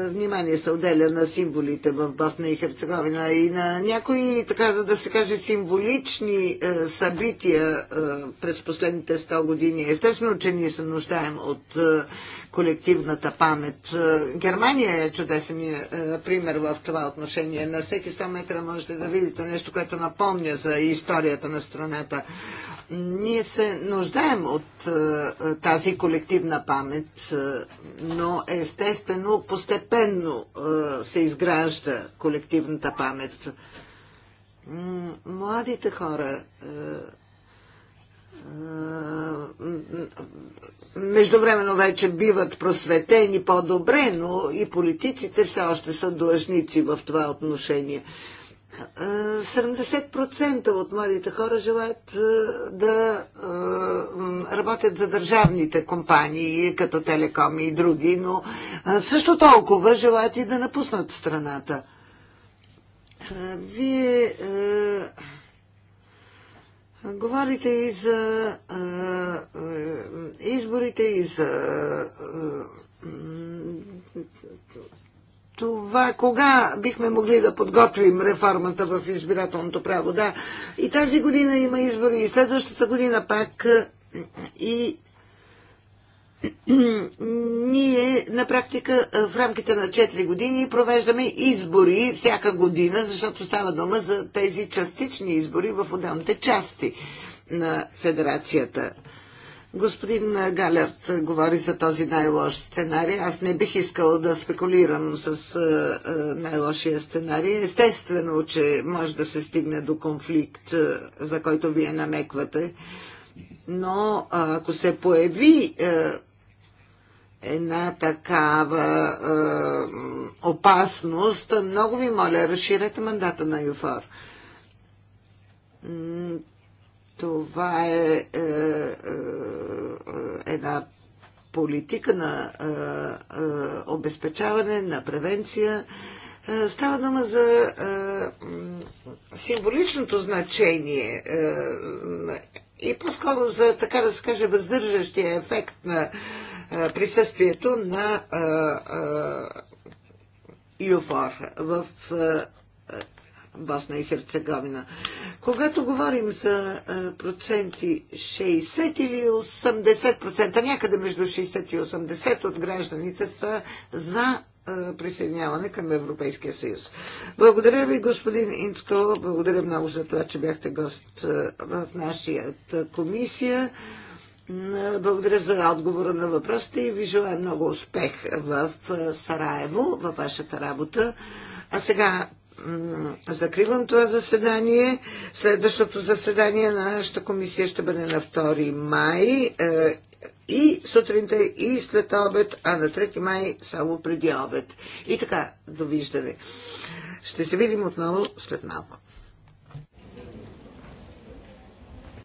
Speaker 2: внимание се отделя на символите в Босна и Херцеговина и на някои, така да се каже, символични е, събития през последните 100 години. Естествено, че ние се нуждаем от колективната памет. Германия е чудесен пример в това отношение. На всеки 100 метра можете да видите нещо, което напомня за историята на страната. Ние се нуждаем от е, тази колективна памет, е, но естествено постепенно е, се изгражда колективната памет. Младите хора междувременно вече биват просветени по-добре, но и политиците все още са длъжници в това отношение. 70% от младите хора желаят да работят за държавните компании, като Телеком и други, но също толкова желаят и да напуснат страната. Вие говорите и за изборите, и за това кога бихме могли да подготвим реформата в избирателното право. Да, и тази година има избори, и следващата година пак. Е, и ние на практика е, в рамките на 4 години провеждаме избори всяка година, защото става дума за тези частични избори в отделните части на федерацията. Господин Галерт говори за този най-лош сценарий. Аз не бих искал да спекулирам с е, е, най-лошия сценарий. Естествено, че може да се стигне до конфликт, е, за който вие намеквате. Но ако се появи една такава опасност, много ви моля, разширете мандата на ЮФОР това е, е, е една политика на е, е, обезпечаване, на превенция. Е, става дума за е, символичното значение е, и по-скоро за, така да се каже, въздържащия ефект на е, присъствието на е, е, ЮФОР в е, Босна и Херцеговина. Когато говорим за проценти 60 или 80%, някъде между 60 и 80 от гражданите са за присъединяване към Европейския съюз. Благодаря ви, господин Инцко. Благодаря много за това, че бяхте гост в нашия комисия. Благодаря за отговора на въпросите и ви желая много успех в Сараево, във вашата работа. А сега закривам това заседание. Следващото заседание на нашата комисия ще бъде на 2 май е, и сутринта, и след обед, а на 3 май само преди обед. И така, довиждане. Ще се видим отново след малко.